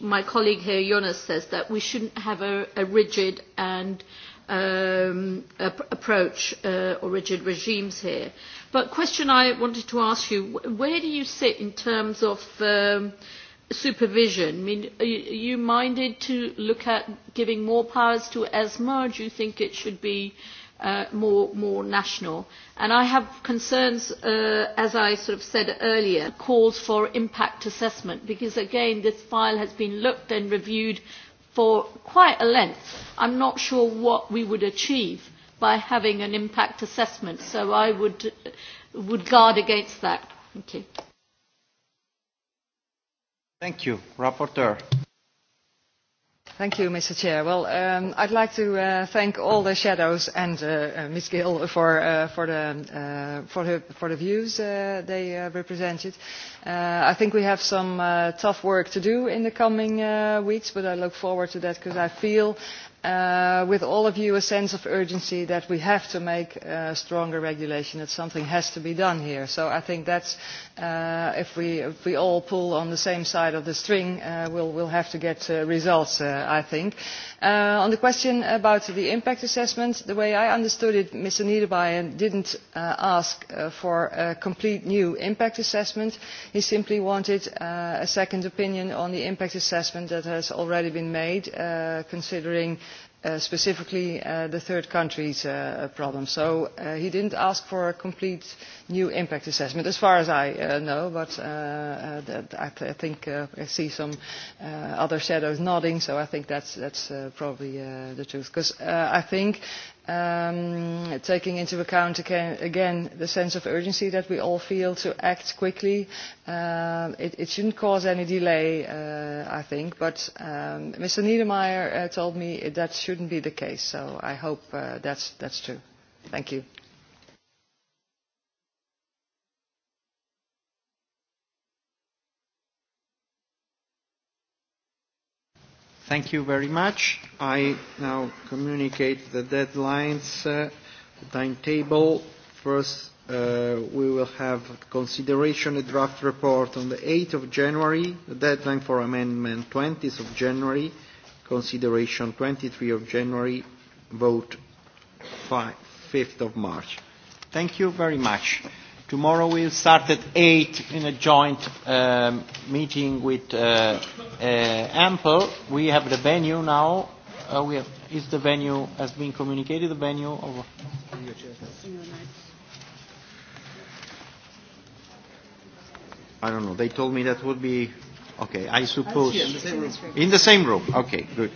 Speaker 14: my colleague here, Jonas, says, that we shouldn't have a, a rigid and uh, um, approach uh, or rigid regimes here. But question I wanted to ask you, where do you sit in terms of um, supervision? I mean, are you minded to look at giving more powers to ESMA? Or do you think it should be uh, more, more national? And I have concerns, uh, as I sort of said earlier, calls for impact assessment, because again, this file has been looked and reviewed for quite a length. I'm not sure what we would achieve by having an impact assessment, so I would, would guard against that. Thank
Speaker 1: you. Thank you. Rapporteur
Speaker 8: mr president i would like to uh, thank all the shadows and uh, uh, ms gill for, the, for the views they represented. i think we have some tough work to do in the coming weeks but i look forward to that because i feel Uh, with all of you a sense of urgency that we have to make uh, stronger regulation, that something has to be done here. So I think that uh, if, we, if we all pull on the same side of the string, uh, we'll, we'll have to get uh, results, uh, I think. Uh, on the question about the impact assessment, the way I understood it, Mr. Niederbayen didn't uh, ask uh, for a complete new impact assessment. He simply wanted uh, a second opinion on the impact assessment that has already been made, uh, considering uh, Uh, specifically uh, the third countries uh, problems. So he he didn't ask for a complete new impact assessment, as far as I know, but I, think I see some other shadows nodding, so I think that's, is probably the truth. Because I think Um, taking into account again, the sense of urgency that we all feel to act quickly. Um, it, should shouldn't cause any delay, uh, I think, but Mr. Um, Niedermayer uh, told me that shouldn't be the case, so I hope uh, that is that's true. Thank you.
Speaker 1: Thank you very much. I now communicate the deadlines, uh, the timetable. First, uh, we will have consideration a draft report on the 8th of January, the deadline for amendment 20th of January, consideration 23 of January, vote 5, 5th of March. Thank you very much. Tomorrow we'll start at 8 in a joint um, meeting with uh, uh, Ample. We have the venue now. Uh, we have, is the venue has been communicated? The venue of. I don't know. They told me that would be okay. I suppose in the same
Speaker 2: room. Okay, good.